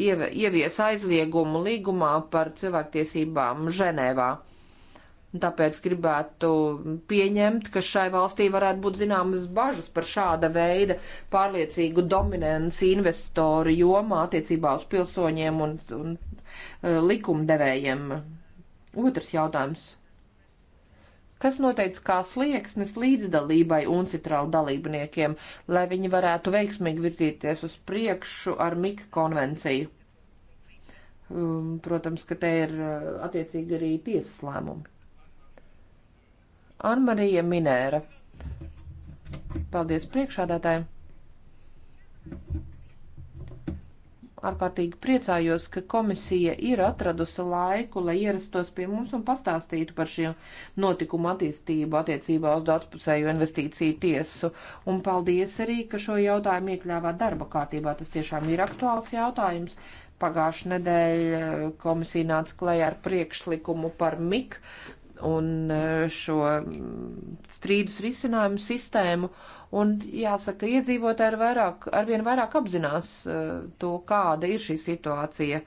ehm, ievies aizliegumu līgumā par cilvēktiesībām Ženēvā. Tāpēc gribētu pieņemt, ka šai valstī varētu būt zināmas bažas par šāda veida pārliecīgu dominanci investoru jomā attiecībā uz pilsoņiem un, un uh, likumdevējiem. Otrs jautājums. Kas noteica kā slieksnis līdzdalībai un citrālu dalībniekiem, lai viņi varētu veiksmīgi virzīties uz priekšu ar Mika konvenciju? Um, protams, ka te ir uh, attiecīgi arī tiesas lēmumi. Anmarija Minēra. Paldies priekšādātājiem! Ārkārtīgi priecājos, ka komisija ir atradusi laiku, lai ierastos pie mums un pastāstītu par šiem notikumu attīstību attiecībā uz daudzpusēju investīciju tiesu. Un paldies arī, ka šo jautājumu iekļāvāt darba kārtībā. Tas tiešām ir aktuāls jautājums. Pagājušajā nedēļā komisija nāca klajā ar priekšlikumu par MIK, un e, šo strīdus risinājumu sistēmu. Un jāsaka, iedzīvotāji ar vairāk, arvien vairāk apzinās e, to, kāda ir šī situācija.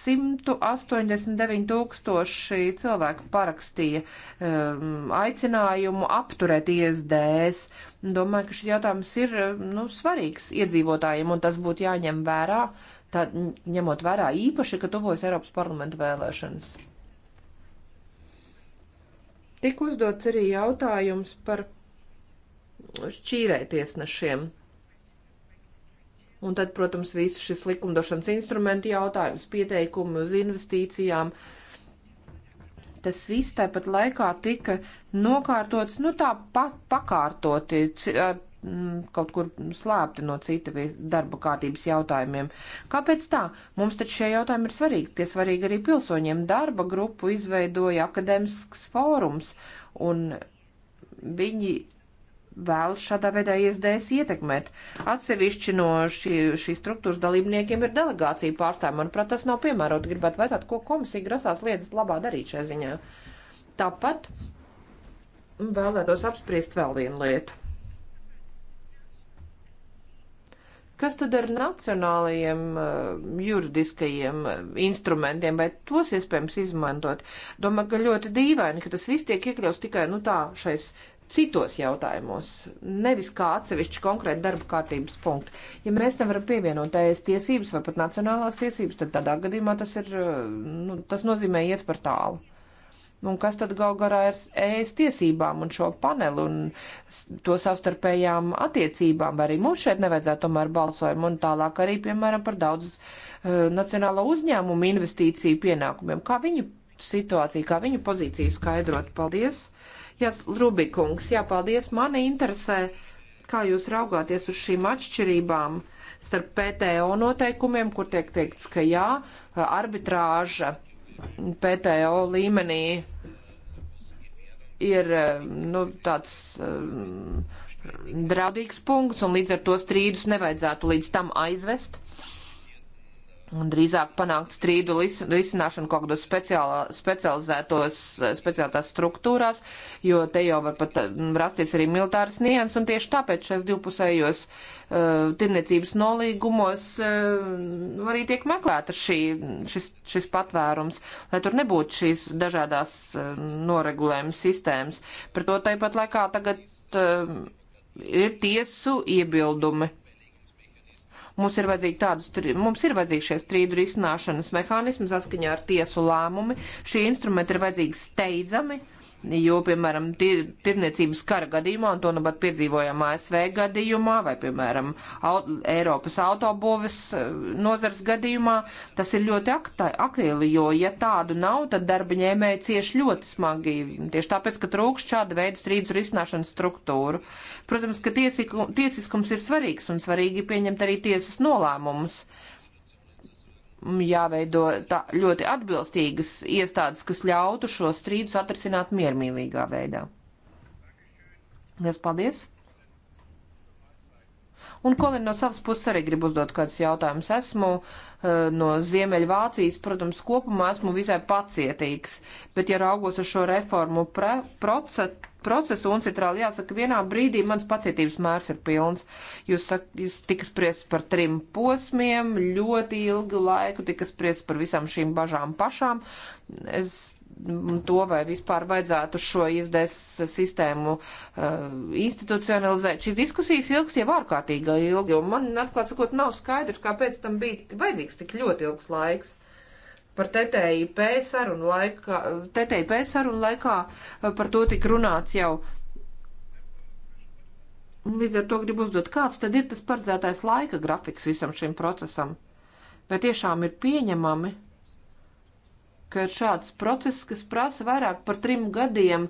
189 tūkstoši cilvēku parakstīja um, aicinājumu apturēt ISDS. Domāju, ka šis jautājums ir nu, svarīgs iedzīvotājiem, un tas būtu jāņem vērā, tā, ņemot vērā īpaši, ka tuvojas Eiropas parlamenta vēlēšanas. Tik uzdots arī jautājums par šķīrētiesnešiem. Un tad, protams, visu šis likumdošanas instrumentu jautājums, pieteikumi uz investīcijām. Tas viss tāpat laikā tika nokārtots, nu tā pat pakārtoti Mm, kaut kur slēpti no cita darba kārtības jautājumiem. Kāpēc tā? Mums taču šie jautājumi ir svarīgi. Tie svarīgi arī pilsoņiem. Darba grupu izveidoja akadēmisks fórums, un viņi vēlas šādā veidā ISDS ietekmēt. Atsevišķi no šī, šīs struktūras dalībniekiem ir delegācija pārstāvja. Manuprāt, tas nav piemērot. Gribētu vaicāt, ko komisija grasās lietas labā darīt šajā ziņā. Tāpat vēlētos apspriest vēl vienu lietu Kas tad ar nacionālajiem eh, juridiskajiem eh, instrumentiem, vai tos iespējams izmantot? Domāju, ka ļoti dīvaini, ka tas viss tiek iekļauts tikai, nu tā, šais citos jautājumos, nevis kā atsevišķi konkrēti darba kārtības punkti. Ja mēs tam varam pievienot ES tiesības vai pat nacionālās tiesības, tad tādā gadījumā tas, ir, eh, nu, tas nozīmē iet par tālu un kas tad gal garā ir ēst tiesībām un šo panelu un to savstarpējām attiecībām, vai arī mums šeit nevajadzētu tomēr balsojumu un tālāk arī, piemēram, par daudz uh, nacionālo uzņēmumu investīciju pienākumiem. Kā viņu situāciju, kā viņu pozīciju skaidrot? Paldies! Jā, Rubikungs, jā, paldies! Mani interesē, kā jūs raugāties uz šīm atšķirībām starp PTO noteikumiem, kur tiek teikts, ka jā, arbitrāža PTO līmenī ir eh, nu, tāds um, draudīgs punkts, un līdz ar to strīdus nevajadzētu līdz tam aizvest un drīzāk panākt strīdu risināšanu kaut kādos specializētos, eh, speciālās struktūrās, jo te jau var pat eh, rasties arī militāras nians, un tieši tāpēc šajos divpusējos uh, tirniecības nolīgumos uh, arī tiek meklēta šī, šis, šis patvērums, lai tur nebūtu šīs dažādās uh, noregulējuma sistēmas. Par to tāpat laikā tagad uh, ir tiesu iebildumi Mums ir vajadzīgi tādus, mums ir vajadzīgi šie strīdu risināšanas mehānismi saskaņā ar tiesu lēmumi. Šie instrumenti ir vajadzīgi steidzami Jo, piemēram, tir, tirniecības kara gadījumā, un to nu pat piedzīvojām ASV gadījumā, vai, piemēram, aut, Eiropas autobūves eh, nozars gadījumā, tas ir ļoti aktīvi, jo, ja tādu nav, tad darba ņēmēji cieši ļoti smagi, tieši tāpēc, ka trūkst šāda veida strīdus risināšanas struktūru. Protams, ka tiesiku, tiesiskums ir svarīgs, un svarīgi pieņemt arī tiesas nolēmumus. Uh, jāveido tā, ļoti atbilstīgas iestādes, kas ļautu šo strīdus atrisināt miermīlīgā veidā. Liels paldies! Un, Kolin, no savas puses arī gribu uzdot kādus jautājumus. Esmu uh, no Ziemeļvācijas, protams, kopumā esmu visai pacietīgs, bet, ja raugos uz šo reformu pre, procet, procesu, un citādi jāsaka, vienā brīdī mans pacietības mērs ir pilns. Jūs, sak, jūs tika spriests par trim posmiem, ļoti ilgu laiku tika spriests par visām šīm bažām pašām. Es mm, to, vai vispār vajadzētu šo izdēs sistēmu uh, institucionalizēt. Šīs diskusijas ilgs jau ārkārtīgi ilgi, un man, atklāt sakot, nav skaidrs, kāpēc tam bija vajadzīgs tik ļoti ilgs laiks. Uh, par TTIP sarunu laikā, TTIP sarunu laikā eh, par to tik runāts jau. Līdz ar to gribu uzdot, kāds tad ir tas paredzētais laika grafiks visam šim procesam? Vai tiešām ir pieņemami, ka ir šāds process, kas prasa vairāk par trim gadiem,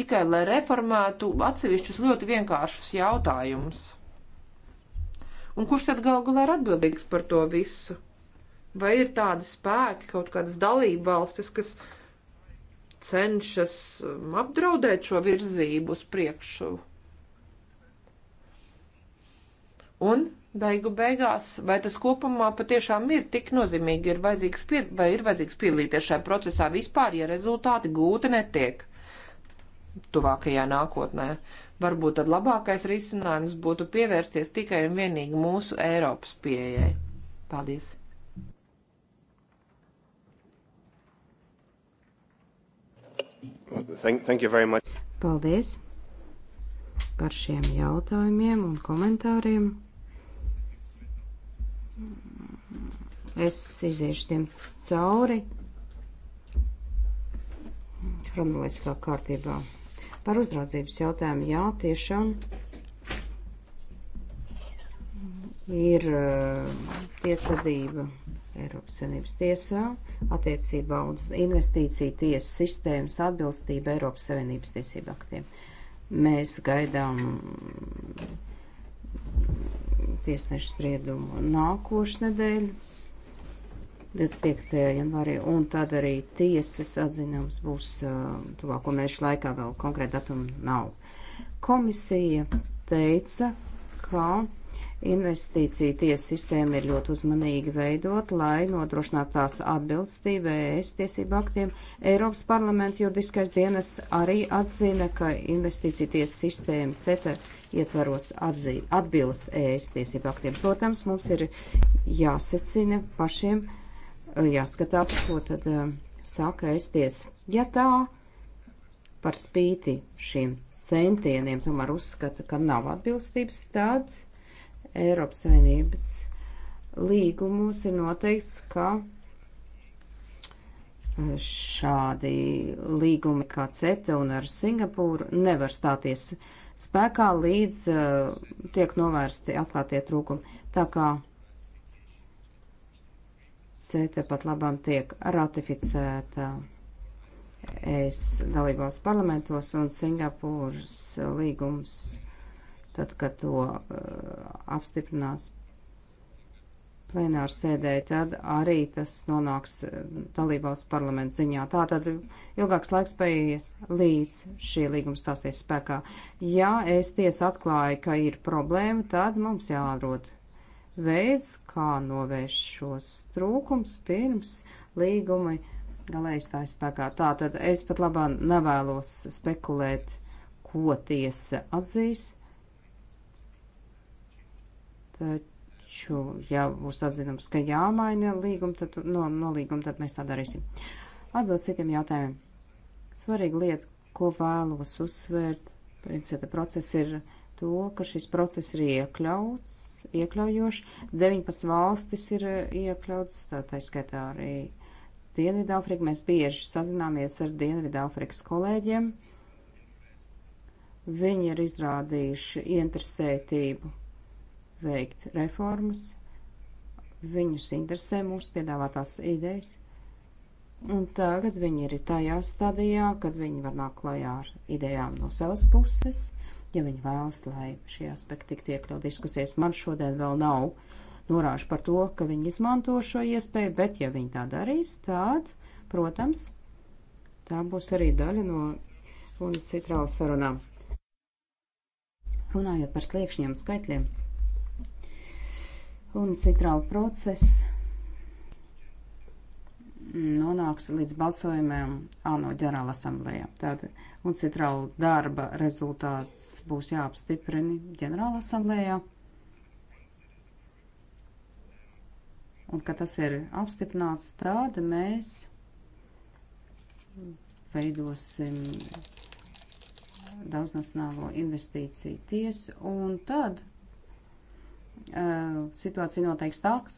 tikai lai reformētu atsevišķus ļoti vienkāršus jautājumus? Un kurš tad galu galā ir atbildīgs par to visu? Vai ir tādi spēki, kaut kādas dalība valstis, kas cenšas um, apdraudēt šo virzību uz priekšu? Un beigu beigās, vai tas kopumā patiešām ir tik nozīmīgi, ir vajadzīgs pie, vai ir vajadzīgs piedalīties šajā procesā vispār, ja rezultāti gūti netiek tuvākajā nākotnē. Varbūt tad labākais risinājums būtu pievērsties tikai un vienīgi mūsu Eiropas pieejai. Paldies! Thank, thank you very much. Paldies par šiem jautājumiem un komentāriem. Es iziešu tiem cauri kronoloģiskā kārtībā. Par uzraudzības jautājumu jā, tiešām ir uh, tiesvedība Eiropas Savienības tiesā attiecībā uz investīciju tiesu sistēmas atbilstību Eiropas Savienības tiesību aktiem. Mēs gaidām tiesnešu spriedumu nākošu nedēļu, 25. janvārī, un tad arī tiesas atzinums būs uh, tuvāko mēnešu laikā, vēl konkrēta datuma nav. Komisija teica, ka Investīcija tiesa sistēma ir ļoti uzmanīgi veidot, lai nodrošinātu tās atbilstību ES tiesību aktiem. Eiropas parlamenta juridiskais dienas arī atzina, ka investīcija tiesa sistēma CETA ietvaros atzīt, atbilst ES tiesību aktiem. Protams, mums ir jāsecina pašiem, jāskatās, ko tad um, saka ES tiesa. Ja tā par spīti šiem centieniem tomēr uzskata, ka nav atbilstības, tad Eiropas Savienības līgumus ir noteikts, ka eh, šādi līgumi kā CETA un ar Singapūru nevar stāties spēkā, līdz uh, tiek novērsti atklātie trūkumi. Tā kā CETA pat labam tiek ratificēta es dalībās parlamentos un Singapūras līgums tad, kad to uh, apstiprinās plenāru sēdē, tad arī tas nonāks eh, dalībvalsts parlamentu ziņā. Tā tad ilgāks laiks paies līdz šī līguma stāsies spēkā. Ja es tiesa atklāju, ka ir problēma, tad mums jāatrod veids, kā novērst šos trūkums pirms līgumi galēji stājas spēkā. Tā tad es pat labāk nevēlos spekulēt, ko tiesa atzīs Taču, ja būs atzinums, ka jāmaina līguma, tad, no, no līguma, tad mēs tā darīsim. Atbild citiem jautājumiem. Svarīga lieta, ko vēlos uzsvērt, principā process ir to, ka šis process ir iekļauts, iekļaujošs. 19 valstis ir e, iekļauts, tā, tā skaitā arī Dienvidāfrika. Mēs bieži sazināmies ar Dienvidāfrikas kolēģiem. Viņi ir izrādījuši interesētību veikt reformas, viņus interesē mūsu piedāvātās idejas. Un tagad viņi ir tajā stadijā, kad viņi var nākt klajā ar idejām no savas puses, ja viņi vēlas, lai šie aspekti tiktu iekļaut diskusijas. Man šodien vēl nav norāžu par to, ka viņi izmanto šo iespēju, bet ja viņi tā darīs, tad, protams, tā būs arī daļa no UNCITRAL sarunām. Runājot par sliekšņiem un skaitļiem, un citrālu process nonāks līdz balsojumiem ANO ģenerāla asamblējā. Tad un citrālu darba rezultāts būs jāapstiprina ģenerāla asamblējā. Un, kad tas ir apstiprināts, tad mēs veidosim daudznacionālo investīciju tiesu un tad Eh, situācija noteikti tāds,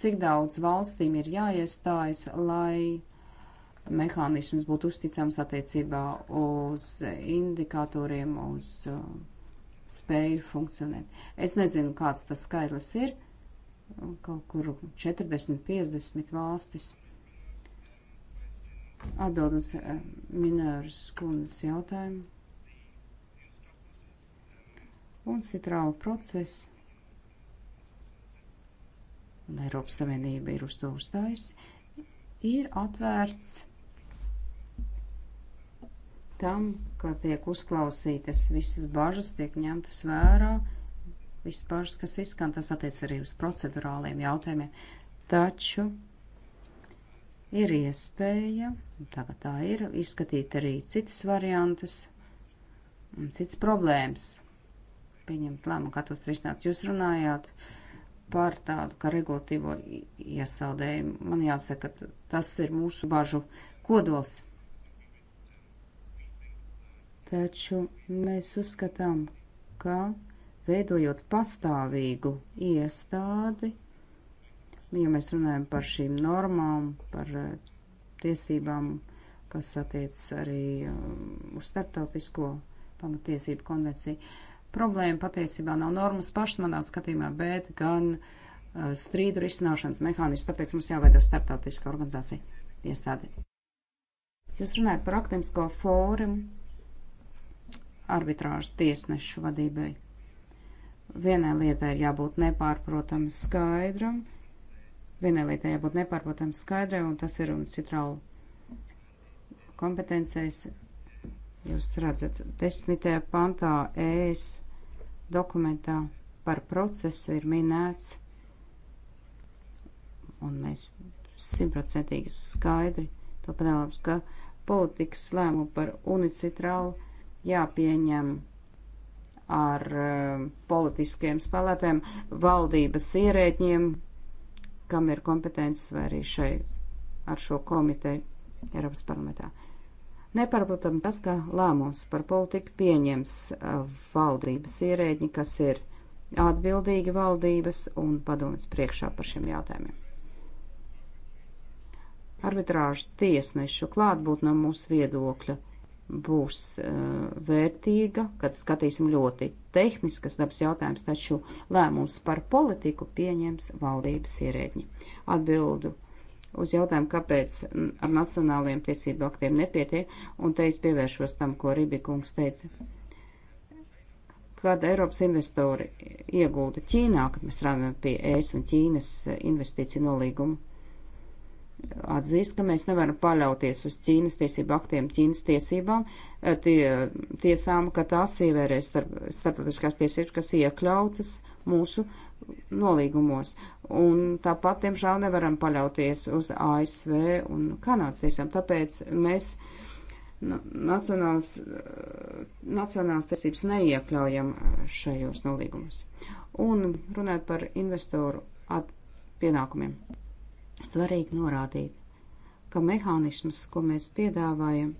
cik daudz valstīm ir jāiestājas, lai mehānisms būtu uzticams attiecībā uz indikatoriem, uz eh, spēju funkcionēt. Es nezinu, kāds tas skaidrs ir, kaut kur 40, 50 valstis. Atbild uz eh, minēras kundas jautājumu. Un citrālu procesu un Eiropas Savienība ir uz to uzstājusi, ir atvērts tam, ka tiek uzklausītas visas bažas, tiek ņemtas vērā, visas bažas, kas izskan, tas attiec arī uz procedurāliem jautājumiem. Taču ir iespēja, tagad tā ir, izskatīt arī citas variantas un citas problēmas, pieņemt lēmumu, kā tos risināt. Jūs runājāt. Uh, par tādu kā regulatīvo iesaldējumu. Man jāsaka, tas ir mūsu bažu kodols. Taču mēs uzskatām, ka veidojot pastāvīgu iestādi, ja mēs runājam par šīm normām, par eh, tiesībām, kas attiec arī um, uz starptautisko pamatiesību konvenciju, Problēma patiesībā nav normas pašas manā skatījumā, bet gan uh, strīdu risināšanas mehānisms, tāpēc mums jāveido starptautiska organizācija iestādi. Jūs runājat par akademisko fórumu arbitrāžas tiesnešu vadībai. Vienai lietai ir jābūt nepārprotami skaidram, vienai lietai jābūt nepārprotami skaidrai, un tas ir un citrālu kompetencijas. Jūs redzat, desmitajā pantā ēs e dokumentā par procesu ir minēts, un mēs simtprocentīgi skaidri to panēlams, ka politikas lēmumu par unicitrālu jāpieņem ar uh, politiskiem spēlētēm, valdības ierēģiem, kam ir kompetences vai arī šai ar šo komiteju Eiropas parlamentā. Nepārprotam tas, ka lēmums par politiku pieņems uh, valdības ierēģi, kas ir atbildīgi valdības un padomjas priekšā par šiem jautājumiem. Arbitrāžas tiesnešu klātbūtne no mūsu viedokļa būs uh, vērtīga, kad skatīsim ļoti tehniskas dabas jautājumus, taču lēmums par politiku pieņems valdības ierēģi. Atbildu uz jautājumu, kāpēc ar nacionāliem tiesību aktiem nepietiek, un te es pievēršos tam, ko Ribikungs teica. Kad Eiropas investori iegulda Ķīnā, kad mēs strādājam pie ES un Ķīnas investīciju nolīgumu, atzīst, ka mēs nevaram paļauties uz Ķīnas tiesību aktiem, Ķīnas tiesībām, tie, tiesām, ka tās ievērēs starp, starptautiskās tiesības, kas iekļautas mūsu nolīgumos. Un tāpat, diemžēl, nevaram paļauties uz ASV un Kanādas tiesām. Tāpēc mēs nacionāls, nacionāls tiesības neiekļaujam šajos nolīgumus. Un runājot par investoru at, pienākumiem, svarīgi norādīt, ka mehānisms, ko mēs piedāvājam,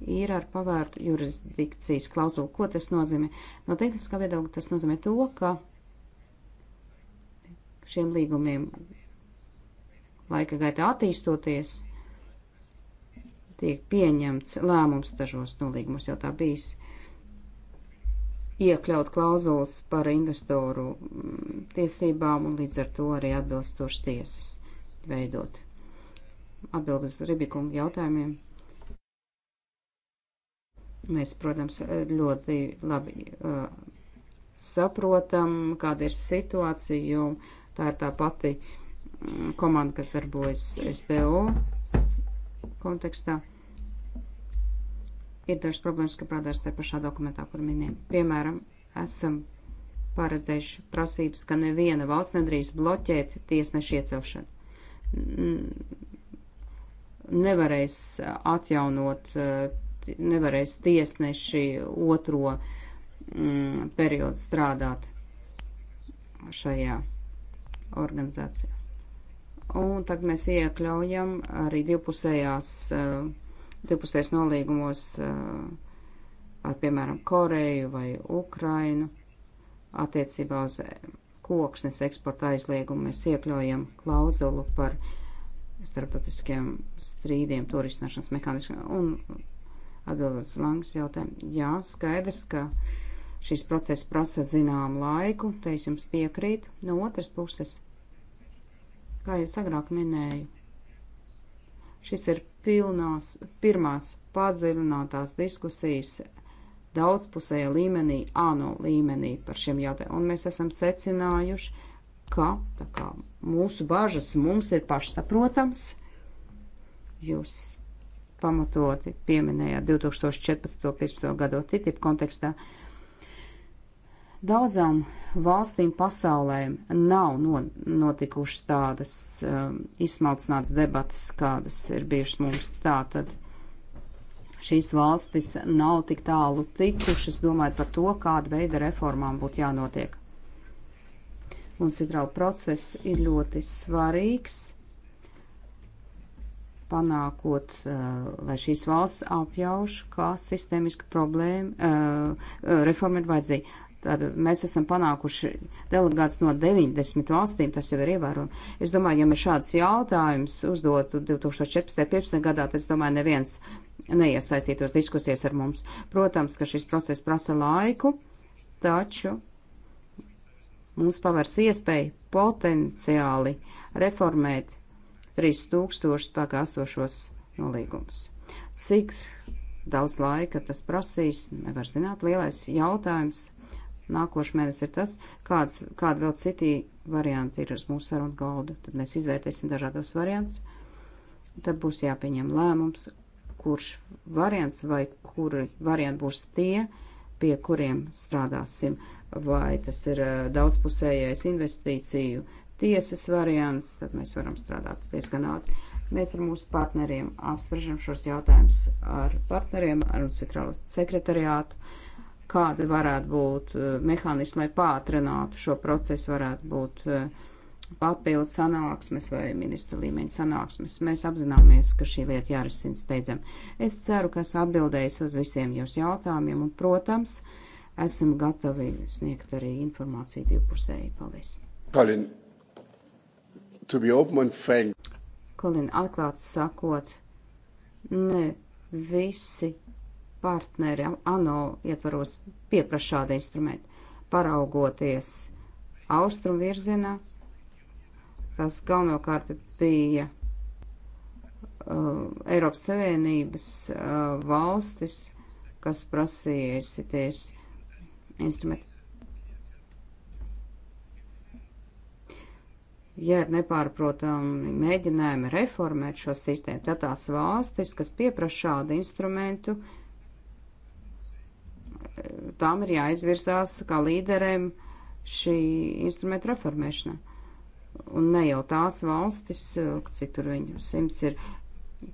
ir ar pavērtu jurisdikcijas klauzulu. Ko tas nozīmē? No tehniskā viedokļa tas nozīmē to, ka šiem līgumiem laika gaitā attīstoties, tiek pieņemts lēmums dažos nolīgumus jau tā bijis iekļaut klauzulas par investoru mm, tiesībām un līdz ar to arī atbilstoši tiesas veidot. Atbild uz Ribikunga jautājumiem. Mēs, protams, ļoti labi uh, saprotam, kāda ir situācija, jo tā ir tā pati komanda, kas darbojas STO kontekstā. Ir dažas problēmas, ka prādās te pašā dokumentā, kur minējam. Piemēram, esam paredzējuši prasības, ka neviena valsts nedrīkst bloķēt tiesnešu iecelšanu. Nevarēs atjaunot uh, nevarēs tiesneši otro mm, periodu strādāt šajā organizācijā. Un tad mēs iekļaujam arī divpusējās, eh, divpusējās nolīgumos eh, ar, piemēram, Koreju vai Ukrainu attiecībā uz koksnes eksporta aizliegumu. Mēs iekļaujam klauzulu par starptautiskiem strīdiem, turisināšanas mehānismiem un Atbildot slangas jautājumu, jā, skaidrs, ka šis process prasa zinām laiku, te es jums piekrītu. No otras puses, kā jau agrāk minēju, šis ir pilnās, pirmās padziļinātās diskusijas daudzpusējā līmenī, ANO līmenī par šiem jautājumiem, un mēs esam secinājuši, ka kā, mūsu bažas mums ir pašsaprotams. Jūs pamatoti pieminējāt 2014.15. gado TTIP kontekstā. Daudzām valstīm pasaulē nav no, notikušas tādas um, izsmalcinātas debatas, kādas ir bijušas mums. Tātad šīs valstis nav tik tālu tikušas, domājot par to, kāda veida reformām būtu jānotiek. Un citrāla process ir ļoti svarīgs panākot, eh, lai šīs valsts apjauš, kā sistēmiska problēma, eh, eh, reforma ir vajadzīga. Tad mēs esam panākuši delegāts no 90 valstīm, tas jau ir ievērojami. Es domāju, ja mēs šāds jautājums uzdotu 2014. gadā, tad es domāju, neviens neiesaistītos diskusijas ar mums. Protams, ka šis process prasa laiku, taču mums pavērs iespēju potenciāli reformēt 3000 spēkā esošos nolīgumus. Cik daudz laika tas prasīs, nevar zināt. Lielais jautājums nākošais mēnesis ir tas, kāds, kāda vēl citi varianti ir uz mūsu sarunu galdu. Tad mēs izvērtēsim dažādos variants. Tad būs jāpieņem lēmums, kurš variants vai kuri varianti būs tie, pie kuriem strādāsim. Vai tas ir eh, daudzpusējais investīciju tiesas variants, tad mēs varam strādāt diezgan ātri. Mēs ar mūsu partneriem apspriežam šos jautājumus ar partneriem, ar centrālo sekretariātu, kāda varētu būt eh, mehānismi, lai pātrinātu šo procesu, varētu būt eh, papildu sanāksmes vai ministra līmeņa sanāksmes. Mēs apzināmies, ka šī lieta jārisina steidzam. Es ceru, ka esmu atbildējis uz visiem jūsu jautājumiem un, protams, esam gatavi sniegt arī informāciju divpusēji. Paldies! Kalin to be open and frank. Kolina atklāts sakot, ne visi partneri ANO ietvaros pieprasa šādu instrumentu. Paraugoties austrumu virzienā, tas galvenokārt bija uh, Eiropas Savienības uh, valstis, kas prasīja iesaistīties instrumentu. ja ir nepārprotami mēģinājumi reformēt šo sistēmu, tad tās valstis, kas pieprasa šādu instrumentu, tām ir jāizvirzās kā līderēm šī instrumenta reformēšanā. Un ne jau tās valstis, cik tur viņu simts ir,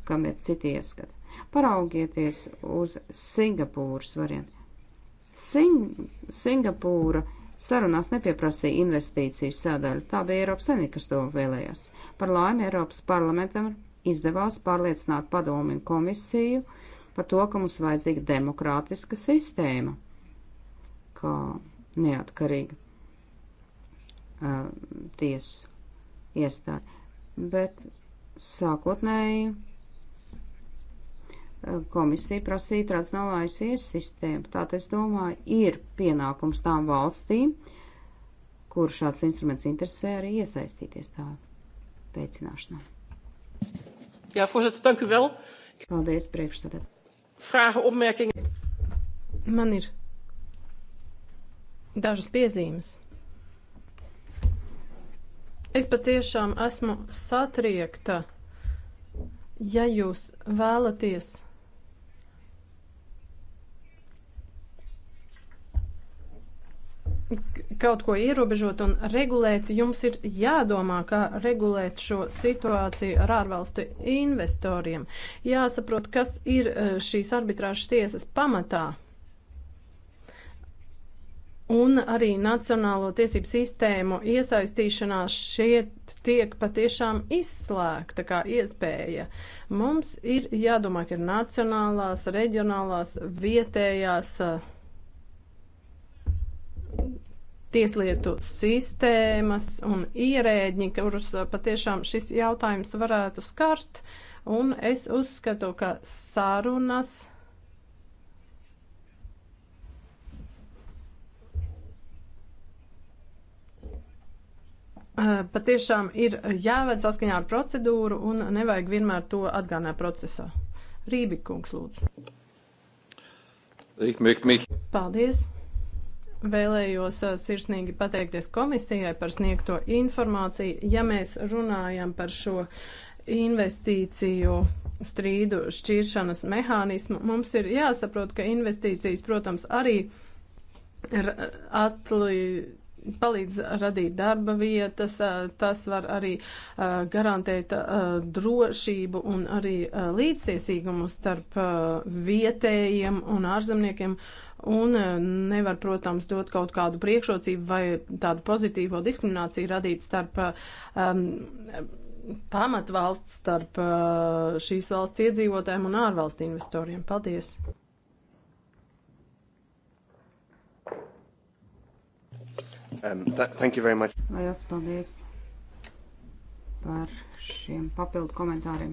kam ir citi ieskati. Paraugieties uz Singapūras variantu. Sing Singapūra sarunās nepieprasīja investīciju sadaļu. Tā bija Eiropas Savienība, kas to vēlējās. Par laimi Eiropas parlamentam izdevās pārliecināt padomu un komisiju par to, ka mums vajadzīga demokrātiska sistēma, kā neatkarīga uh, tiesu iestāde. Bet sākotnēji komisija prasīja tradicionālais ies sistēmu. Tātad es domāju, ir pienākums tām valstīm, kur šāds instruments interesē, arī iesaistīties tā veicināšanā. Jā, Fozet, danku vēl. Paldies, priekšstādāt. Frāga opmerkinga. Man ir dažas piezīmes. Es patiešām esmu satriekta, ja jūs vēlaties kaut ko ierobežot un regulēt, jums ir jādomā, kā regulēt šo situāciju ar ārvalstu investoriem. Jāsaprot, kas ir e, šīs arbitrāžas tiesas pamatā un arī nacionālo tiesību sistēmu iesaistīšanās šeit tiek patiešām izslēgta kā iespēja. Mums ir jādomā, ka ir nacionālās, reģionālās, vietējās uh, tieslietu sistēmas un ierēģi, kurus patiešām šis jautājums varētu skart. Un es uzskatu, ka sarunas. Patiešām ir jāved saskaņā ar procedūru un nevajag vienmēr to atgādināt procesā. Rībikungs, lūdzu. Paldies! Vēlējos sirsnīgi pateikties komisijai par sniegto informāciju. Ja mēs runājam par šo investīciju strīdu šķiršanas mehānismu, mums ir jāsaprot, ka investīcijas, protams, arī atli, palīdz radīt darba vietas, tas var arī garantēt drošību un arī līdztiesīgumu starp vietējiem un ārzemniekiem Un e, nevar, protams, dot kaut kādu priekšrocību vai tādu pozitīvo diskrimināciju radīt starp um, pamatvalsts, starp uh, šīs valsts iedzīvotājiem un ārvalstu investoriem. Paldies! Um, th thank you very much. Lielas paldies par šiem papildu komentāriem.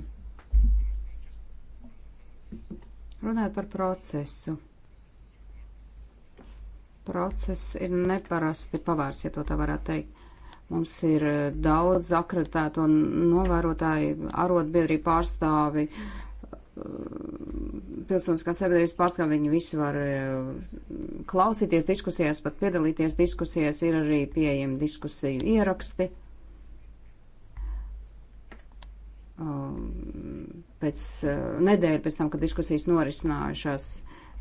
Runājot par procesu. Process ir neparasti pavārs, ja to tā varētu teikt. Mums ir eh, daudz akreditēto novērotāju, arotbiedrību pārstāvi, eh, pilsoniskās sabiedrības pārstāvi. Viņi visi var eh, klausīties diskusijās, pat piedalīties diskusijās. Ir arī pieejami diskusiju ieraksti. Um, pēc nedēļa pēc tam, kad diskusijas norisinājušās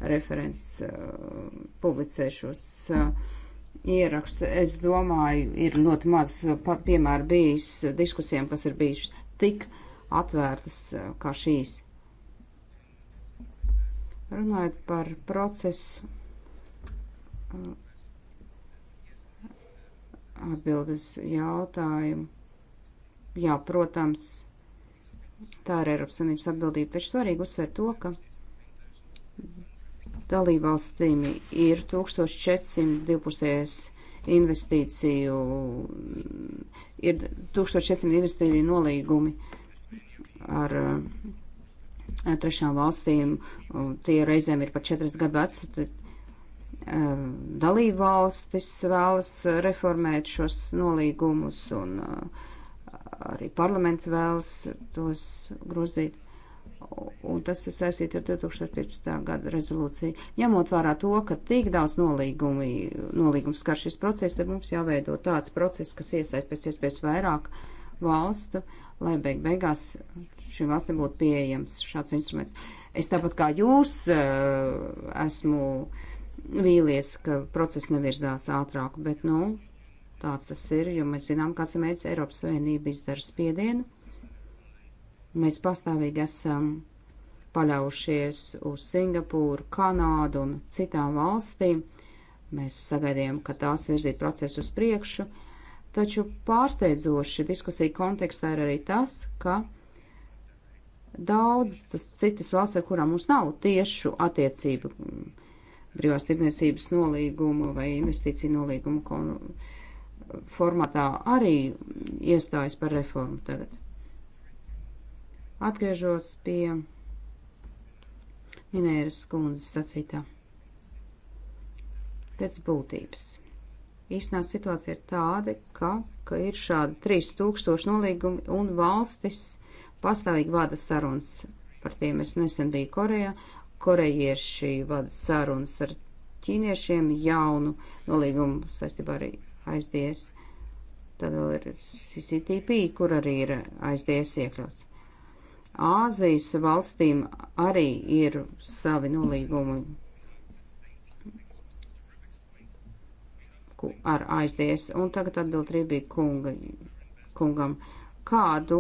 referents uh, publicē šos uh, ierakstus. Es domāju, ir ļoti maz eh, piemēru bijis diskusijām, kas ir bijušas tik atvērtas uh, kā šīs. Runājot par procesu, atbildes jautājumu. Jā, protams, tā ir Eiropas Savienības atbildība, taču svarīgi uzsver to, ka dalībvalstīm ir 1400 divpusējais investīciju, ir 1400 investīciju nolīgumi ar eh, trešām valstīm, tie reizēm ir pat četras gadu veci, eh, dalībvalstis vēlas reformēt šos nolīgumus un eh, arī parlamenti vēlas tos grozīt un tas ir saistīti ar 2015. gada rezolūciju. Ņemot vērā to, ka tik daudz nolīgumi, nolīgums skar šis process, tad mums jāveido tāds process, kas iesaist pēc iespējas vairāk valstu, lai beig beigās šim valstīm būtu pieejams šāds instruments. Es tāpat kā jūs eh, esmu vīlies, ka process nevirzās ātrāk, bet, nu, tāds tas ir, jo mēs zinām, kāds ir mērķis Eiropas Savienība izdara spiedienu Mēs pastāvīgi esam paļaujušies uz Singapūru, Kanādu un citām valstīm. Mēs sagaidījām, ka tās virzīt procesu uz priekšu, taču pārsteidzoši diskusija kontekstā ir arī tas, ka daudz tas citas valsts, ar kurām mums nav tiešu attiecību brīvās tirdzniecības nolīgumu vai investīciju nolīgumu formātā, arī iestājas par reformu tagad. Atgriežos pie Minēras kundzes sacītā. Pēc būtības. Īsnā situācija ir tāda, ka, ka ir šādi 3000 nolīgumi un valstis pastāvīgi vada sarunas. Par tiem es nesen biju Korejā. Korejieši vada sarunas ar ķīniešiem jaunu nolīgumu saistībā arī aizdies. Tad vēl ir CCTP, kur arī ir aizdies iekļauts. Āzijas valstīm arī ir savi nolīgumi ar aizdies. Un tagad atbild Rībī kunga, kungam, kādu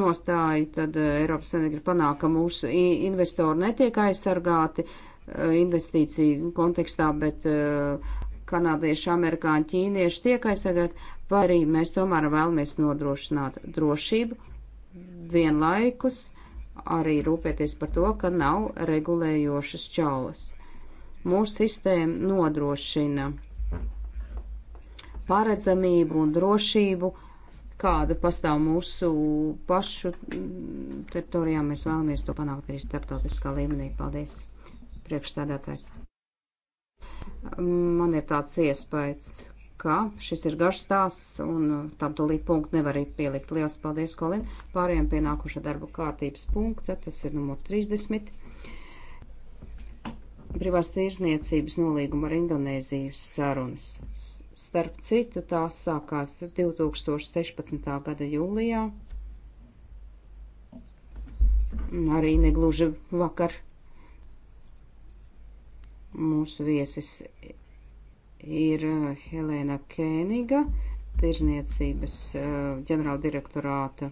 nostāju tad eh, Eiropas Savienība panāk, ka mūsu investori netiek aizsargāti eh, investīciju kontekstā, bet eh, kanādieši, amerikāņi, ķīnieši tiek aizsargāti, vai arī mēs tomēr vēlamies nodrošināt drošību vienlaikus arī rūpēties par to, ka nav regulējošas čaulas. Mūsu sistēma nodrošina paredzamību un drošību, kāda pastāv mūsu pašu teritorijā. Mēs vēlamies to panākt arī starptautiskā līmenī. Paldies, priekšsēdētājs. Man ir tāds iespējas, ka šis ir garš stāsts un uh, tam tūlīt punktu nevar arī pielikt. Lielas paldies, Kolin. Pārējiem pie nākoša darba kārtības punkta, tas ir numur 30. Privās tirzniecības nolīguma ar Indonēziju sarunas. Starp citu, tās sākās 2016. gada jūlijā. Arī negluži vakar mūsu viesis ir uh, Helēna Kēniga, tirzniecības uh, ģenerāldirektorāta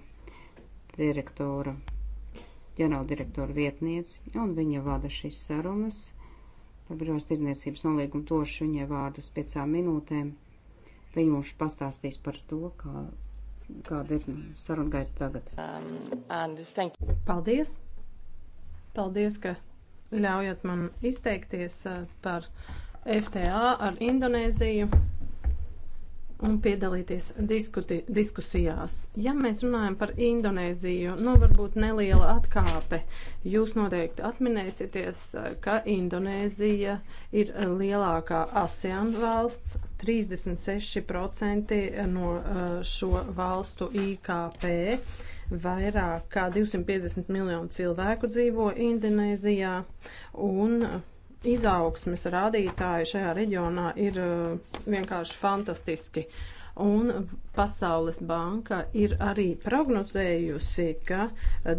direktora, ģenerāldirektora vietniece, un viņa vada šīs sarunas par brīvās tirzniecības nolīgumu došu viņai vārdus piecām minūtēm. Viņa mums pastāstīs par to, kā, kāda ir saruna gaita tagad. Um, Paldies! Paldies, ka ļaujat man izteikties uh, par FTA ar Indonēziju un piedalīties diskuti, diskusijās. Ja mēs runājam par Indonēziju, nu varbūt neliela atkāpe. Jūs noteikti atminēsieties, ka Indonēzija ir lielākā ASEAN valsts, 36% no eh, šo valstu IKP. Vairāk kā 250 miljonu cilvēku dzīvo Indonēzijā un izaugsmes rādītāji šajā reģionā ir eh, vienkārši fantastiski. Un Pasaules banka ir arī prognozējusi, ka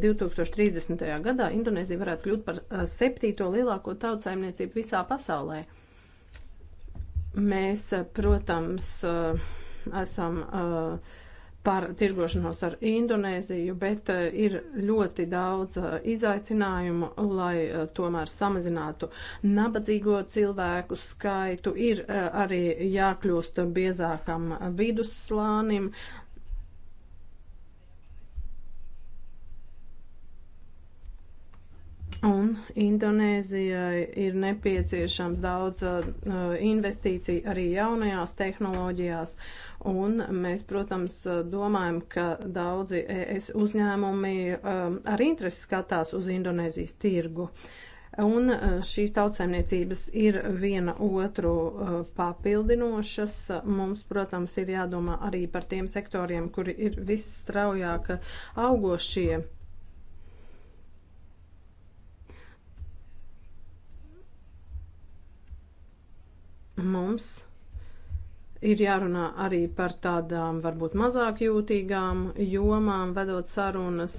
2030. Eh, gadā Indonēzija varētu kļūt par eh, septīto lielāko tautsaimniecību visā pasaulē. Mēs, protams, esam uh, par tirgošanos ar Indonēziju, bet eh, ir ļoti daudz eh, izaicinājumu, lai eh, tomēr samazinātu nabadzīgo cilvēku skaitu. Ir arī jākļūst biezākam vidusslānim, Un Indonēzijai ir nepieciešams daudz uh, investīciju arī jaunajās tehnoloģijās. Uh, Un mēs, protams, domājam, ka daudzi ES uzņēmumi um, ar interesi skatās uz Indonēzijas tirgu. Un uh, šīs tautsēmniecības ir viena otru uh, papildinošas. Mums, protams, ir jādomā arī par tiem sektoriem, kuri ir visstraujāk augošie. Mums Ir jārunā arī par tādām varbūt mazāk jūtīgām jomām, vedot sarunas.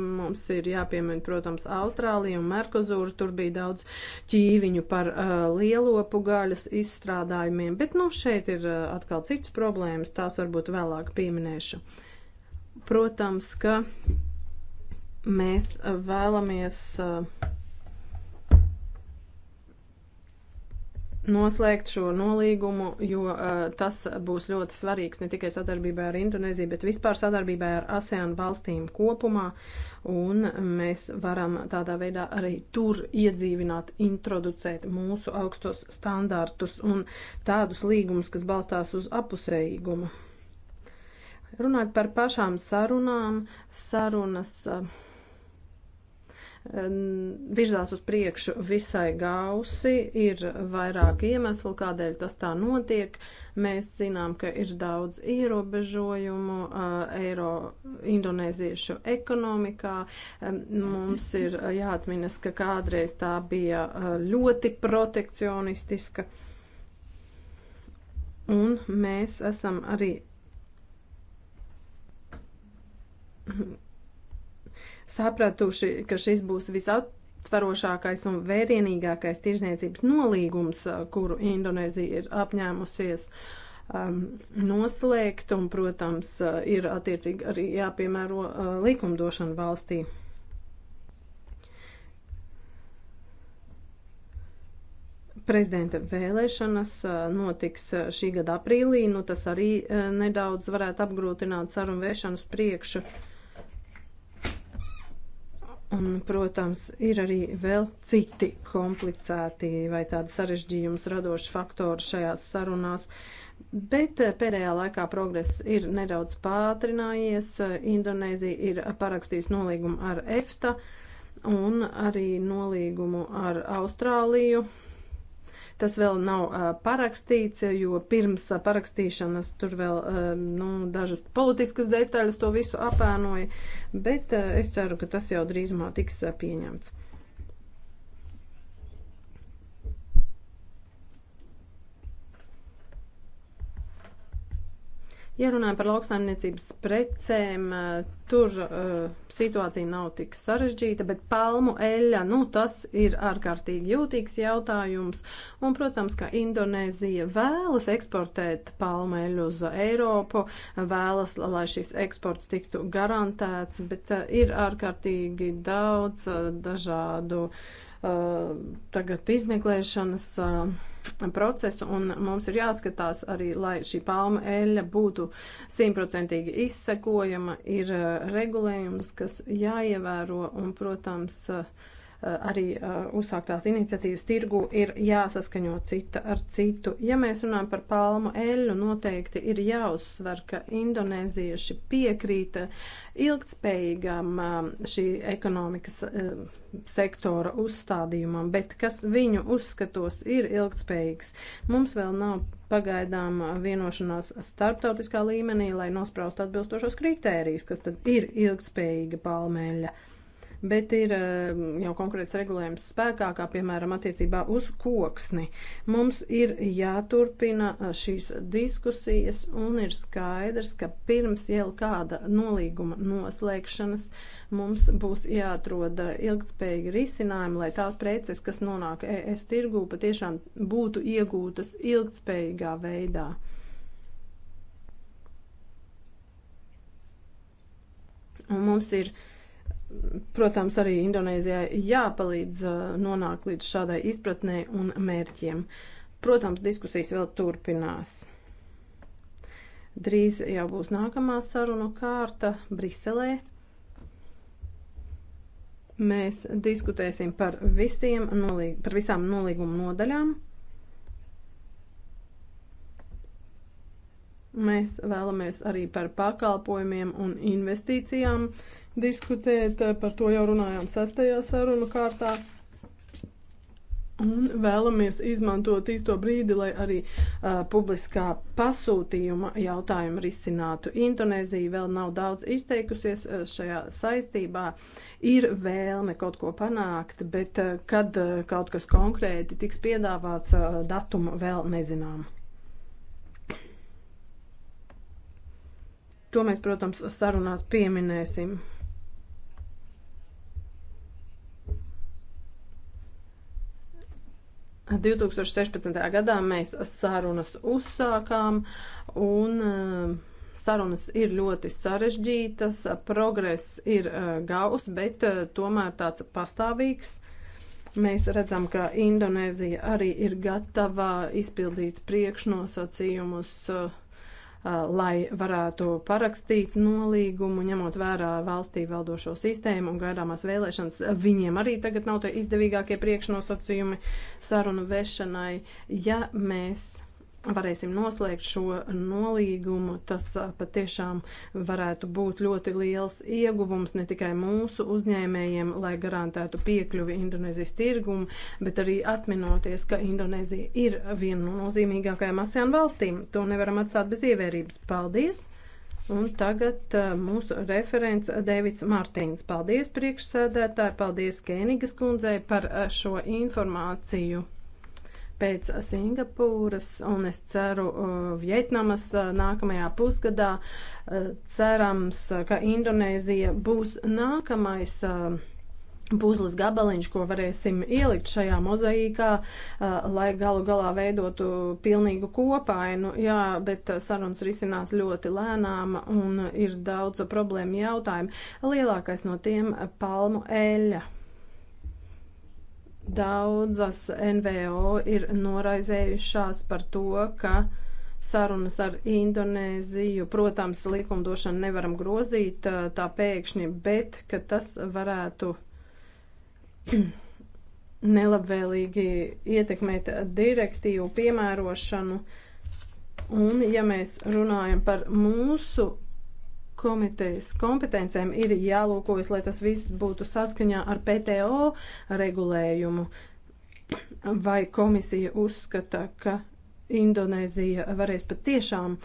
Mums ir jāpiemina, protams, Austrālija un Merkozūra. Tur bija daudz ķīviņu par uh, lielopu gaļas izstrādājumiem, bet nu šeit ir uh, atkal citas problēmas, tās varbūt vēlāk pieminēšu. Protams, ka mēs vēlamies. Uh, noslēgt šo nolīgumu, jo uh, tas būs ļoti svarīgs ne tikai sadarbībā ar Indonēziju, bet vispār sadarbībā ar ASEAN valstīm kopumā, un mēs varam tādā veidā arī tur iedzīvināt, introducēt mūsu augstos standartus un tādus līgumus, kas balstās uz apusējīgumu. Runāt par pašām sarunām, sarunas. Uh, virzās uz priekšu visai gausi, ir vairāk iemeslu, kādēļ tas tā notiek. Mēs zinām, ka ir daudz ierobežojumu eiro indonēziešu ekonomikā. Mums ir jāatminas, ka kādreiz tā bija ļoti protekcionistiska. Un mēs esam arī sapratuši, ka šis būs visaptvarošākais un vērienīgākais tirzniecības nolīgums, eh, kuru Indonēzija ir apņēmusies um, noslēgt, un, protams, eh, ir attiecīgi arī jāpiemēro uh, likumdošana valstī. prezidenta vēlēšanas notiks šī gada aprīlī, nu tas arī nedaudz varētu apgrūtināt sarunu vēršanas priekšu. Uh, Un, protams, ir arī vēl citi komplicēti vai tādi sarežģījums radoši faktori šajās sarunās, bet eh, pēdējā laikā progress ir nedaudz pātrinājies. Indonēzija ir parakstījusi nolīgumu ar EFTA un arī nolīgumu ar Austrāliju Tas vēl nav uh, parakstīts, jo pirms uh, parakstīšanas tur vēl uh, nu, dažas politiskas detaļas to visu apēnoja, bet uh, es ceru, ka tas jau drīzumā tiks uh, pieņemts. Ja runājam par lauksaimniecības precēm, eh, tur uh, situācija nav tik sarežģīta, bet palmu eļļa, nu, tas ir ārkārtīgi jūtīgs jautājums. Un, protams, ka Indonēzija vēlas eksportēt palmu eļļu uz Eiropu, vēlas, lai šis eksports tiktu garantēts, bet uh, ir ārkārtīgi daudz uh, dažādu uh, tagad izmeklēšanas. Uh, procesu, un mums ir jāskatās arī, lai šī palma eļļa būtu simtprocentīgi izsekojama, ir eh, regulējums, kas jāievēro, un, protams, uh, Eh, arī eh, uzsāktās iniciatīvas tirgu ir jāsaskaņo cita ar citu. Ja mēs runājam par palmu eļu, noteikti ir jāuzsver, ka indonēzieši piekrīta eh, ilgtspējīgam šī ekonomikas sektora uzstādījumam, bet kas viņu uzskatos ir ilgtspējīgs. Mums vēl nav pagaidām vienošanās starptautiskā līmenī, lai nospraust atbilstošos kritērijus, kas tad ir ilgtspējīga palmēļa bet ir ehm, jau konkrēts regulējums spēkā, kā piemēram attiecībā uz koksni. Mums ir jāturpina šīs diskusijas un ir skaidrs, ka pirms jau kāda nolīguma noslēgšanas mums būs jāatrod ilgtspējīgi risinājumi, lai tās preces, kas nonāk ES tirgū, patiešām būtu iegūtas ilgtspējīgā veidā. Un mums ir uh, protams, arī Indonēzijai jāpalīdz uh, nonākt līdz šādai izpratnē un mērķiem. Protams, diskusijas vēl turpinās. Drīz jau būs nākamā sarunu kārta Briselē. Mēs diskutēsim par, visiem, nolīg, par visām nolīguma nodaļām. Mēs vēlamies arī par pakalpojumiem un investīcijām uh, diskutēt. Eh, par to jau runājām sastajā sarunu kārtā. Un vēlamies izmantot īsto brīdi, lai arī uh, publiskā pasūtījuma jautājumu risinātu. Indonēzija vēl nav daudz izteikusies uh, šajā saistībā. Ir vēlme kaut ko panākt, bet uh, kad uh, kaut kas konkrēti tiks piedāvāts, uh, datumu vēl nezinām. To mēs, protams, sarunās pieminēsim. 2016. gadā mēs sarunas uzsākām un um, sarunas ir ļoti sarežģītas, progress ir uh, gaus, bet uh, tomēr tāds pastāvīgs. Mēs redzam, ka Indonēzija arī ir gatava izpildīt priekšnosacījumus uh, Uh, lai varētu parakstīt nolīgumu, ņemot vērā valstī valdošo sistēmu un gaidāmās vēlēšanas. Viņiem arī tagad nav tie izdevīgākie priekšnosacījumi sarunu vešanai. Ja mēs varēsim noslēgt šo nolīgumu, tas patiešām varētu būt ļoti liels ieguvums ne tikai mūsu uzņēmējiem, lai garantētu piekļuvi Indonēzijas tirgumu, bet arī atminoties, ka Indonēzija ir viena no nozīmīgākajām ASEAN valstīm. To nevaram atstāt bez ievērības. Paldies! Un tagad uh, mūsu referents Dēvids Mārtiņš. Paldies priekšsēdētāji, paldies Kēnigas kundzei par uh, šo informāciju pēc Singapūras, un es ceru uh, Vietnamas uh, nākamajā pusgadā. Uh, cerams, uh, ka Indonēzija būs nākamais. Uh, Puzles gabaliņš, ko varēsim ielikt šajā mozaīkā, uh, lai galu galā veidotu pilnīgu kopainu. Jā, bet uh, sarunas risinās ļoti lēnām un ir daudz problēmu jautājumu. Lielākais no tiem - palmu eļļa. Daudzas NVO ir noraizējušās par to, ka sarunas ar Indonēziju, protams, likumdošanu nevaram grozīt tā pēkšņi, bet ka tas varētu nelabvēlīgi ietekmēt direktīvu piemērošanu. Un, ja mēs runājam par mūsu komitejas kompetencēm ir jālūkojas, lai tas viss būtu saskaņā ar PTO regulējumu. Vai komisija uzskata, ka Indonēzija varēs patiešām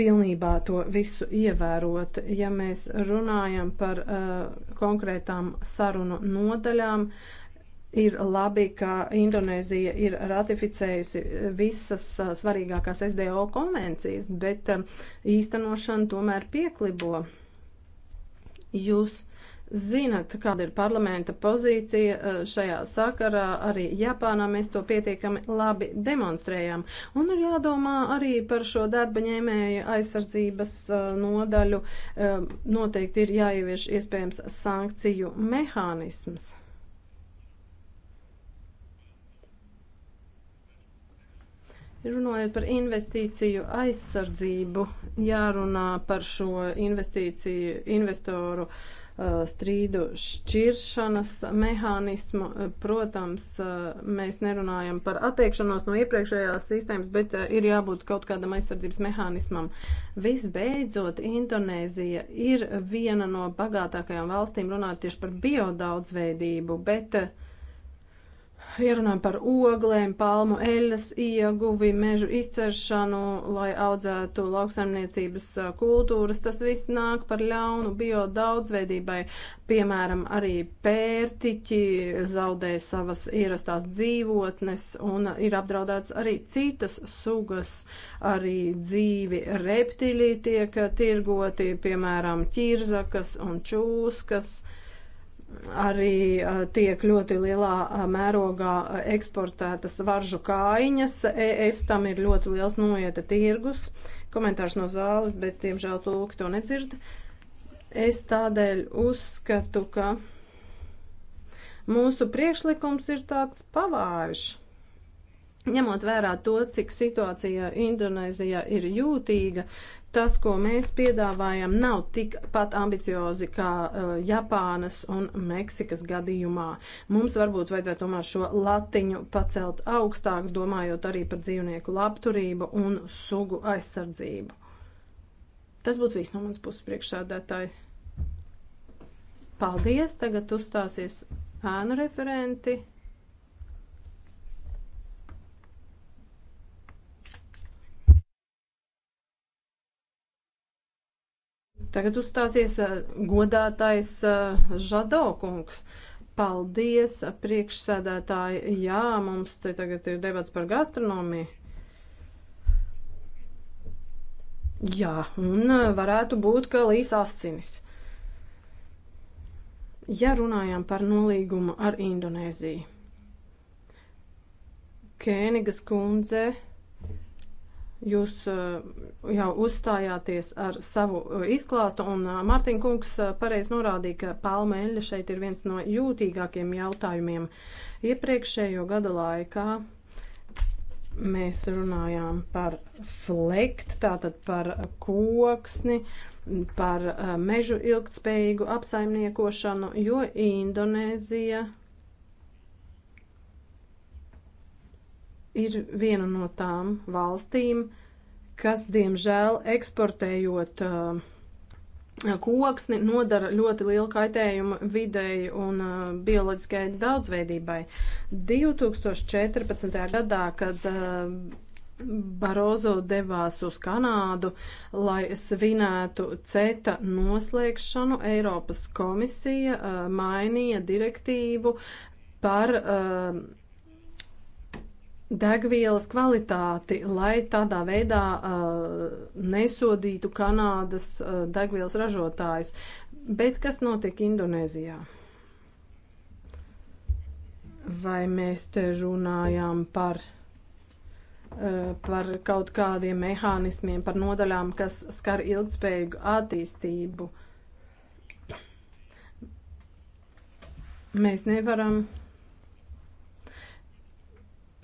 pilnībā to visu ievērot, ja mēs runājam par uh, konkrētām sarunu nodaļām? Uh, Ir labi, ka Indonēzija ir ratificējusi visas uh, svarīgākās SDO konvencijas, bet um, īstenošana tomēr pieklibo. Jūs zinat, kāda ir parlamenta pozīcija uh, šajā sakarā. Arī Japānā mēs to pietiekami labi demonstrējām. Un ir jādomā arī par šo darba ņēmēju aizsardzības uh, nodaļu. Um, noteikti ir jāievieš iespējams sankciju mehānisms. Runājot par investīciju aizsardzību, jārunā par šo investīciju investoru uh, strīdu šķiršanas mehānismu. Uh, protams, uh, mēs nerunājam par attiekšanos no iepriekšējās sistēmas, bet ir jābūt kaut kādam aizsardzības mehānismam. Visbeidzot, Indonēzija ir viena no bagātākajām valstīm runājot tieši par biodaudzveidību, bet uh, ja runājam par oglēm, palmu eļas ieguvi, mežu izceršanu, lai audzētu lauksaimniecības kultūras, tas viss nāk par ļaunu bio daudzveidībai. Piemēram, arī pērtiķi zaudē savas ierastās dzīvotnes un ir apdraudēts arī citas sugas, arī dzīvi reptīļi tiek tirgoti, piemēram, ķirzakas un čūskas. Uh, arī tiek ļoti lielā mērogā eksportētas varžu kājiņas. Es tam ir ļoti liels noieta tirgus. Komentārs no zāles, bet, diemžēl, tūki to nedzird. Es tādēļ uzskatu, ka mūsu priekšlikums ir tāds pavājušs. Ņemot vērā to, cik situācija Indonēzijā ir jūtīga, tas, ko mēs piedāvājam, nav tikpat ambiciozi kā uh, Japānas un Meksikas gadījumā. Mums varbūt vajadzētu tomēr šo latiņu pacelt augstāk, domājot arī par dzīvnieku labturību un sugu aizsardzību. Tas būtu viss no manas puses priekšsādātāji. Paldies! Tagad uzstāsies ēnu referenti. Tagad uzstāsies godātais Žadokungs. Paldies, priekšsēdētāji. Jā, mums te tagad ir debats par gastronomiju. Jā, un varētu būt, ka līs asinis. Ja runājām par nolīgumu ar Indonēziju, Kēnigas kundze Jūs eh, jau uzstājāties ar savu eh, izklāstu, un eh, Mārtiņa kungs pareizi norādīja, ka palmeļa šeit ir viens no jūtīgākiem jautājumiem. Iepriekšējo gada laikā mēs runājām par flekt, tātad par koksni, par mežu ilgtspējīgu apsaimniekošanu, jo Indonēzija ir viena no tām valstīm, kas, diemžēl, eksportējot uh, koksni, nodara ļoti lielu kaitējumu videi un uh, bioloģiskai daudzveidībai. 2014. gadā, kad uh, Barozo devās uz Kanādu, lai svinētu CETA noslēgšanu, Eiropas komisija uh, mainīja direktīvu par uh, degvielas kvalitāti, lai tādā veidā uh, nesodītu Kanādas uh, degvielas ražotājus. Bet kas notiek Indonēzijā? Vai mēs te runājām par uh, par kaut kādiem mehānismiem, par nodaļām, kas skar ilgspējīgu attīstību. Mēs nevaram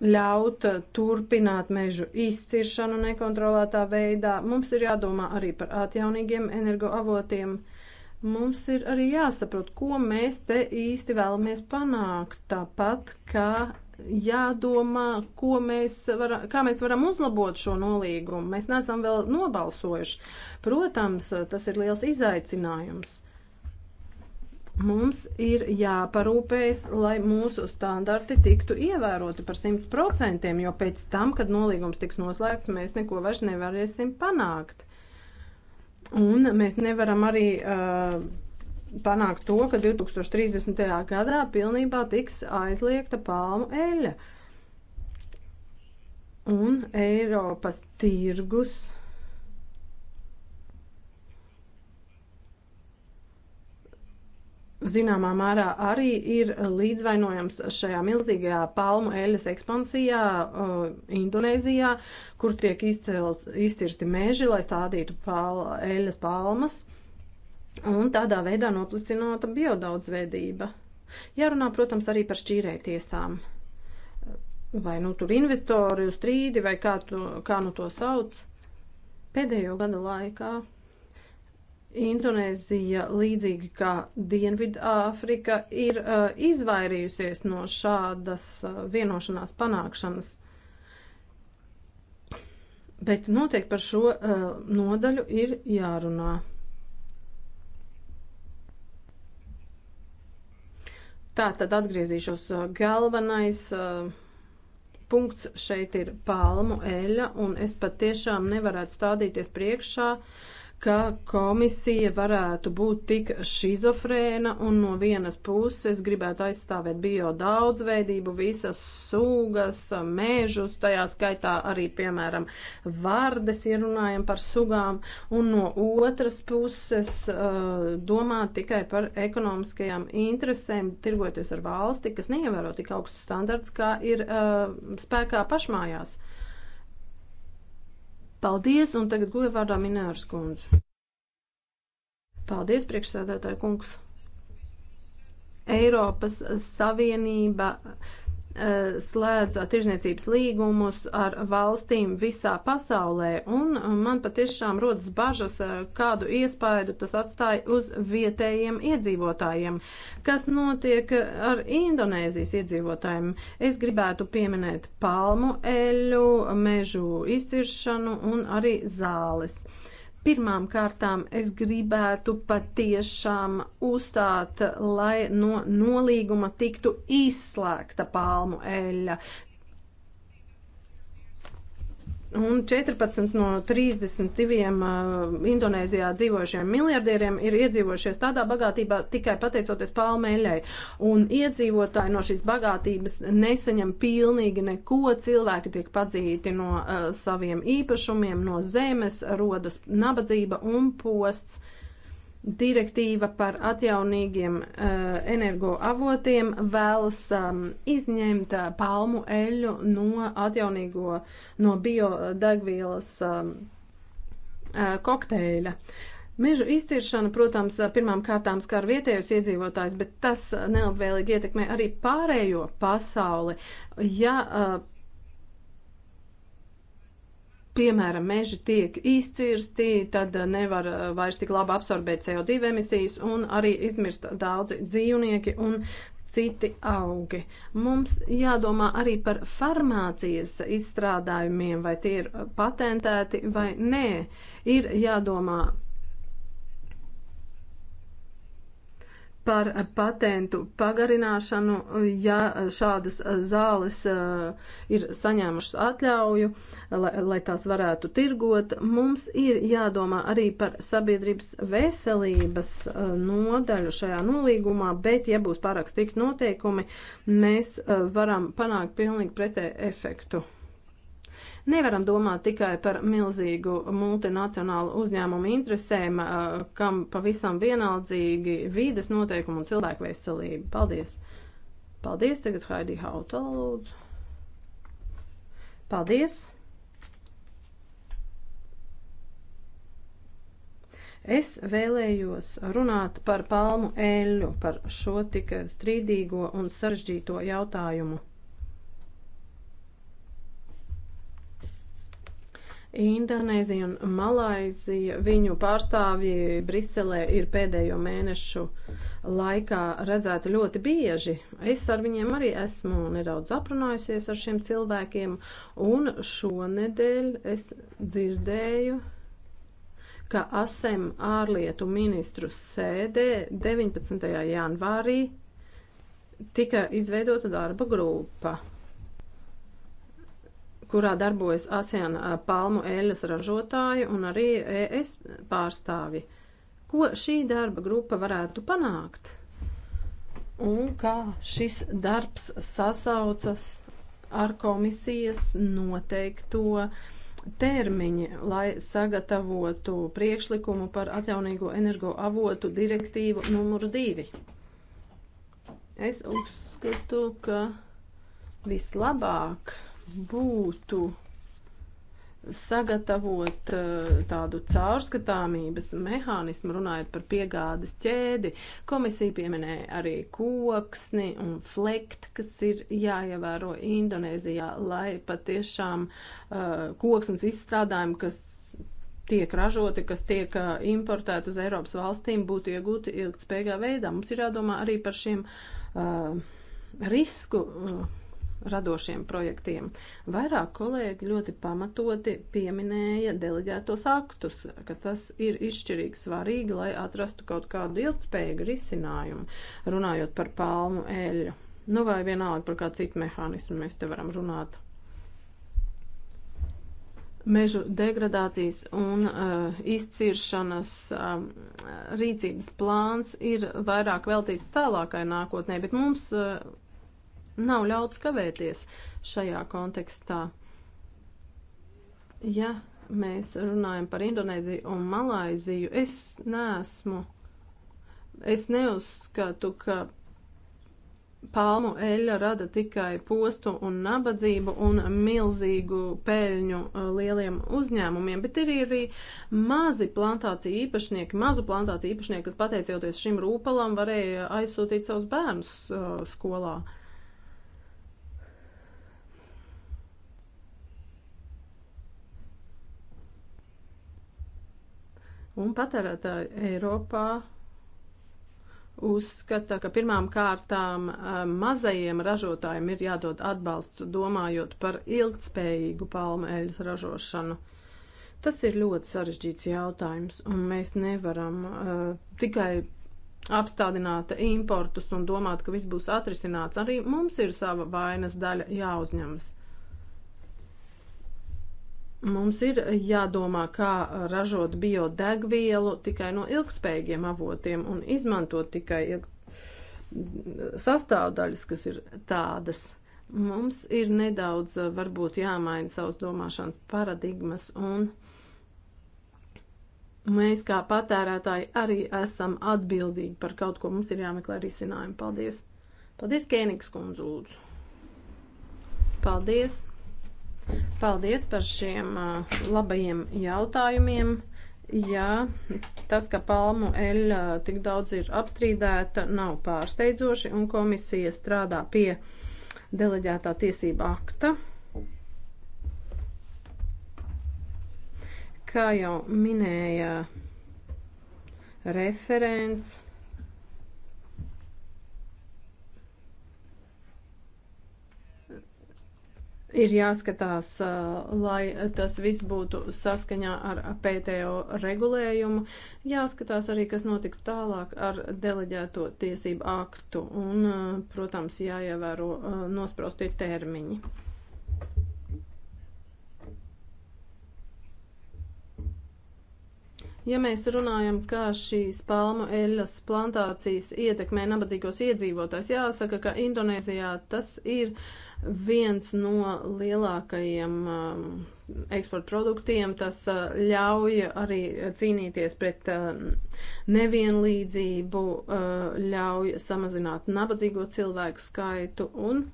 ļaut eh, turpināt mežu izciršanu nekontrolētā veidā. Mums ir jādomā arī par atjaunīgiem energoavotiem. Mums ir arī jāsaprot, ko mēs te īsti vēlamies panākt. Tāpat kā jādomā, ko mēs var, kā mēs varam uzlabot šo nolīgumu. Mēs neesam vēl nobalsojuši. Protams, tas ir liels izaicinājums. Mums ir jāparūpējas, lai mūsu standarti tiktu ievēroti par 100%, jo pēc tam, kad nolīgums tiks noslēgts, mēs neko vairs nevarēsim panākt. Un mēs nevaram arī uh, panākt to, ka 2030. gadā pilnībā tiks aizliegta palmu eļļa. Un Eiropas tirgus zināmā mērā arī ir līdzvainojams šajā milzīgajā palmu eļas ekspansijā uh, Indonēzijā, kur tiek izcels, izcirsti meži, lai stādītu pal, eļas palmas, un tādā veidā noplicināta biodaudzveidība. Jārunā, protams, arī par šķīrētiesām. Vai nu tur investori uz strīdi, vai kā, tu, kā nu to sauc, pēdējo gadu laikā Indonēzija, līdzīgi kā Dienvidāfrika, ir uh, izvairījusies no šādas uh, vienošanās panākšanas. Bet noteikti par šo uh, nodaļu ir jārunā. Tā tad atgriezīšos. Uh, galvenais uh, punkts šeit ir palmu eļa, un es patiešām nevarētu stādīties priekšā uh, ka komisija varētu būt tik šizofrēna un no vienas puses gribētu aizstāvēt bio daudzveidību, visas sugas, mēžus, tajā skaitā arī, piemēram, vardes, ja runājam par sugām, un no otras puses uh, domāt tikai par ekonomiskajām interesēm, tirgoties ar valsti, kas neievēro tik augstus standarts, kā ir uh, spēkā pašmājās. Uh, Paldies, un tagad guļu vārdā Mināras kundze. Paldies, priekšsēdētāja kungs. Eiropas Savienība Eh, slēdz tirzniecības līgumus ar valstīm visā pasaulē, un eh, man patiešām rodas bažas, eh, kādu iespaidu tas atstāja uz vietējiem iedzīvotājiem. Kas notiek ar Indonēzijas iedzīvotājiem? Es gribētu pieminēt palmu eļu, mežu izciršanu un arī zāles. Uh, Pirmām kārtām es gribētu patiešām uzstāt, lai no nolīguma tiktu izslēgta palmu eļļa. Un 14 no 32 uh, Indonēzijā dzīvojušiem miljardieriem ir iedzīvojušies tādā bagātībā tikai pateicoties palmeļai. Un iedzīvotāji no šīs bagātības nesaņem pilnīgi neko. Cilvēki tiek padzīti no uh, saviem īpašumiem, no zemes, rodas nabadzība un posts. Uh, direktīva par atjaunīgiem uh, energoavotiem vēlas um, izņemt eh, palmu eļu no atjaunīgo, no biodegvielas um, uh, kokteļa. Mežu izciršana, protams, pirmām kārtām skar vietējos iedzīvotājus, bet tas nelabvēlīgi ietekmē arī pārējo pasauli. Ja uh, piemēram, meži tiek izcirsti, tad uh, nevar uh, vairs tik labi absorbēt CO2 emisijas un arī izmirst daudzi dzīvnieki un citi augi. Mums jādomā arī par farmācijas izstrādājumiem, vai tie ir patentēti vai nē. Ir jādomā par patentu pagarināšanu, ja šādas zāles eh, ir saņēmušas atļauju, lai, lai tās varētu tirgot. Mums ir jādomā arī par sabiedrības veselības eh, nodaļu šajā nolīgumā, bet ja būs pārāk strikti noteikumi, mēs eh, varam panākt pilnīgi pretēju efektu. Nevaram domāt tikai par milzīgu multinacionālu uzņēmumu interesēm, uh, kam pavisam vienaldzīgi vīdes noteikumu un cilvēku veselību. Paldies! Paldies! Tagad Haidī Hautala lūdzu. Paldies! Es vēlējos runāt par palmu eļļu, par šo tik strīdīgo un sarežģīto jautājumu. Indonēzija un Malaizija, viņu pārstāvji Briselē ir pēdējo mēnešu laikā redzēti ļoti bieži. Es ar viņiem arī esmu nedaudz aprunājusies ar šiem cilvēkiem, un šonedēļ es dzirdēju, ka ASEM ārlietu ministru sēdē 19. janvārī tika izveidota darba grupa kurā darbojas ASEAN palmu eļas ražotāji un arī ES pārstāvi. Ko šī darba grupa varētu panākt? Un kā šis darbs sasaucas ar komisijas noteikto termiņi, lai sagatavotu priekšlikumu par atjaunīgo energoavotu direktīvu numuru divi? Es uzskatu, ka vislabāk būtu sagatavot eh, tādu caurskatāmības mehānismu, runājot par piegādes ķēdi. Komisija pieminēja arī koksni un flekt, kas ir jāievēro Indonēzijā, lai patiešām uh, koksnes izstrādājumi, kas tiek ražoti, kas tiek uh, importēti uz Eiropas valstīm, būtu iegūti ilgtspējīgā veidā. Mums ir jādomā arī par šiem uh, risku. Uh, radošiem projektiem. Vairāk kolēģi ļoti pamatoti pieminēja deleģētos aktus, ka tas ir izšķirīgi svarīgi, lai atrastu kaut kādu ilgspējīgu risinājumu, runājot par palmu eļļu. Nu vai vienalga par kādu citu mehānismu mēs te varam runāt. Mežu degradācijas un uh, izciršanas um, rīcības plāns ir vairāk veltīts tālākai nākotnē, bet mums uh, Nav ļauts kavēties šajā kontekstā. Ja mēs runājam par Indonēziju un Malaiziju, es neesmu, es neuzskatu, ka palmu eļļa rada tikai postu un nabadzību un milzīgu pēļņu uh, lieliem uzņēmumiem, bet ir arī mazi plantāciju īpašnieki, mazu plantāciju īpašnieki, kas pateicoties šim rūpalam varēja aizsūtīt savus bērnus uh, skolā. Uh, Un patērētāji Eiropā uzskata, ka pirmām kārtām eh, mazajiem ražotājiem ir jādod atbalsts, domājot par ilgtspējīgu palmeļas ražošanu. Tas ir ļoti sarežģīts jautājums, un mēs nevaram uh, tikai apstādināt importus un domāt, ka viss būs atrisināts. Arī mums ir sava vainas daļa jāuzņemas. Mums ir jādomā, kā ražot biodegvielu tikai no ilgspējīgiem avotiem un izmantot tikai ilg... sastāvdaļas, kas ir tādas. Mums ir nedaudz varbūt jāmaina savas domāšanas paradigmas un mēs kā patērētāji arī esam atbildīgi par kaut ko. Mums ir jāmeklē risinājumi. Paldies! Paldies, Kēnigs kundze, lūdzu! Paldies! Paldies par šiem labajiem jautājumiem. Jā, tas, ka palmu eļa tik daudz ir apstrīdēta, nav pārsteidzoši, un komisija strādā pie deleģētā tiesība akta. Kā jau minēja referents. ir jāskatās, lai tas viss būtu saskaņā ar PTO regulējumu, jāskatās arī, kas notiks tālāk ar deleģēto tiesību aktu un, protams, jāievēro nospraustie termiņi. Ja mēs runājam, kā šīs palmu eļas plantācijas ietekmē nabadzīgos iedzīvotājs, jāsaka, ka Indonēzijā tas ir uh, viens no lielākajiem um, eksporta produktiem. Tas uh, ļauj arī cīnīties pret uh, nevienlīdzību, uh, ļauj samazināt nabadzīgo cilvēku skaitu un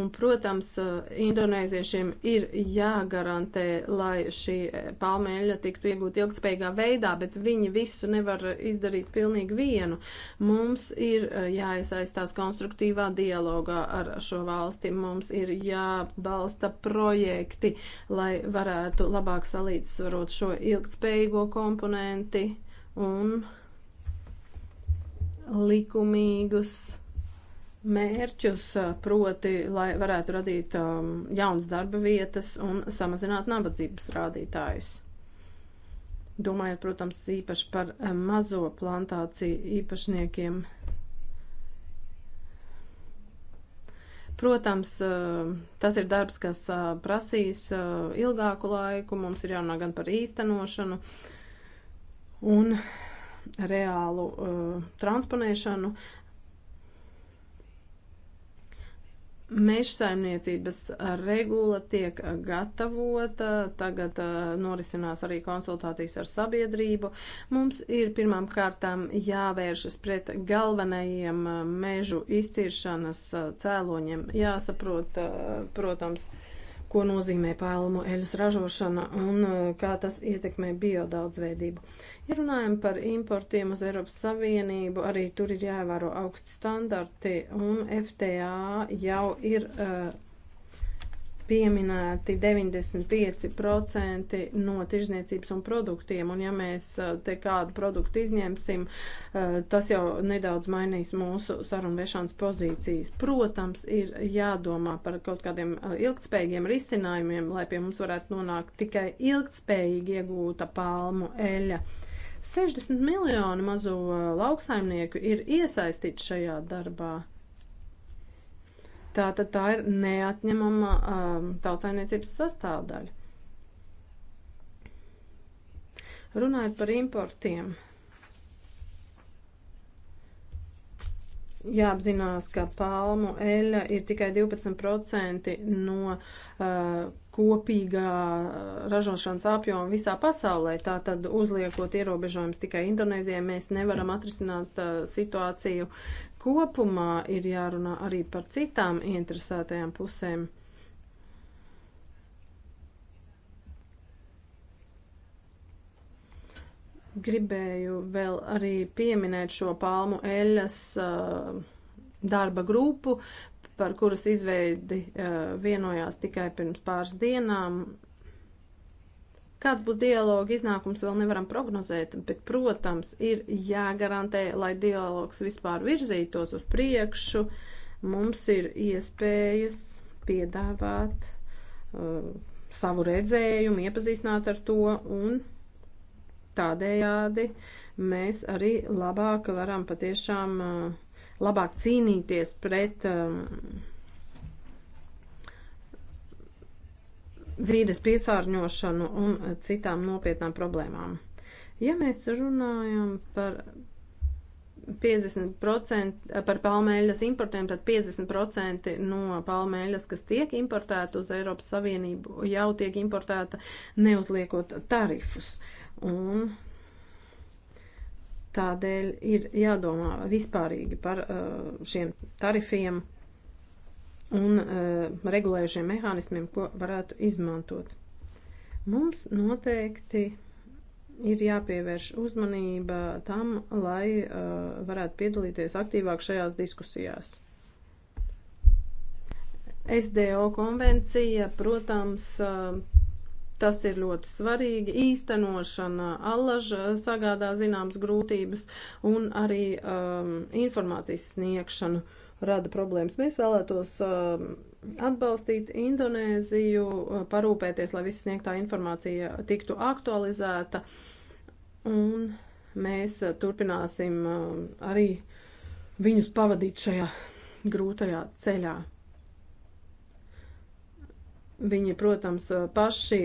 Un, protams, eh, indonēziešiem ir jāgarantē, lai šī eh, palmeļa tiktu iegūta ilgspējīgā veidā, bet viņi visu nevar izdarīt pilnīgi vienu. Mums ir eh, jāiesaistās konstruktīvā dialogā ar šo valsti, mums ir jābalsta projekti, lai varētu labāk salīdzsvarot šo ilgspējīgo komponenti un likumīgus mērķus, proti, lai varētu radīt um, jaunas darba vietas un samazināt nabadzības rādītājus. Domājot, protams, īpaši par mazo plantāciju īpašniekiem. Protams, tas ir darbs, kas prasīs ilgāku laiku. Mums ir jārunā gan par īstenošanu un reālu uh, transponēšanu, Mežsaimniecības regula tiek gatavota, tagad uh, norisinās arī konsultācijas ar sabiedrību. Mums ir pirmām kārtām jāvēršas pret galvenajiem uh, mežu izciršanas uh, cēloņiem. Jāsaprot, uh, protams, uh, ko nozīmē palmu eļas ražošana un e, kā tas ietekmē biodaudzveidību. Ja runājam par importiem uz Eiropas Savienību, arī tur ir jāievēro augsti standarti un FTA jau ir. Uh, pieminēti 95% no tirzniecības un produktiem, un ja mēs eh, te kādu produktu izņemsim, eh, tas jau nedaudz mainīs mūsu sarunvešanas pozīcijas. Protams, ir jādomā par kaut kādiem eh, ilgtspējīgiem risinājumiem, lai pie mums varētu nonākt tikai ilgtspējīgi iegūta palmu eļa. 60 miljoni mazo lauksaimnieku ir iesaistīti šajā darbā. Tā tad tā ir neatņemama um, tautsainiecības sastāvdaļa. Runājot par importiem, jāapzinās, ka palmu eļļa ir tikai 12% no uh, kopīgā ražošanas apjoma visā pasaulē. Tātad uzliekot ierobežojumus tikai Indonēzijai, mēs nevaram atrisināt uh, situāciju kopumā ir jārunā arī par citām interesētajām pusēm. Gribēju vēl arī pieminēt šo palmu eļas uh, darba grupu, par kuras izveidi uh, vienojās tikai pirms pāris dienām Kāds būs dialoga iznākums, vēl nevaram prognozēt, bet, protams, ir jāgarantē, lai dialogs vispār virzītos uz priekšu. Mums ir iespējas piedāvāt uh, savu redzējumu, iepazīstināt ar to un tādējādi mēs arī labāk varam patiešām uh, labāk cīnīties pret. Uh, vīdes piesārņošanu un e, citām nopietnām problēmām. Ja mēs runājam par 50% e, par palmēļas importiem, tad 50% no palmēļas, kas tiek importēta uz Eiropas Savienību, jau tiek importēta neuzliekot tarifus. Un tādēļ ir jādomā vispārīgi par e, šiem tarifiem un uh, eh, regulējušiem mehānismiem, ko varētu izmantot. Mums noteikti ir jāpievērš uzmanība tam, lai uh, varētu piedalīties aktīvāk šajās diskusijās. SDO konvencija, protams, uh, Tas ir ļoti svarīgi. Īstenošana allaž sagādā zināmas grūtības un arī um, informācijas sniegšanu. Uh, rada problēmas. Mēs vēlētos um, atbalstīt Indonēziju, uh, parūpēties, lai viss sniegtā informācija tiktu aktualizēta, un mēs uh, turpināsim um, arī viņus pavadīt šajā grūtajā ceļā. Viņi, protams, uh, paši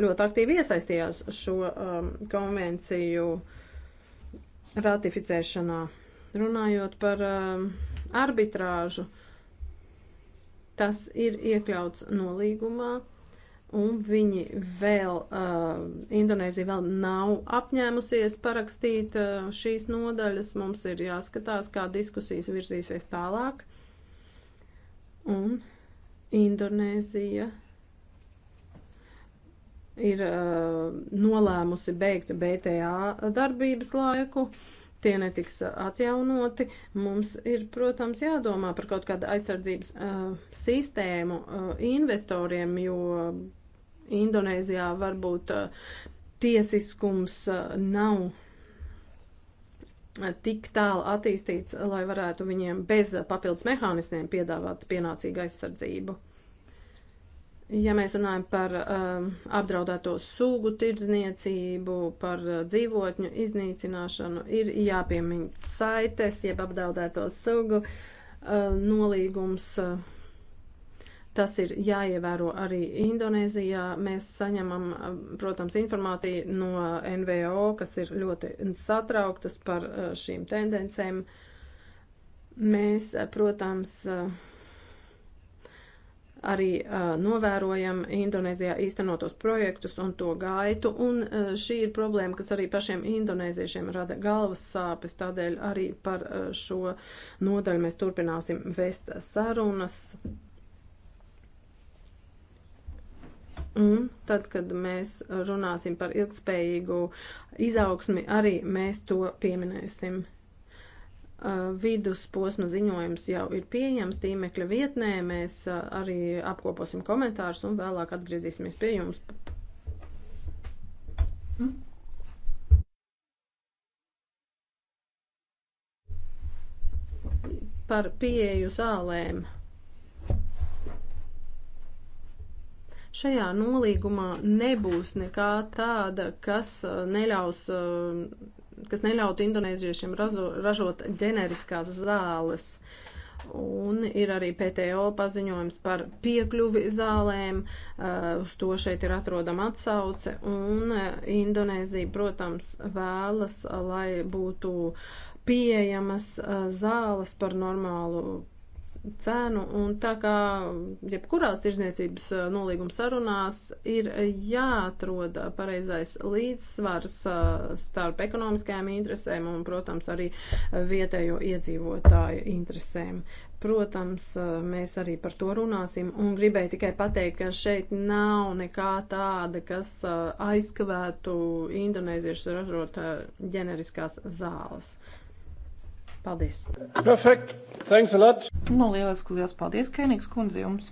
ļoti aktīvi iesaistījās šo um, konvenciju ratificēšanā. Runājot par uh, arbitrāžu. Tas ir iekļauts nolīgumā, un viņi vēl, uh, Indonēzija vēl nav apņēmusies parakstīt uh, šīs nodaļas. Mums ir jāskatās, kā diskusijas virzīsies tālāk. Un Indonēzija ir uh, nolēmusi beigt BTA darbības laiku. Uh, tie netiks uh, atjaunoti. Mums ir, protams, jādomā par kaut kādu aizsardzības uh, sistēmu uh, investoriem, jo Indonēzijā varbūt uh, tiesiskums uh, nav uh, tik tālu attīstīts, lai varētu viņiem bez papildus mehānismiem piedāvāt pienācīgu aizsardzību. Ja mēs runājam par um, apdraudēto sugu tirdzniecību, par uh, dzīvotņu iznīcināšanu, ir jāpiemina saites, jeb apdraudēto sugu uh, nolīgums. Uh, tas ir jāievēro arī Indonēzijā. Mēs saņemam, uh, protams, informāciju no NVO, kas ir ļoti satrauktas par uh, šīm tendencēm. Mēs, uh, protams, uh, arī uh, novērojam Indonēzijā īstenotos projektus un to gaitu, un uh, šī ir problēma, kas arī pašiem indonēziešiem rada galvas sāpes, tādēļ arī par uh, šo nodaļu mēs turpināsim vest sarunas. Un tad, kad mēs runāsim par ilgspējīgu izaugsmi, arī mēs to pieminēsim. Uh, vidusposma ziņojums jau ir pieejams tīmekļa vietnē. Mēs uh, arī apkoposim komentārus un vēlāk atgriezīsimies pie jums. Mm. Par pieeju zālēm. Šajā nolīgumā nebūs nekā tāda, kas uh, neļaus uh, kas neļautu indonēziešiem razo, ražot ģeneriskās zāles. Un ir arī PTO paziņojums par piekļuvi zālēm, eh, uz to šeit ir atrodama atsauce, un eh, Indonēzija, protams, vēlas, lai būtu pieejamas eh, zāles par normālu cenu, un tā kā jebkurās tirzniecības nolīguma sarunās ir jāatrod pareizais līdzsvars starp ekonomiskajām interesēm un, protams, arī vietējo iedzīvotāju interesēm. Protams, mēs arī par to runāsim, un gribēju tikai pateikt, ka šeit nav nekā tāda, kas aizkavētu indonēziešus ražot ģeneriskās zāles. Paldies! Perfekt! Thanks a lot! Nu, lieliski, liels paldies, Kēnīgs kundze jums!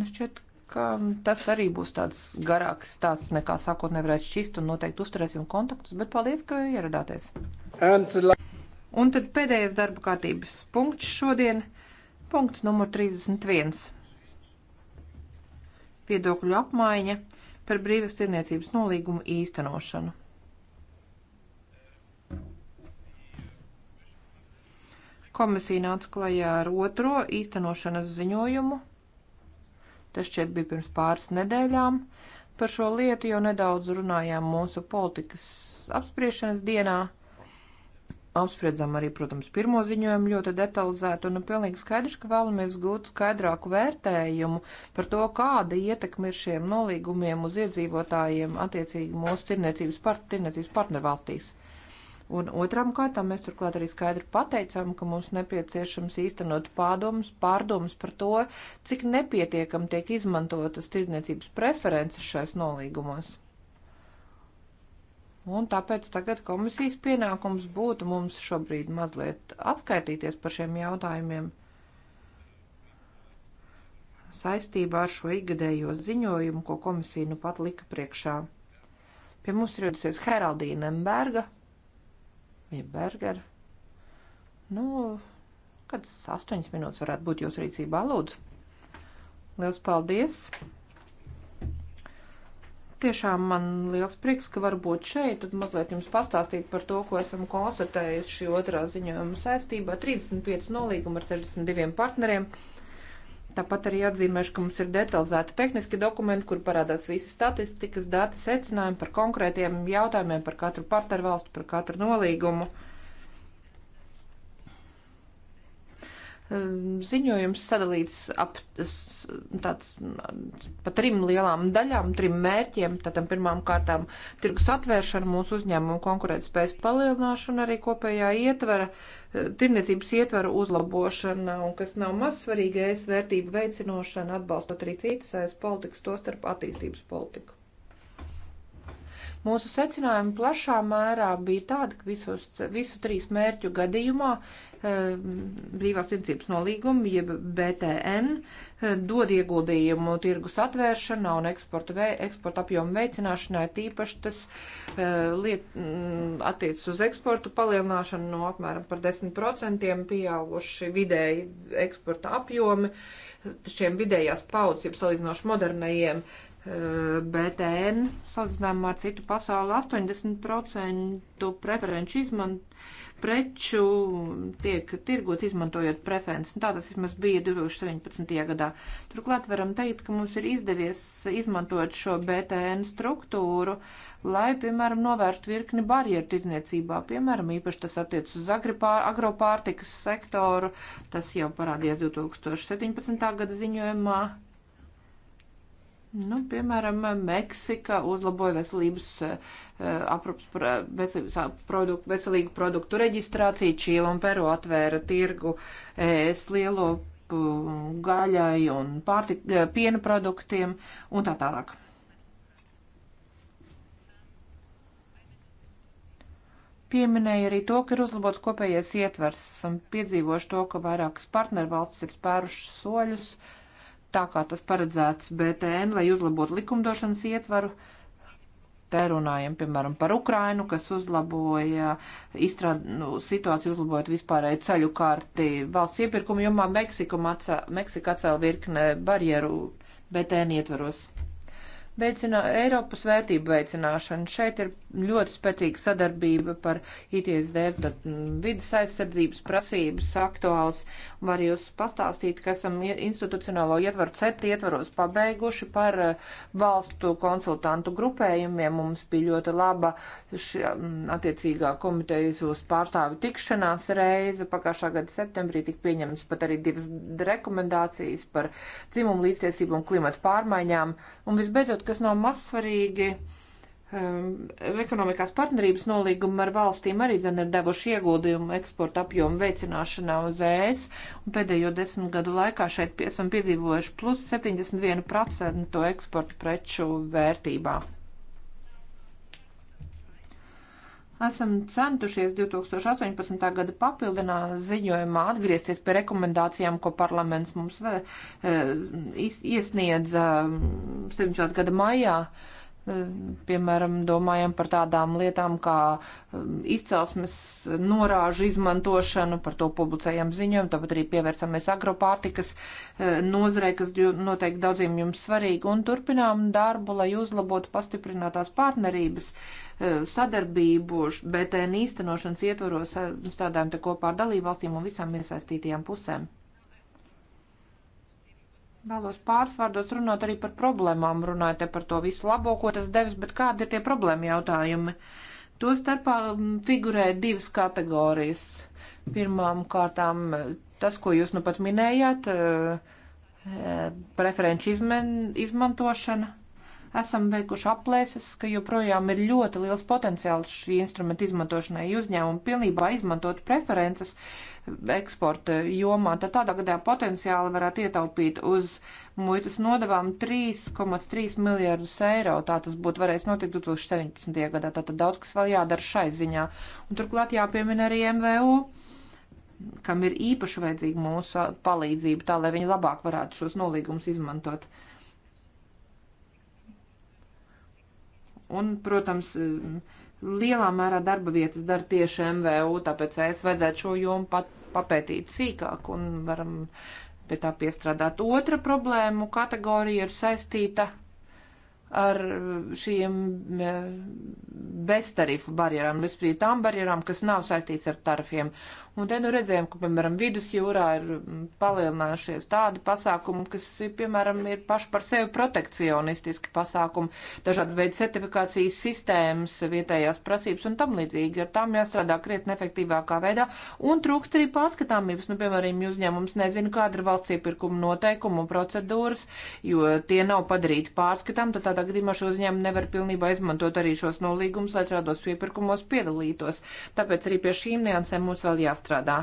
Nešķiet, ka tas arī būs tāds garāks stāsts, nekā sākot nevarētu šķist, un noteikti uzturēsim kontaktus, bet paldies, ka ieradāties. Un tad pēdējais darba kārtības punkts šodien, punkts numur 31. Viedokļu apmaiņa par brīvas tirniecības nolīgumu īstenošanu. Komisija nāca klajā ar otro īstenošanas ziņojumu. Tas šķiet bija pirms pāris nedēļām. Par šo lietu jau nedaudz runājām mūsu politikas apspriešanas dienā. Apspriedzām arī, protams, pirmo ziņojumu ļoti detalizēti un nu, pilnīgi skaidrs, ka vēlamies gūt skaidrāku vērtējumu par to, kāda ietekme ir šiem nolīgumiem uz iedzīvotājiem attiecīgi mūsu tirniecības, par, tirniecības partnervalstīs. Un otram kārtām mēs turklāt arī skaidri pateicām, ka mums nepieciešams īstenot pārdomas, pārdomas par to, cik nepietiekam tiek izmantotas tirdzniecības preferences šais nolīgumos. Un tāpēc tagad komisijas pienākums būtu mums šobrīd mazliet atskaitīties par šiem jautājumiem saistībā ar šo ikgadējo ziņojumu, ko komisija nu pat lika priekšā. Pie mums ir ieradusies Heraldīna Emberga, jeb burgeru. Nu, kāds astoņas minūtes varētu būt jūsu rīcībā, lūdzu. Liels paldies! Tiešām man liels prieks, ka var būt šeit un mazliet jums pastāstīt par to, ko esam konstatējuši šī otrā ziņojuma saistībā. 35 nolīguma ar 62 partneriem. Uh, Tāpat arī atzīmēšu, ka mums ir detalizēti tehniski dokumenti, kur parādās visi statistikas dati, secinājumi par konkrētiem jautājumiem, par katru partnervalstu, par katru nolīgumu. Uh, Ehm, ziņojums sadalīts ap tāds, pa trim lielām daļām, trim mērķiem. Tātad pirmām kārtām tirgus atvēršana, mūsu uzņēmumu konkurētspējas palielināšana, arī kopējā ietvara, e, tirniecības ietvara uzlabošana, un kas nav maz svarīgais, e vērtību veicinošana, atbalstot arī citas aiz e politikas, tostarp attīstības politiku. Mūsu secinājumi plašā mērā bija tādi, ka visos, visu trīs mērķu gadījumā eh, brīvās tirdzniecības nolīgumi, jeb BTN, eh, dod ieguldījumu tirgus atvēršanā un eksporta, vei, eksporta apjomu veicināšanai. Tīpaši tas uh, liet, mm, attiecas uz eksportu palielināšanu no apmēram par 10% pieauguši vidēji eksporta apjomi šiem vidējās paudzes, jeb salīdzinoši modernajiem uh, BTN, salīdzinājumā ar citu pasauli, 80% preferenču izmanto, preču tiek tirgots izmantojot preferences. Nu, tā tas vismaz bija 2017. gadā. Turklāt varam teikt, ka mums ir izdevies izmantot šo BTN struktūru, lai, piemēram, novērstu virkni barjeru tirdzniecībā. Piemēram, īpaši tas attiec uz agripār, agropārtikas sektoru. Tas jau parādījās 2017. gada ziņojumā. Nu, piemēram, Meksika uzlaboja veselības eh, aprūpas veselības produktu, veselīgu produktu reģistrāciju, Čīla un Peru atvēra tirgu es lielo gaļai un pārtik, eh, piena produktiem un tā tālāk. Pieminēja arī to, ka ir uzlabots kopējais ietvers. Esam piedzīvojuši to, ka vairākas partnervalstis ir spērušas soļus uh, tā kā tas paredzēts BTN, lai uzlabotu likumdošanas ietvaru. Te runājam, piemēram, par Ukrainu, kas uzlaboja izstrād, nu, situāciju, uzlabojot vispārēju ceļu kārti valsts iepirkumu jomā. Atsā, Meksika atcēla virkne barjeru BTN ietvaros. Veicinā, Eiropas vērtību veicināšana. Šeit ir ļoti spēcīga sadarbība par ITSD mm, vidas aizsardzības prasības aktuāls. Var jūs pastāstīt, ka esam institucionālo ietvaru CETI ietvaros pabeiguši par eh, valstu konsultantu grupējumiem. Mums bija ļoti laba ši, mm, attiecīgā komitejas uz pārstāvi tikšanās reize. Pagājušā gada septembrī tika pieņemts pat arī divas rekomendācijas par dzimumu līdztiesību un klimatu pārmaiņām. Un visbeidzot, kas nav mazsvarīgi. No um, ekonomikās partnerības nolīgumi ar valstīm arī zina ir devuši ieguldījumu eksporta apjomu veicināšanā uz ES, un pēdējo desmit gadu laikā šeit esam piedzīvojuši plus 71% eksporta preču vērtībā. Esam centušies 2018. gada papildinā ziņojumā atgriezties pie rekomendācijām, ko parlaments mums vē, e, iesniedza 17. Um, gada maijā. Uh, Piemēram, domājam par tādām lietām kā um, izcelsmes norāžu izmantošanu, par to publicējam ziņojumu, tāpat arī pievērsamies agropārtikas uh, nozarei, kas noteikti daudziem jums svarīga, un turpinām darbu, lai uzlabotu pastiprinātās partnerības uh, sadarbību, BTN īstenošanas ietvaros uh, strādājam te kopā ar dalībvalstīm un visām iesaistītajām pusēm. Vēlos pārsvārdos runāt arī par problēmām, runājot par to visu labo, ko tas devis, bet kādi ir tie problēma jautājumi? To starpā mm, figurē divas kategorijas. Pirmām kārtām tas, ko jūs nu pat minējāt, eh, preferenču izmantošana esam veikuši aplēses, ka joprojām ir ļoti liels potenciāls šī instrumenta izmantošanai. Ja uzņēmumi pilnībā izmantot preferences eksporta jomā, tad tādā gadā potenciāli varētu ietaupīt uz muitas nodevām 3,3 miljardus eiro. Tā tas būtu varējis notikt 2017. gadā. Tātad daudz kas vēl jādara šai ziņā. Un turklāt jāpiemina arī MVU kam ir īpaši vajadzīga mūsu palīdzība, tā lai viņi labāk varētu šos nolīgumus izmantot. Uh, Un, protams, lielā mērā darba vietas dara tieši MVU, tāpēc es vajadzētu šo jomu pat papētīt sīkāk un varam pie tā piestrādāt. Otra problēmu kategorija ir saistīta ar šiem beztarifu barjerām, vispār tām barjerām, kas nav saistīts ar tarifiem. Un te nu redzējām, ka, piemēram, vidusjūrā ir mm, palielinājušies tādi pasākumi, kas, piemēram, ir paši par sevi protekcionistiski pasākumi, dažādi veidi certifikācijas sistēmas, vietējās prasības un tam līdzīgi. Ar tām jāstrādā krietni efektīvākā veidā un trūkst arī pārskatāmības. Nu, piemēram, uzņēmums nezina, kāda ir valsts iepirkuma noteikuma un procedūras, jo tie nav padarīti pārskatām, tad tādā gadījumā šo uzņēmumu nevar pilnībā izmantot arī šos nolīgumus, lai šādos iepirkumos piedalītos. Tāpēc arī pie šīm niansēm mums vēl jāstrādā jāstrādā.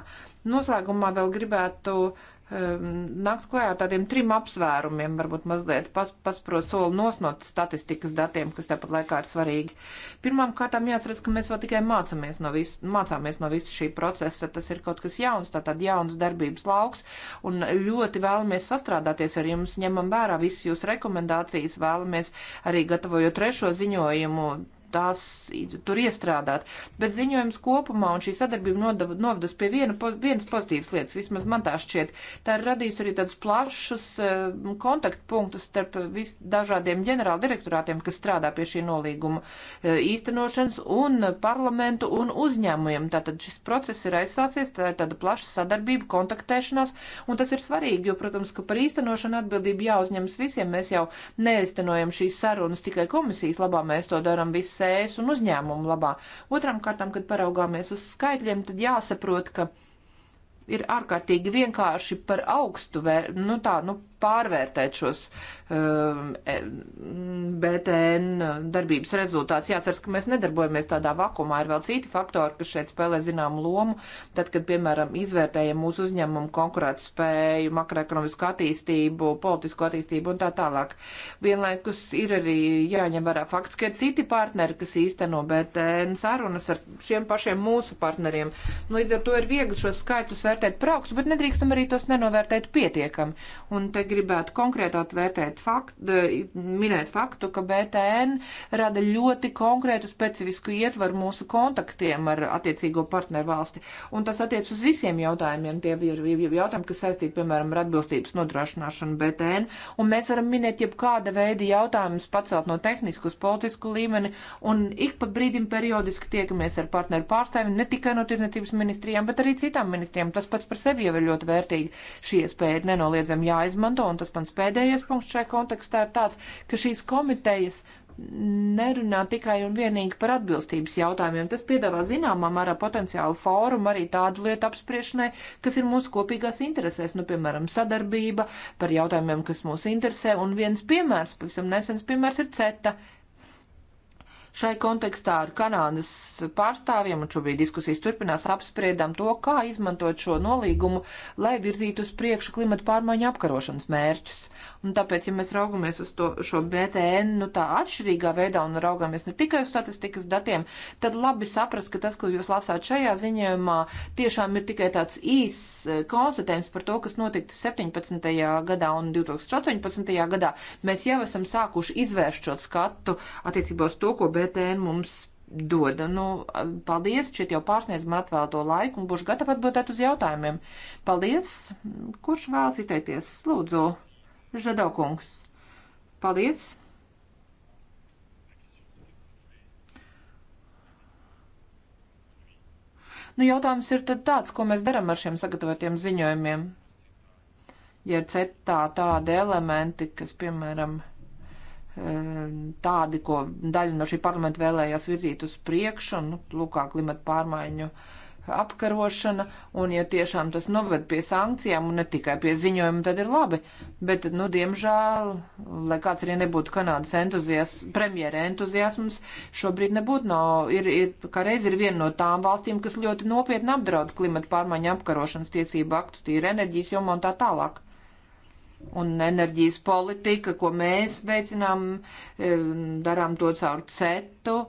Noslēgumā vēl gribētu um, nākt klajā ar tādiem trim apsvērumiem, varbūt mazliet pas, pasprot soli nosnot statistikas datiem, kas tāpat laikā ir svarīgi. Pirmām kārtām jāatceras, ka mēs vēl tikai mācāmies no, visu, mācāmies no visu šī procesa. Tas ir kaut kas jauns, tātad jauns darbības lauks, un ļoti vēlamies sastrādāties ar jums, ņemam vērā visas jūsu rekomendācijas, vēlamies arī gatavojot trešo ziņojumu tās tur iestrādāt. Bet ziņojums kopumā un šī sadarbība novedus pie viena, po, vienas pozitīvas lietas, vismaz man tā šķiet. Tā ir radījusi arī tādus plašus uh, kontaktpunktus starp vis, dažādiem ģenerāla direktorātiem, kas strādā pie šī nolīguma uh, īstenošanas un parlamentu un uzņēmumiem. Tātad šis process ir aizsācies, tā ir tāda plaša sadarbība, kontaktēšanās, un tas ir svarīgi, jo, protams, ka par īstenošanu atbildību jāuzņemas visiem. Mēs jau neiztenojam šīs sarunas tikai komisijas labā, mēs to darām visi vidas ēs un uzņēmumu labā. Otram kārtam, kad paraugāmies uz skaitļiem, tad jāsaprot, ka ir ārkārtīgi vienkārši par augstu, vēr, nu tā, nu pārvērtēt šos uh, um, e, BTN darbības rezultātus. Jāsaka, ka mēs nedarbojamies tādā vakumā. Ir vēl citi faktori, kas šeit spēlē zināmu lomu. Tad, kad, piemēram, izvērtējam mūsu uzņēmumu konkurētspēju, makroekonomisku attīstību, politisko attīstību un tā tālāk. Vienlaikus ir arī jāņem vērā fakts, ka ir citi partneri, kas īsteno BTN sarunas ar šiem pašiem mūsu partneriem. Nu, līdz ar to ir viegli šos skaitus vērtēt prauks, bet nedrīkstam arī tos nenovērtēt pietiekami. Un te šeit gribētu konkrētāt vērtēt faktu, minēt faktu, ka BTN rada ļoti konkrētu specifisku ietvaru mūsu kontaktiem ar attiecīgo partneru valsti. Un tas attiec uz visiem jautājumiem. Tie ir jautājumi, kas saistīti, piemēram, ar atbilstības nodrošināšanu BTN. Un mēs varam minēt jebkāda veida jautājumus pacelt no tehnisku uz politisku līmeni. Un ik pa brīdim periodiski tiekamies ar partneru pārstāvjiem, ne tikai no tirdzniecības ministrijām, bet arī citām ministrijām. Tas pats par sevi jau ir ļoti vērtīgi. Šī iespēja ir nenoliedzami jāizmanto konto, un tas mans pēdējais punkts šajā kontekstā ir tāds, ka šīs komitejas nerunā tikai un vienīgi par atbilstības jautājumiem. Tas piedāvā zināmā mērā potenciālu fórumu arī tādu lietu apspriešanai, kas ir mūsu kopīgās interesēs, nu, piemēram, sadarbība par jautājumiem, kas mūs interesē, un viens piemērs, pavisam nesens piemērs, ir CETA Šai kontekstā ar Kanādas pārstāvjiem, un šobrīd diskusijas turpinās, apspriedām to, kā izmantot šo nolīgumu, lai virzītu uz priekšu klimata pārmaiņu apkarošanas mērķus. Un nu, tāpēc, ja mēs raugamies uz to, šo BTN, nu tā atšķirīgā veidā un raugamies ne tikai uz statistikas datiem, tad labi saprast, ka tas, ko jūs lasāt šajā ziņojumā, tiešām ir tikai tāds īs e, konstatējums par to, kas notika 17. gadā un 2018. gadā. Mēs jau esam sākuši izvērst šo skatu attiecībā uz to, ko BTN mums dod. Nu, paldies, šeit jau pārsniedz man atvēlto laiku un būšu gatava atbildēt uz jautājumiem. Paldies! Kurš vēlas izteikties? Lūdzu! Žadokungs. Paldies! Nu, jautājums ir tāds, ko mēs darām ar šiem sagatavotiem ziņojumiem. Ja ir cetā tādi elementi, kas, piemēram, ehm, tādi, ko daļa no šī parlamenta vēlējās virzīt uz priekšu, nu, lūkā klimata pārmaiņu uh, apkarošana, un ja tiešām tas noved pie sankcijām un ne tikai pie ziņojuma, tad ir labi. Bet, nu, diemžēl, lai kāds arī nebūtu Kanādas entuzias, premjera entuziasms, šobrīd nebūtu nav, ir, ir, kā reiz ir viena no tām valstīm, kas ļoti nopietni apdraud klimata pārmaiņu apkarošanas tiesību aktus, tīri enerģijas jomā un tā tālāk. Un enerģijas politika, ko mēs veicinām, eh, darām to caur CETU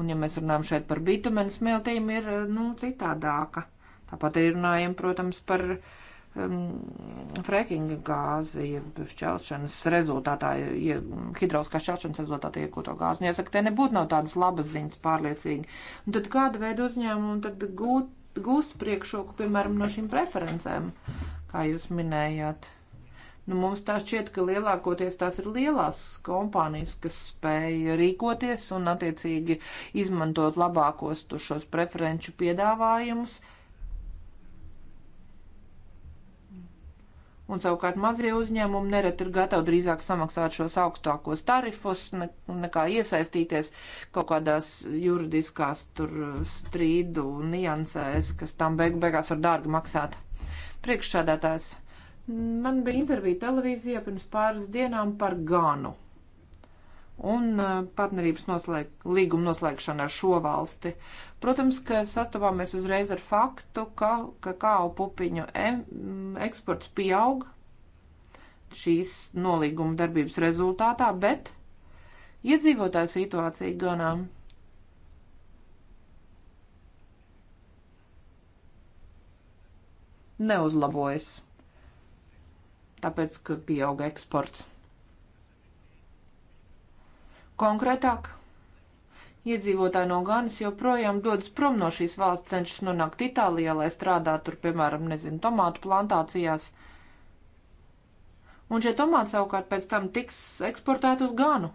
Un, ja mēs runājam šeit par bitumenu smiltīm, ir eh, nu, citādāka. Tāpat arī runājam, protams, par um, frekinga gāzi, ja šķelšanas rezultātā, ja hidrauskā šķelšanas rezultātā iegūto gāzi. Un, nu, jāsaka, te nebūtu nav tādas labas ziņas pārliecīgi. Un tad kāda veida uzņēmumu tad gūt, gūst priekšroku, piemēram, no šīm preferencēm, kā jūs minējāt? Nu, mums tā šķiet, ka lielākoties tās ir lielās kompānijas, kas spēj rīkoties un, attiecīgi, izmantot labākos šos preferenču piedāvājumus. Un, savukārt, mazie uzņēmumi nereti ir gatavi drīzāk samaksāt šos augstākos tarifus, ne, nekā iesaistīties kaut kādās juridiskās tur strīdu niansēs, kas tam beig beigās var dārgi maksāt. Priekšsādātājs. Man bija intervija televīzijā pirms pāris dienām par Ganu un uh, partnerības noslēg, līguma noslēgšanu ar šo valsti. Protams, ka sastapāmies uzreiz ar faktu, ka kakao pupiņu eksports pieaug šīs nolīguma darbības rezultātā, bet iedzīvotāja situācija ganām. neuzlabojas tāpēc, ka pieauga eksports. Konkrētāk, iedzīvotāji no Ganas joprojām dodas prom no šīs valsts, cenšas nonākt Itālijā, lai strādātu tur, piemēram, nezinu, tomātu plantācijās. Un šie tomāti savukārt pēc tam tiks eksportēti uz Ganu.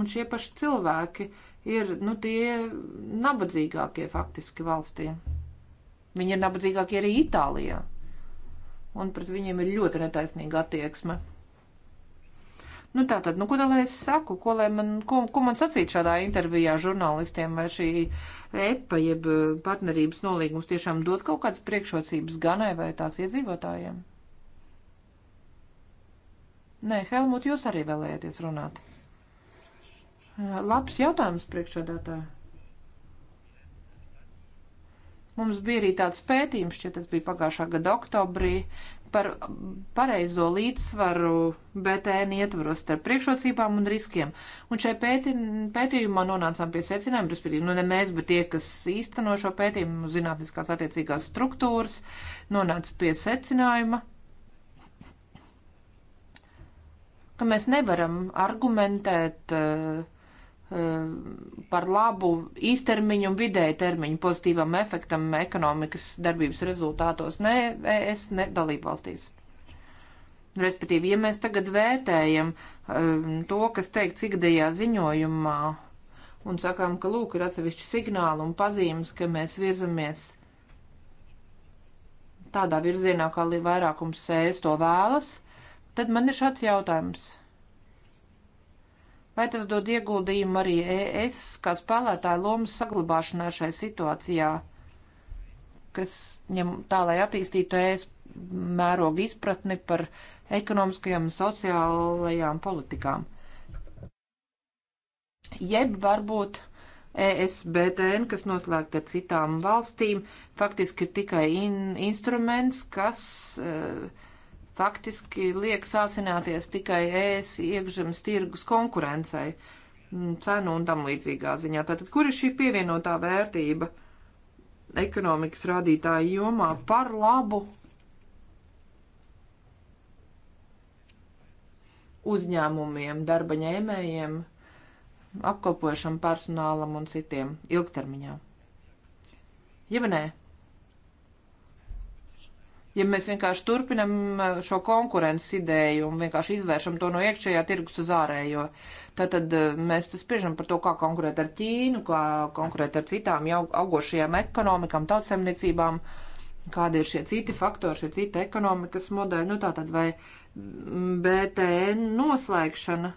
Un šie paši cilvēki ir, nu, tie nabadzīgākie faktiski valstī. Viņi ir nabadzīgākie arī Itālijā un pret viņiem ir ļoti netaisnīga attieksme. Nu tā tad, nu ko lai es saku, ko, man, ko, ko man sacīt šādā intervijā žurnālistiem, vai šī EPA jeb eh, partnerības nolīgums tiešām dod kaut kādas priekšrocības ganai vai tās iedzīvotājiem? Nē, Helmut, jūs arī vēlējāties runāt. Eh, labs jautājums priekšādātāji. Mums bija arī tāds pētījums, šķiet, tas bija pagājušā gada oktobrī, par pareizo līdzsvaru BTN ietvaros starp priekšrocībām un riskiem. Un šai pēti, pētījumā nonācām pie secinājuma, respektīvi, nu ne mēs, bet tie, kas īsteno šo pētījumu, zinātniskās attiecīgās struktūras, nonāca pie secinājuma, ka mēs nevaram argumentēt uh, Um, par labu īstermiņu un vidēja termiņu pozitīvam efektam ekonomikas darbības rezultātos ne ES, ne dalību valstīs. Respektīvi, ja mēs tagad vērtējam um, to, kas teikts ikdējā ziņojumā, un sakām, ka lūk, ir atsevišķi signāli un pazīmes, ka mēs virzamies tādā virzienā, kā vairākums ES to vēlas, tad man ir šāds jautājums – Vai tas dod ieguldījumu arī ES kā spēlētāju lomu saglabāšanā šai situācijā, kas ņem tā, lai attīstītu ES mērogu izpratni par ekonomiskajām un sociālajām politikām? Jeb varbūt ESBTN, kas noslēgta ar citām valstīm, faktiski ir tikai in instruments, kas uh, faktiski liek sāsināties tikai ēs iekšzemes tirgus konkurencei, mm, cenu un tam līdzīgā ziņā. Tātad, kur ir šī pievienotā vērtība ekonomikas rādītāju jomā par labu uzņēmumiem, darba ņēmējiem, apkalpojušam personālam un citiem ilgtermiņā? Ja nē, ja mēs vienkārši turpinam eh, šo konkurences ideju un vienkārši izvēršam to no iekšējā tirgus uz ārējo. Tātad eh, mēs spriežam par to, kā konkurēt ar Ķīnu, kā konkurēt ar citām jau augošajām ekonomikām, tautsemniecībām, kādi ir šie citi faktori, šie citi ekonomikas modeļi, nu tātad vai BTN noslēgšana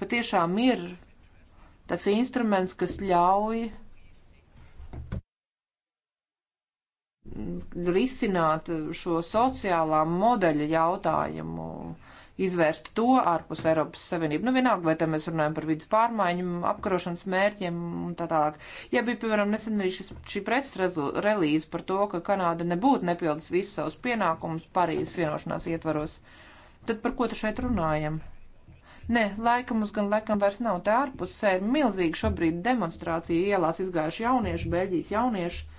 patiešām ir tas instruments, kas ļauj Mm, risināt šo sociālā modeļa jautājumu, izvērst to ārpus Eiropas Savienību. Nu, vienalga, vai te mēs runājam par vidas pārmaiņu, apkarošanas mērķiem un tā tālāk. Ja bija, piemēram, nesen arī šis, šī preses relīze par to, ka Kanāda nebūtu nepildus visus savus pienākumus Parīzes vienošanās ietvaros, tad par ko te šeit runājam? Nē, laika mums gan laikam vairs nav. Te ārpusē ir milzīgi šobrīd demonstrācija ielās izgājuši jaunieši, Beļģijas jaunieši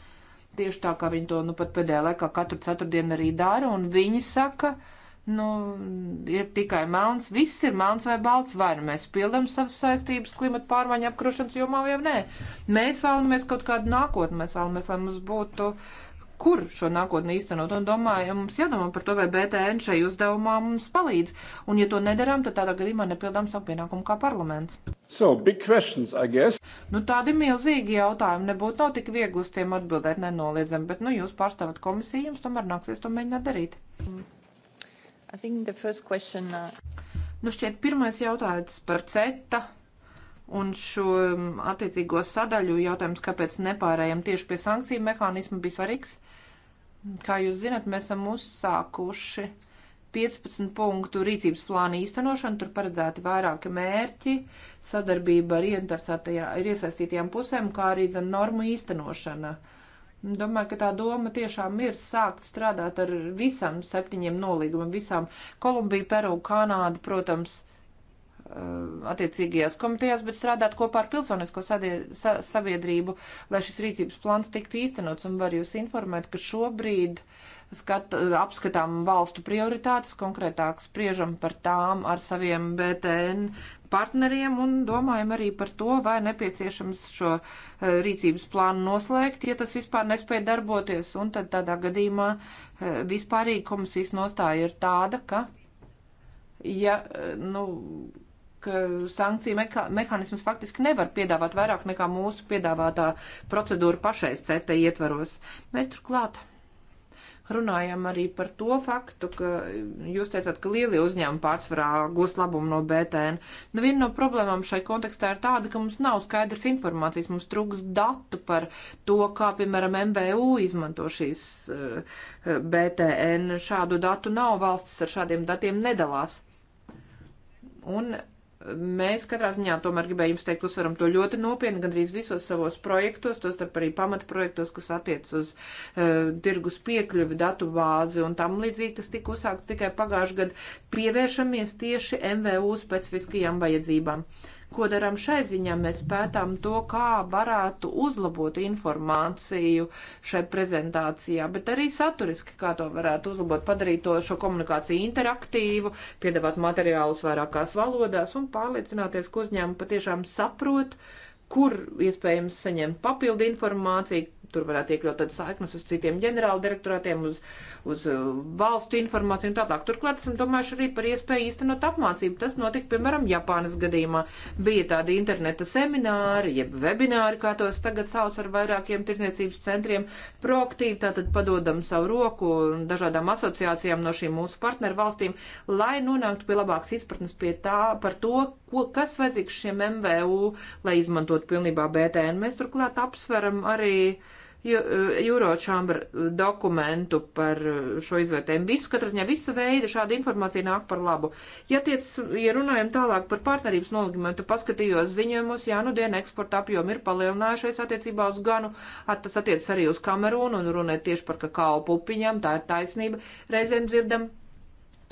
tieši tā, kā viņi to nu pat pēdējā laikā katru ceturtdienu arī dara, un viņi saka, nu, ir tikai melns, viss ir melns vai balts, vai nu mēs pildam savas saistības klimata pārmaiņu apkrošanas jomā vai nē. Mēs vēlamies kaut kādu nākotni, mēs vēlamies, lai mums būtu uh, kur šo nākotni īstenot. Un domāju, ja mums jādomā par to, vai BTN šai uzdevumā mums palīdz. Un ja to nedarām, tad tādā gadījumā nepildām savu pienākumu kā parlaments. So, big questions, I guess. Nu, tādi milzīgi jautājumi nebūtu nav tik viegli uz tiem atbildēt nenoliedzami, bet, nu, jūs pārstāvat komisiju, jums tomēr nāksies to mēģināt darīt. I think the first question. Uh... Nu, šķiet, pirmais jautājums par CETA Un šo mm, attiecīgo sadaļu jautājums, kāpēc nepārējām tieši pie sankciju mehānismu, bija svarīgs. Kā jūs zinat, mēs esam uzsākuši 15 punktu rīcības plānu īstenošanu, tur paredzēti vairāki mērķi, sadarbība ar iesaistītajām pusēm, kā arī zin, normu īstenošana. Domāju, ka tā doma tiešām ir sākt strādāt ar visam septiņiem nolīgumam, visām Kolumbiju, Peru, Kanādu, protams, uh, Eh, attiecīgajās komitejās, bet strādāt kopā ar pilsonisko sabiedrību, lai šis rīcības plāns tiktu īstenots. Un var jūs informēt, ka šobrīd skat, apskatām valstu prioritātes, konkrētāk spriežam par tām ar saviem BTN partneriem un domājam arī par to, vai nepieciešams šo eh, rīcības plānu noslēgt, ja tas vispār nespēja darboties. Un tad tādā gadījumā eh, vispārīgi komisijas nostāja ir tāda, ka. Ja, nu, ka sankciju meha mehānismus faktiski nevar piedāvāt vairāk nekā mūsu piedāvātā procedūra pašais CETA ietvaros. Mēs turklāt runājam arī par to faktu, ka jūs teicāt, ka lielie uzņēmumi pārsvarā gūs labumu no BTN. Nu, viena no problēmām šai kontekstā ir tāda, ka mums nav skaidrs informācijas, mums trūks datu par to, kā, piemēram, MVU izmanto šīs uh, eh, BTN. Šādu datu nav, valstis ar šādiem datiem nedalās. Un Mēs katrā ziņā tomēr gribējām jums teikt, uzsveram to ļoti nopietni, gandrīz visos savos projektos, tostarp arī pamatprojektos, kas attiec uz uh, tirgus piekļuvi, datu bāzi un tam līdzīgi, kas tika uzsākts tikai pagājušajā gadā, pievēršamies tieši MVU specifiskajām vajadzībām. Uh, Ko darām šai ziņā? Mēs pētām to, kā varētu uzlabot informāciju šai prezentācijā, bet arī saturiski, kā to varētu uzlabot, padarīt to šo komunikāciju interaktīvu, piedāvāt materiālus vairākās valodās un pārliecināties, ka uzņēmumi patiešām saprot, kur iespējams saņemt papildu informāciju, tur varētu iekļaut tādas saiknes uz citiem ģenerāldirektorātiem, uz uz eh, valstu informāciju un tā tālāk. Turklāt esam domājuši arī par iespēju īstenot apmācību. Tas notika, piemēram, Japānas gadījumā. Bija tādi interneta semināri, jeb webināri, kā tos tagad sauc ar vairākiem tirniecības centriem. Proaktīvi tātad padodam savu roku un dažādām asociācijām no šīm mūsu partneru valstīm, lai nonāktu pie labākas izpratnes pie tā, par to, ko, kas vajadzīgs šiem MVU, lai izmantotu pilnībā BTN. Mēs turklāt apsveram arī uh, Eh, Euročambra eh, dokumentu par eh, šo izvērtējumu. Visu, katrā ziņā, visa veida šāda informācija nāk par labu. Ja tiec, ja runājam tālāk par partnerības noligumentu, paskatījos ziņojumus, jā, nu dienu eksporta apjomi ir palielinājušies attiecībā uz ganu, at, tas attiec arī uz Kamerūnu un runē tieši par kakao pupiņam, tā ir taisnība. Reizēm dzirdam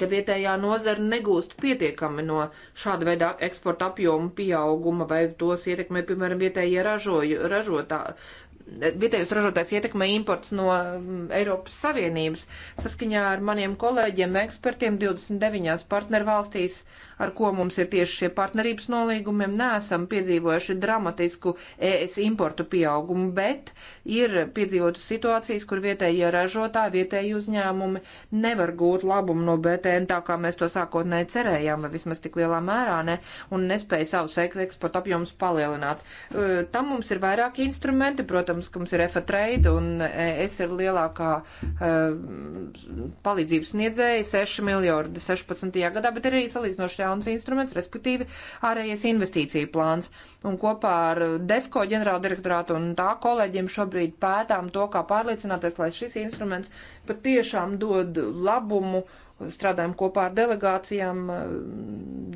ka vietējā nozara negūst pietiekami no šāda veida eksporta apjoma pieauguma vai tos ietekmē, piemēram, vietējie ražoju, ražotā, vietējos ražotājs ietekmē imports no mm, Eiropas Savienības. Saskaņā ar maniem kolēģiem, ekspertiem 29 partnervalstīs ar ko mums ir tieši šie partnerības nolīgumiem, neesam piedzīvojuši dramatisku ES importu pieaugumu, bet ir piedzīvotas situācijas, kur vietējie ražotāji, vietēji uzņēmumi nevar gūt labumu no BTN tā, kā mēs to sākotnēji cerējām, vai vismaz tik lielā mērā ne, un nespēja savus eksporta apjomus palielināt. Tam mums ir vairāki instrumenti, protams, ka mums ir EFA trade un ES ir lielākā palīdzības sniedzēja 6 miljardi 16. gadā, bet ir arī salīdzinoši jauns instruments, respektīvi ārējais investīcija plāns. Un kopā ar DEFCO ģenerāldirektorātu un tā kolēģiem šobrīd pētām to, kā pārliecināties, lai šis instruments patiešām dod labumu strādājam kopā ar delegācijām,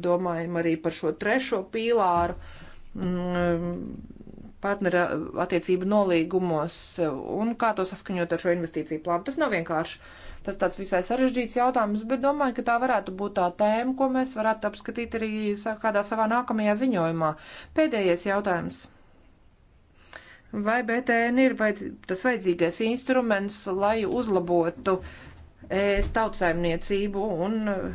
domājam arī par šo trešo pīlāru. Mm, partnera uh, attiecību nolīgumos uh, un kā to saskaņot ar šo investīciju plānu. Tas nav vienkārši. Tas tāds visai sarežģīts jautājums, bet domāju, ka tā varētu būt tā tēma, ko mēs varētu apskatīt arī kādā savā nākamajā ziņojumā. Pēdējais jautājums. Vai BTN ir vajadz, tas vajadzīgais instruments, lai uzlabotu ēst tautsēmniecību un uh,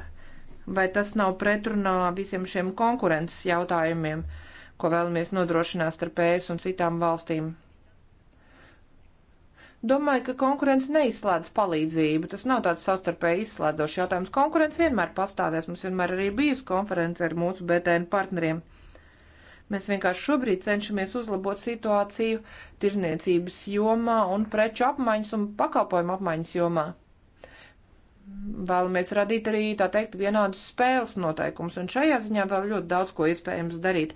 vai tas nav pretrunā visiem šiem konkurences jautājumiem? Uh, ko vēlamies nodrošināt starp ES un citām valstīm. Domāju, ka konkurence neizslēdz palīdzību. Tas nav tāds savstarpēji izslēdzošs jautājums. Konkurence vienmēr pastāvēs. Mums vienmēr arī bijusi konference ar mūsu BTN partneriem. Mēs vienkārši šobrīd cenšamies uzlabot situāciju tirzniecības jomā un preču apmaiņas un pakalpojumu apmaiņas jomā vēlamies radīt arī, tā teikt, vienādus spēles noteikumus, un šajā ziņā vēl ļoti daudz ko iespējams darīt.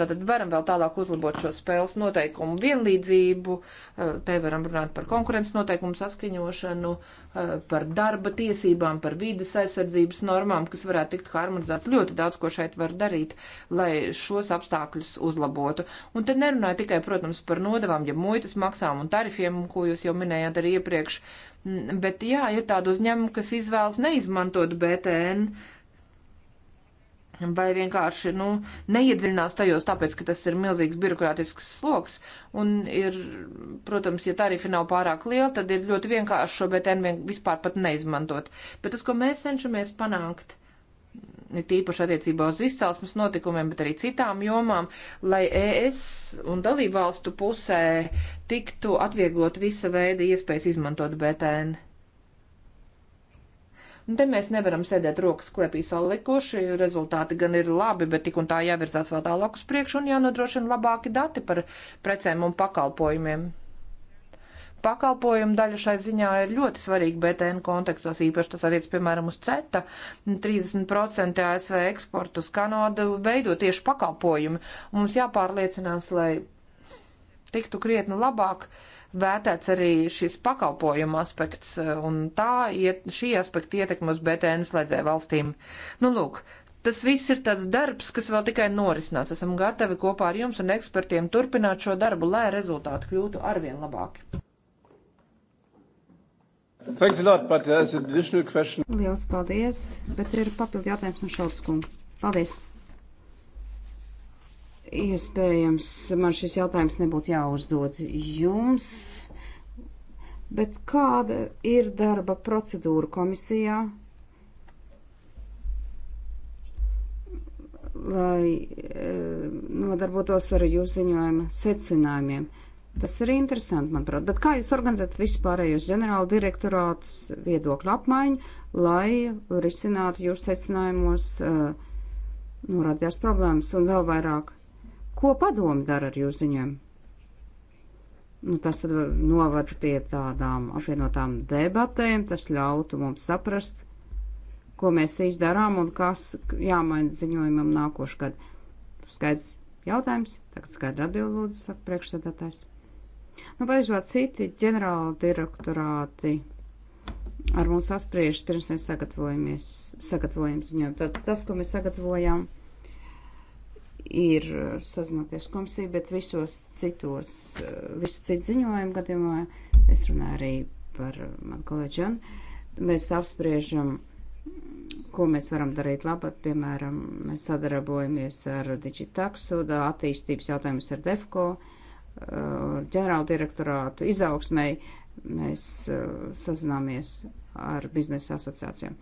Tātad varam vēl tālāk uzlabot šo spēles noteikumu vienlīdzību, eh, te varam runāt par konkurences noteikumu saskaņošanu, eh, par darba tiesībām, par vides aizsardzības normām, kas varētu tikt harmonizēts. Ļoti daudz ko šeit var darīt, lai šos apstākļus uzlabotu. Un te nerunāju tikai, protams, par nodevām, ja muitas maksām un tarifiem, ko jūs jau minējāt arī iepriekš. Uh, Mm, bet jā, ir tādu uzņēmumu, kas izvēlas neizmantot BTN. Vai vienkārši nu, neiedziļinās tajos, tāpēc, ka tas ir milzīgs birokrātisks sloks. Un, ir, protams, ja tarifi nav pārāk liela, tad ir ļoti vienkārši šo BTN vien, vispār pat neizmantot. Bet tas, ko mēs cenšamies panākt, ir tīpaši attiecībā uz izcelsmes notikumiem, bet arī citām jomām, lai ES un dalībvalstu pusē tiktu atvieglot visa veida iespējas izmantot BTN. Un te mēs nevaram sēdēt rokas klēpī salikuši, rezultāti gan ir labi, bet tik un tā jāvirzās vēl tālāk uz priekšu un jānodrošina labāki dati par precēm un pakalpojumiem pakalpojumu daļa šai ziņā ir ļoti svarīga BTN kontekstos, īpaši tas attiec, piemēram, uz CETA. 30% ASV eksportu uz Kanādu veido tieši pakalpojumi. Mums jāpārliecinās, lai tiktu krietni labāk vērtēts arī šis pakalpojuma aspekts, eh, un tā iet, šī aspekta ietekme uz BTN slēdzēju valstīm. Nu, lūk, tas viss ir tāds darbs, kas vēl tikai norisinās. Esam gatavi kopā ar jums un ekspertiem turpināt šo darbu, lai rezultāti kļūtu arvien labāki. Thanks a lot, but there's an additional question. Liels paldies, bet ir papildu jautājums no Šalts kunga. Paldies. Iespējams, man šis jautājums nebūtu jāuzdod jums, bet kāda ir darba procedūra komisijā, lai e, nodarbotos ar jūsu ziņojuma secinājumiem? E, Tas ir interesanti, manuprāt. Bet kā jūs organizat vispārējos ģenerāla direktorātus viedokļu apmaiņu, lai risinātu jūs secinājumos uh, norādījās problēmas un vēl vairāk? Ko padomi dara ar jūsu ziņām? Nu, tas tad novad pie tādām apvienotām debatēm, tas ļautu mums saprast, ko mēs īsti darām un kas jāmaina ziņojumam nākošgad. Skaidrs jautājums, tagad skaidra atbildi lūdzu, saka priekšstādātājs. Nu, patiesībā citi ģenerāla direktorāti ar mums apspriež, pirms mēs sagatavojamies, sagatavojam ziņojumu. Tad tas, ko mēs sagatavojam, ir sazināties komisija, bet visos citos, visu citu ziņojumu gadījumā, es runāju arī par manu kolēģi Žanu, mēs apspriežam ko mēs varam darīt labāk. Piemēram, mēs sadarbojamies ar Digitaxu, attīstības jautājumus ar DEFCO. Uh, Uh, ģenerāla direktorātu izaugsmēji mēs uh, sazināmies ar biznesa asociācijām.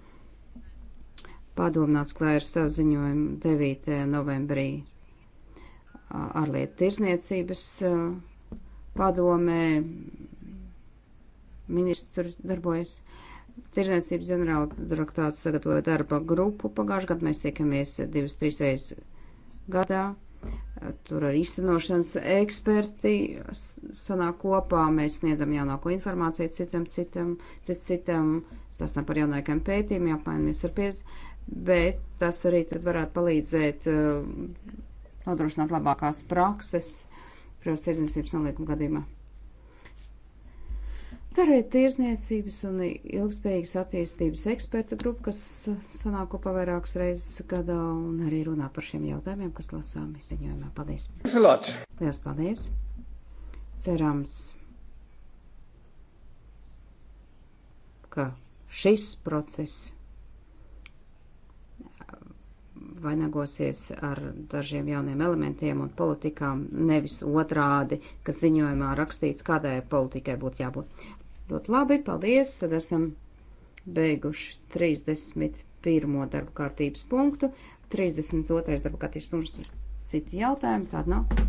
Padomnāts klērs savu ziņojumu 9. novembrī uh, ārlietu tirsniecības padomē ministri darbojas. Tirzniecības ģenerāla direktāts sagatavoja darba grupu. Pagājušajā gadā mēs tiekamies divas, trīs reizes gadā tur arī īstenošanas eksperti sanāk kopā, mēs sniedzam jaunāko informāciju citam, citam, cit, citam, stāstam par jaunākiem pētījumiem, apmainamies ar pieredzi, bet tas arī tad varētu palīdzēt uh, nodrošināt labākās prakses, privas tirdzniecības nolīguma gadījumā. Karē tirzniecības un ilgspējīgas attīstības eksperta grupa, kas sanāk kopā vairākas reizes gadā un arī runā par šiem jautājumiem, kas lasāmi ziņojumā. Paldies! Lielas paldies! Cerams, ka šis process uh, vainagosies ar dažiem jauniem elementiem un politikām, nevis otrādi, kas ziņojumā rakstīts, kādai politikai būtu jābūt. Ļoti labi, paldies. Tad esam beiguši 31. darba kārtības punktu. 32. darba kārtības punkts citi jautājumi, tāda nav.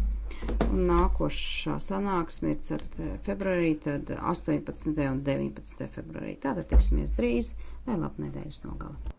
Un nākošā sanāksme ir 4. februārī, tad 18. un 19. februārī. Tātad tiksimies drīz, lai labu nedēļas nogalu.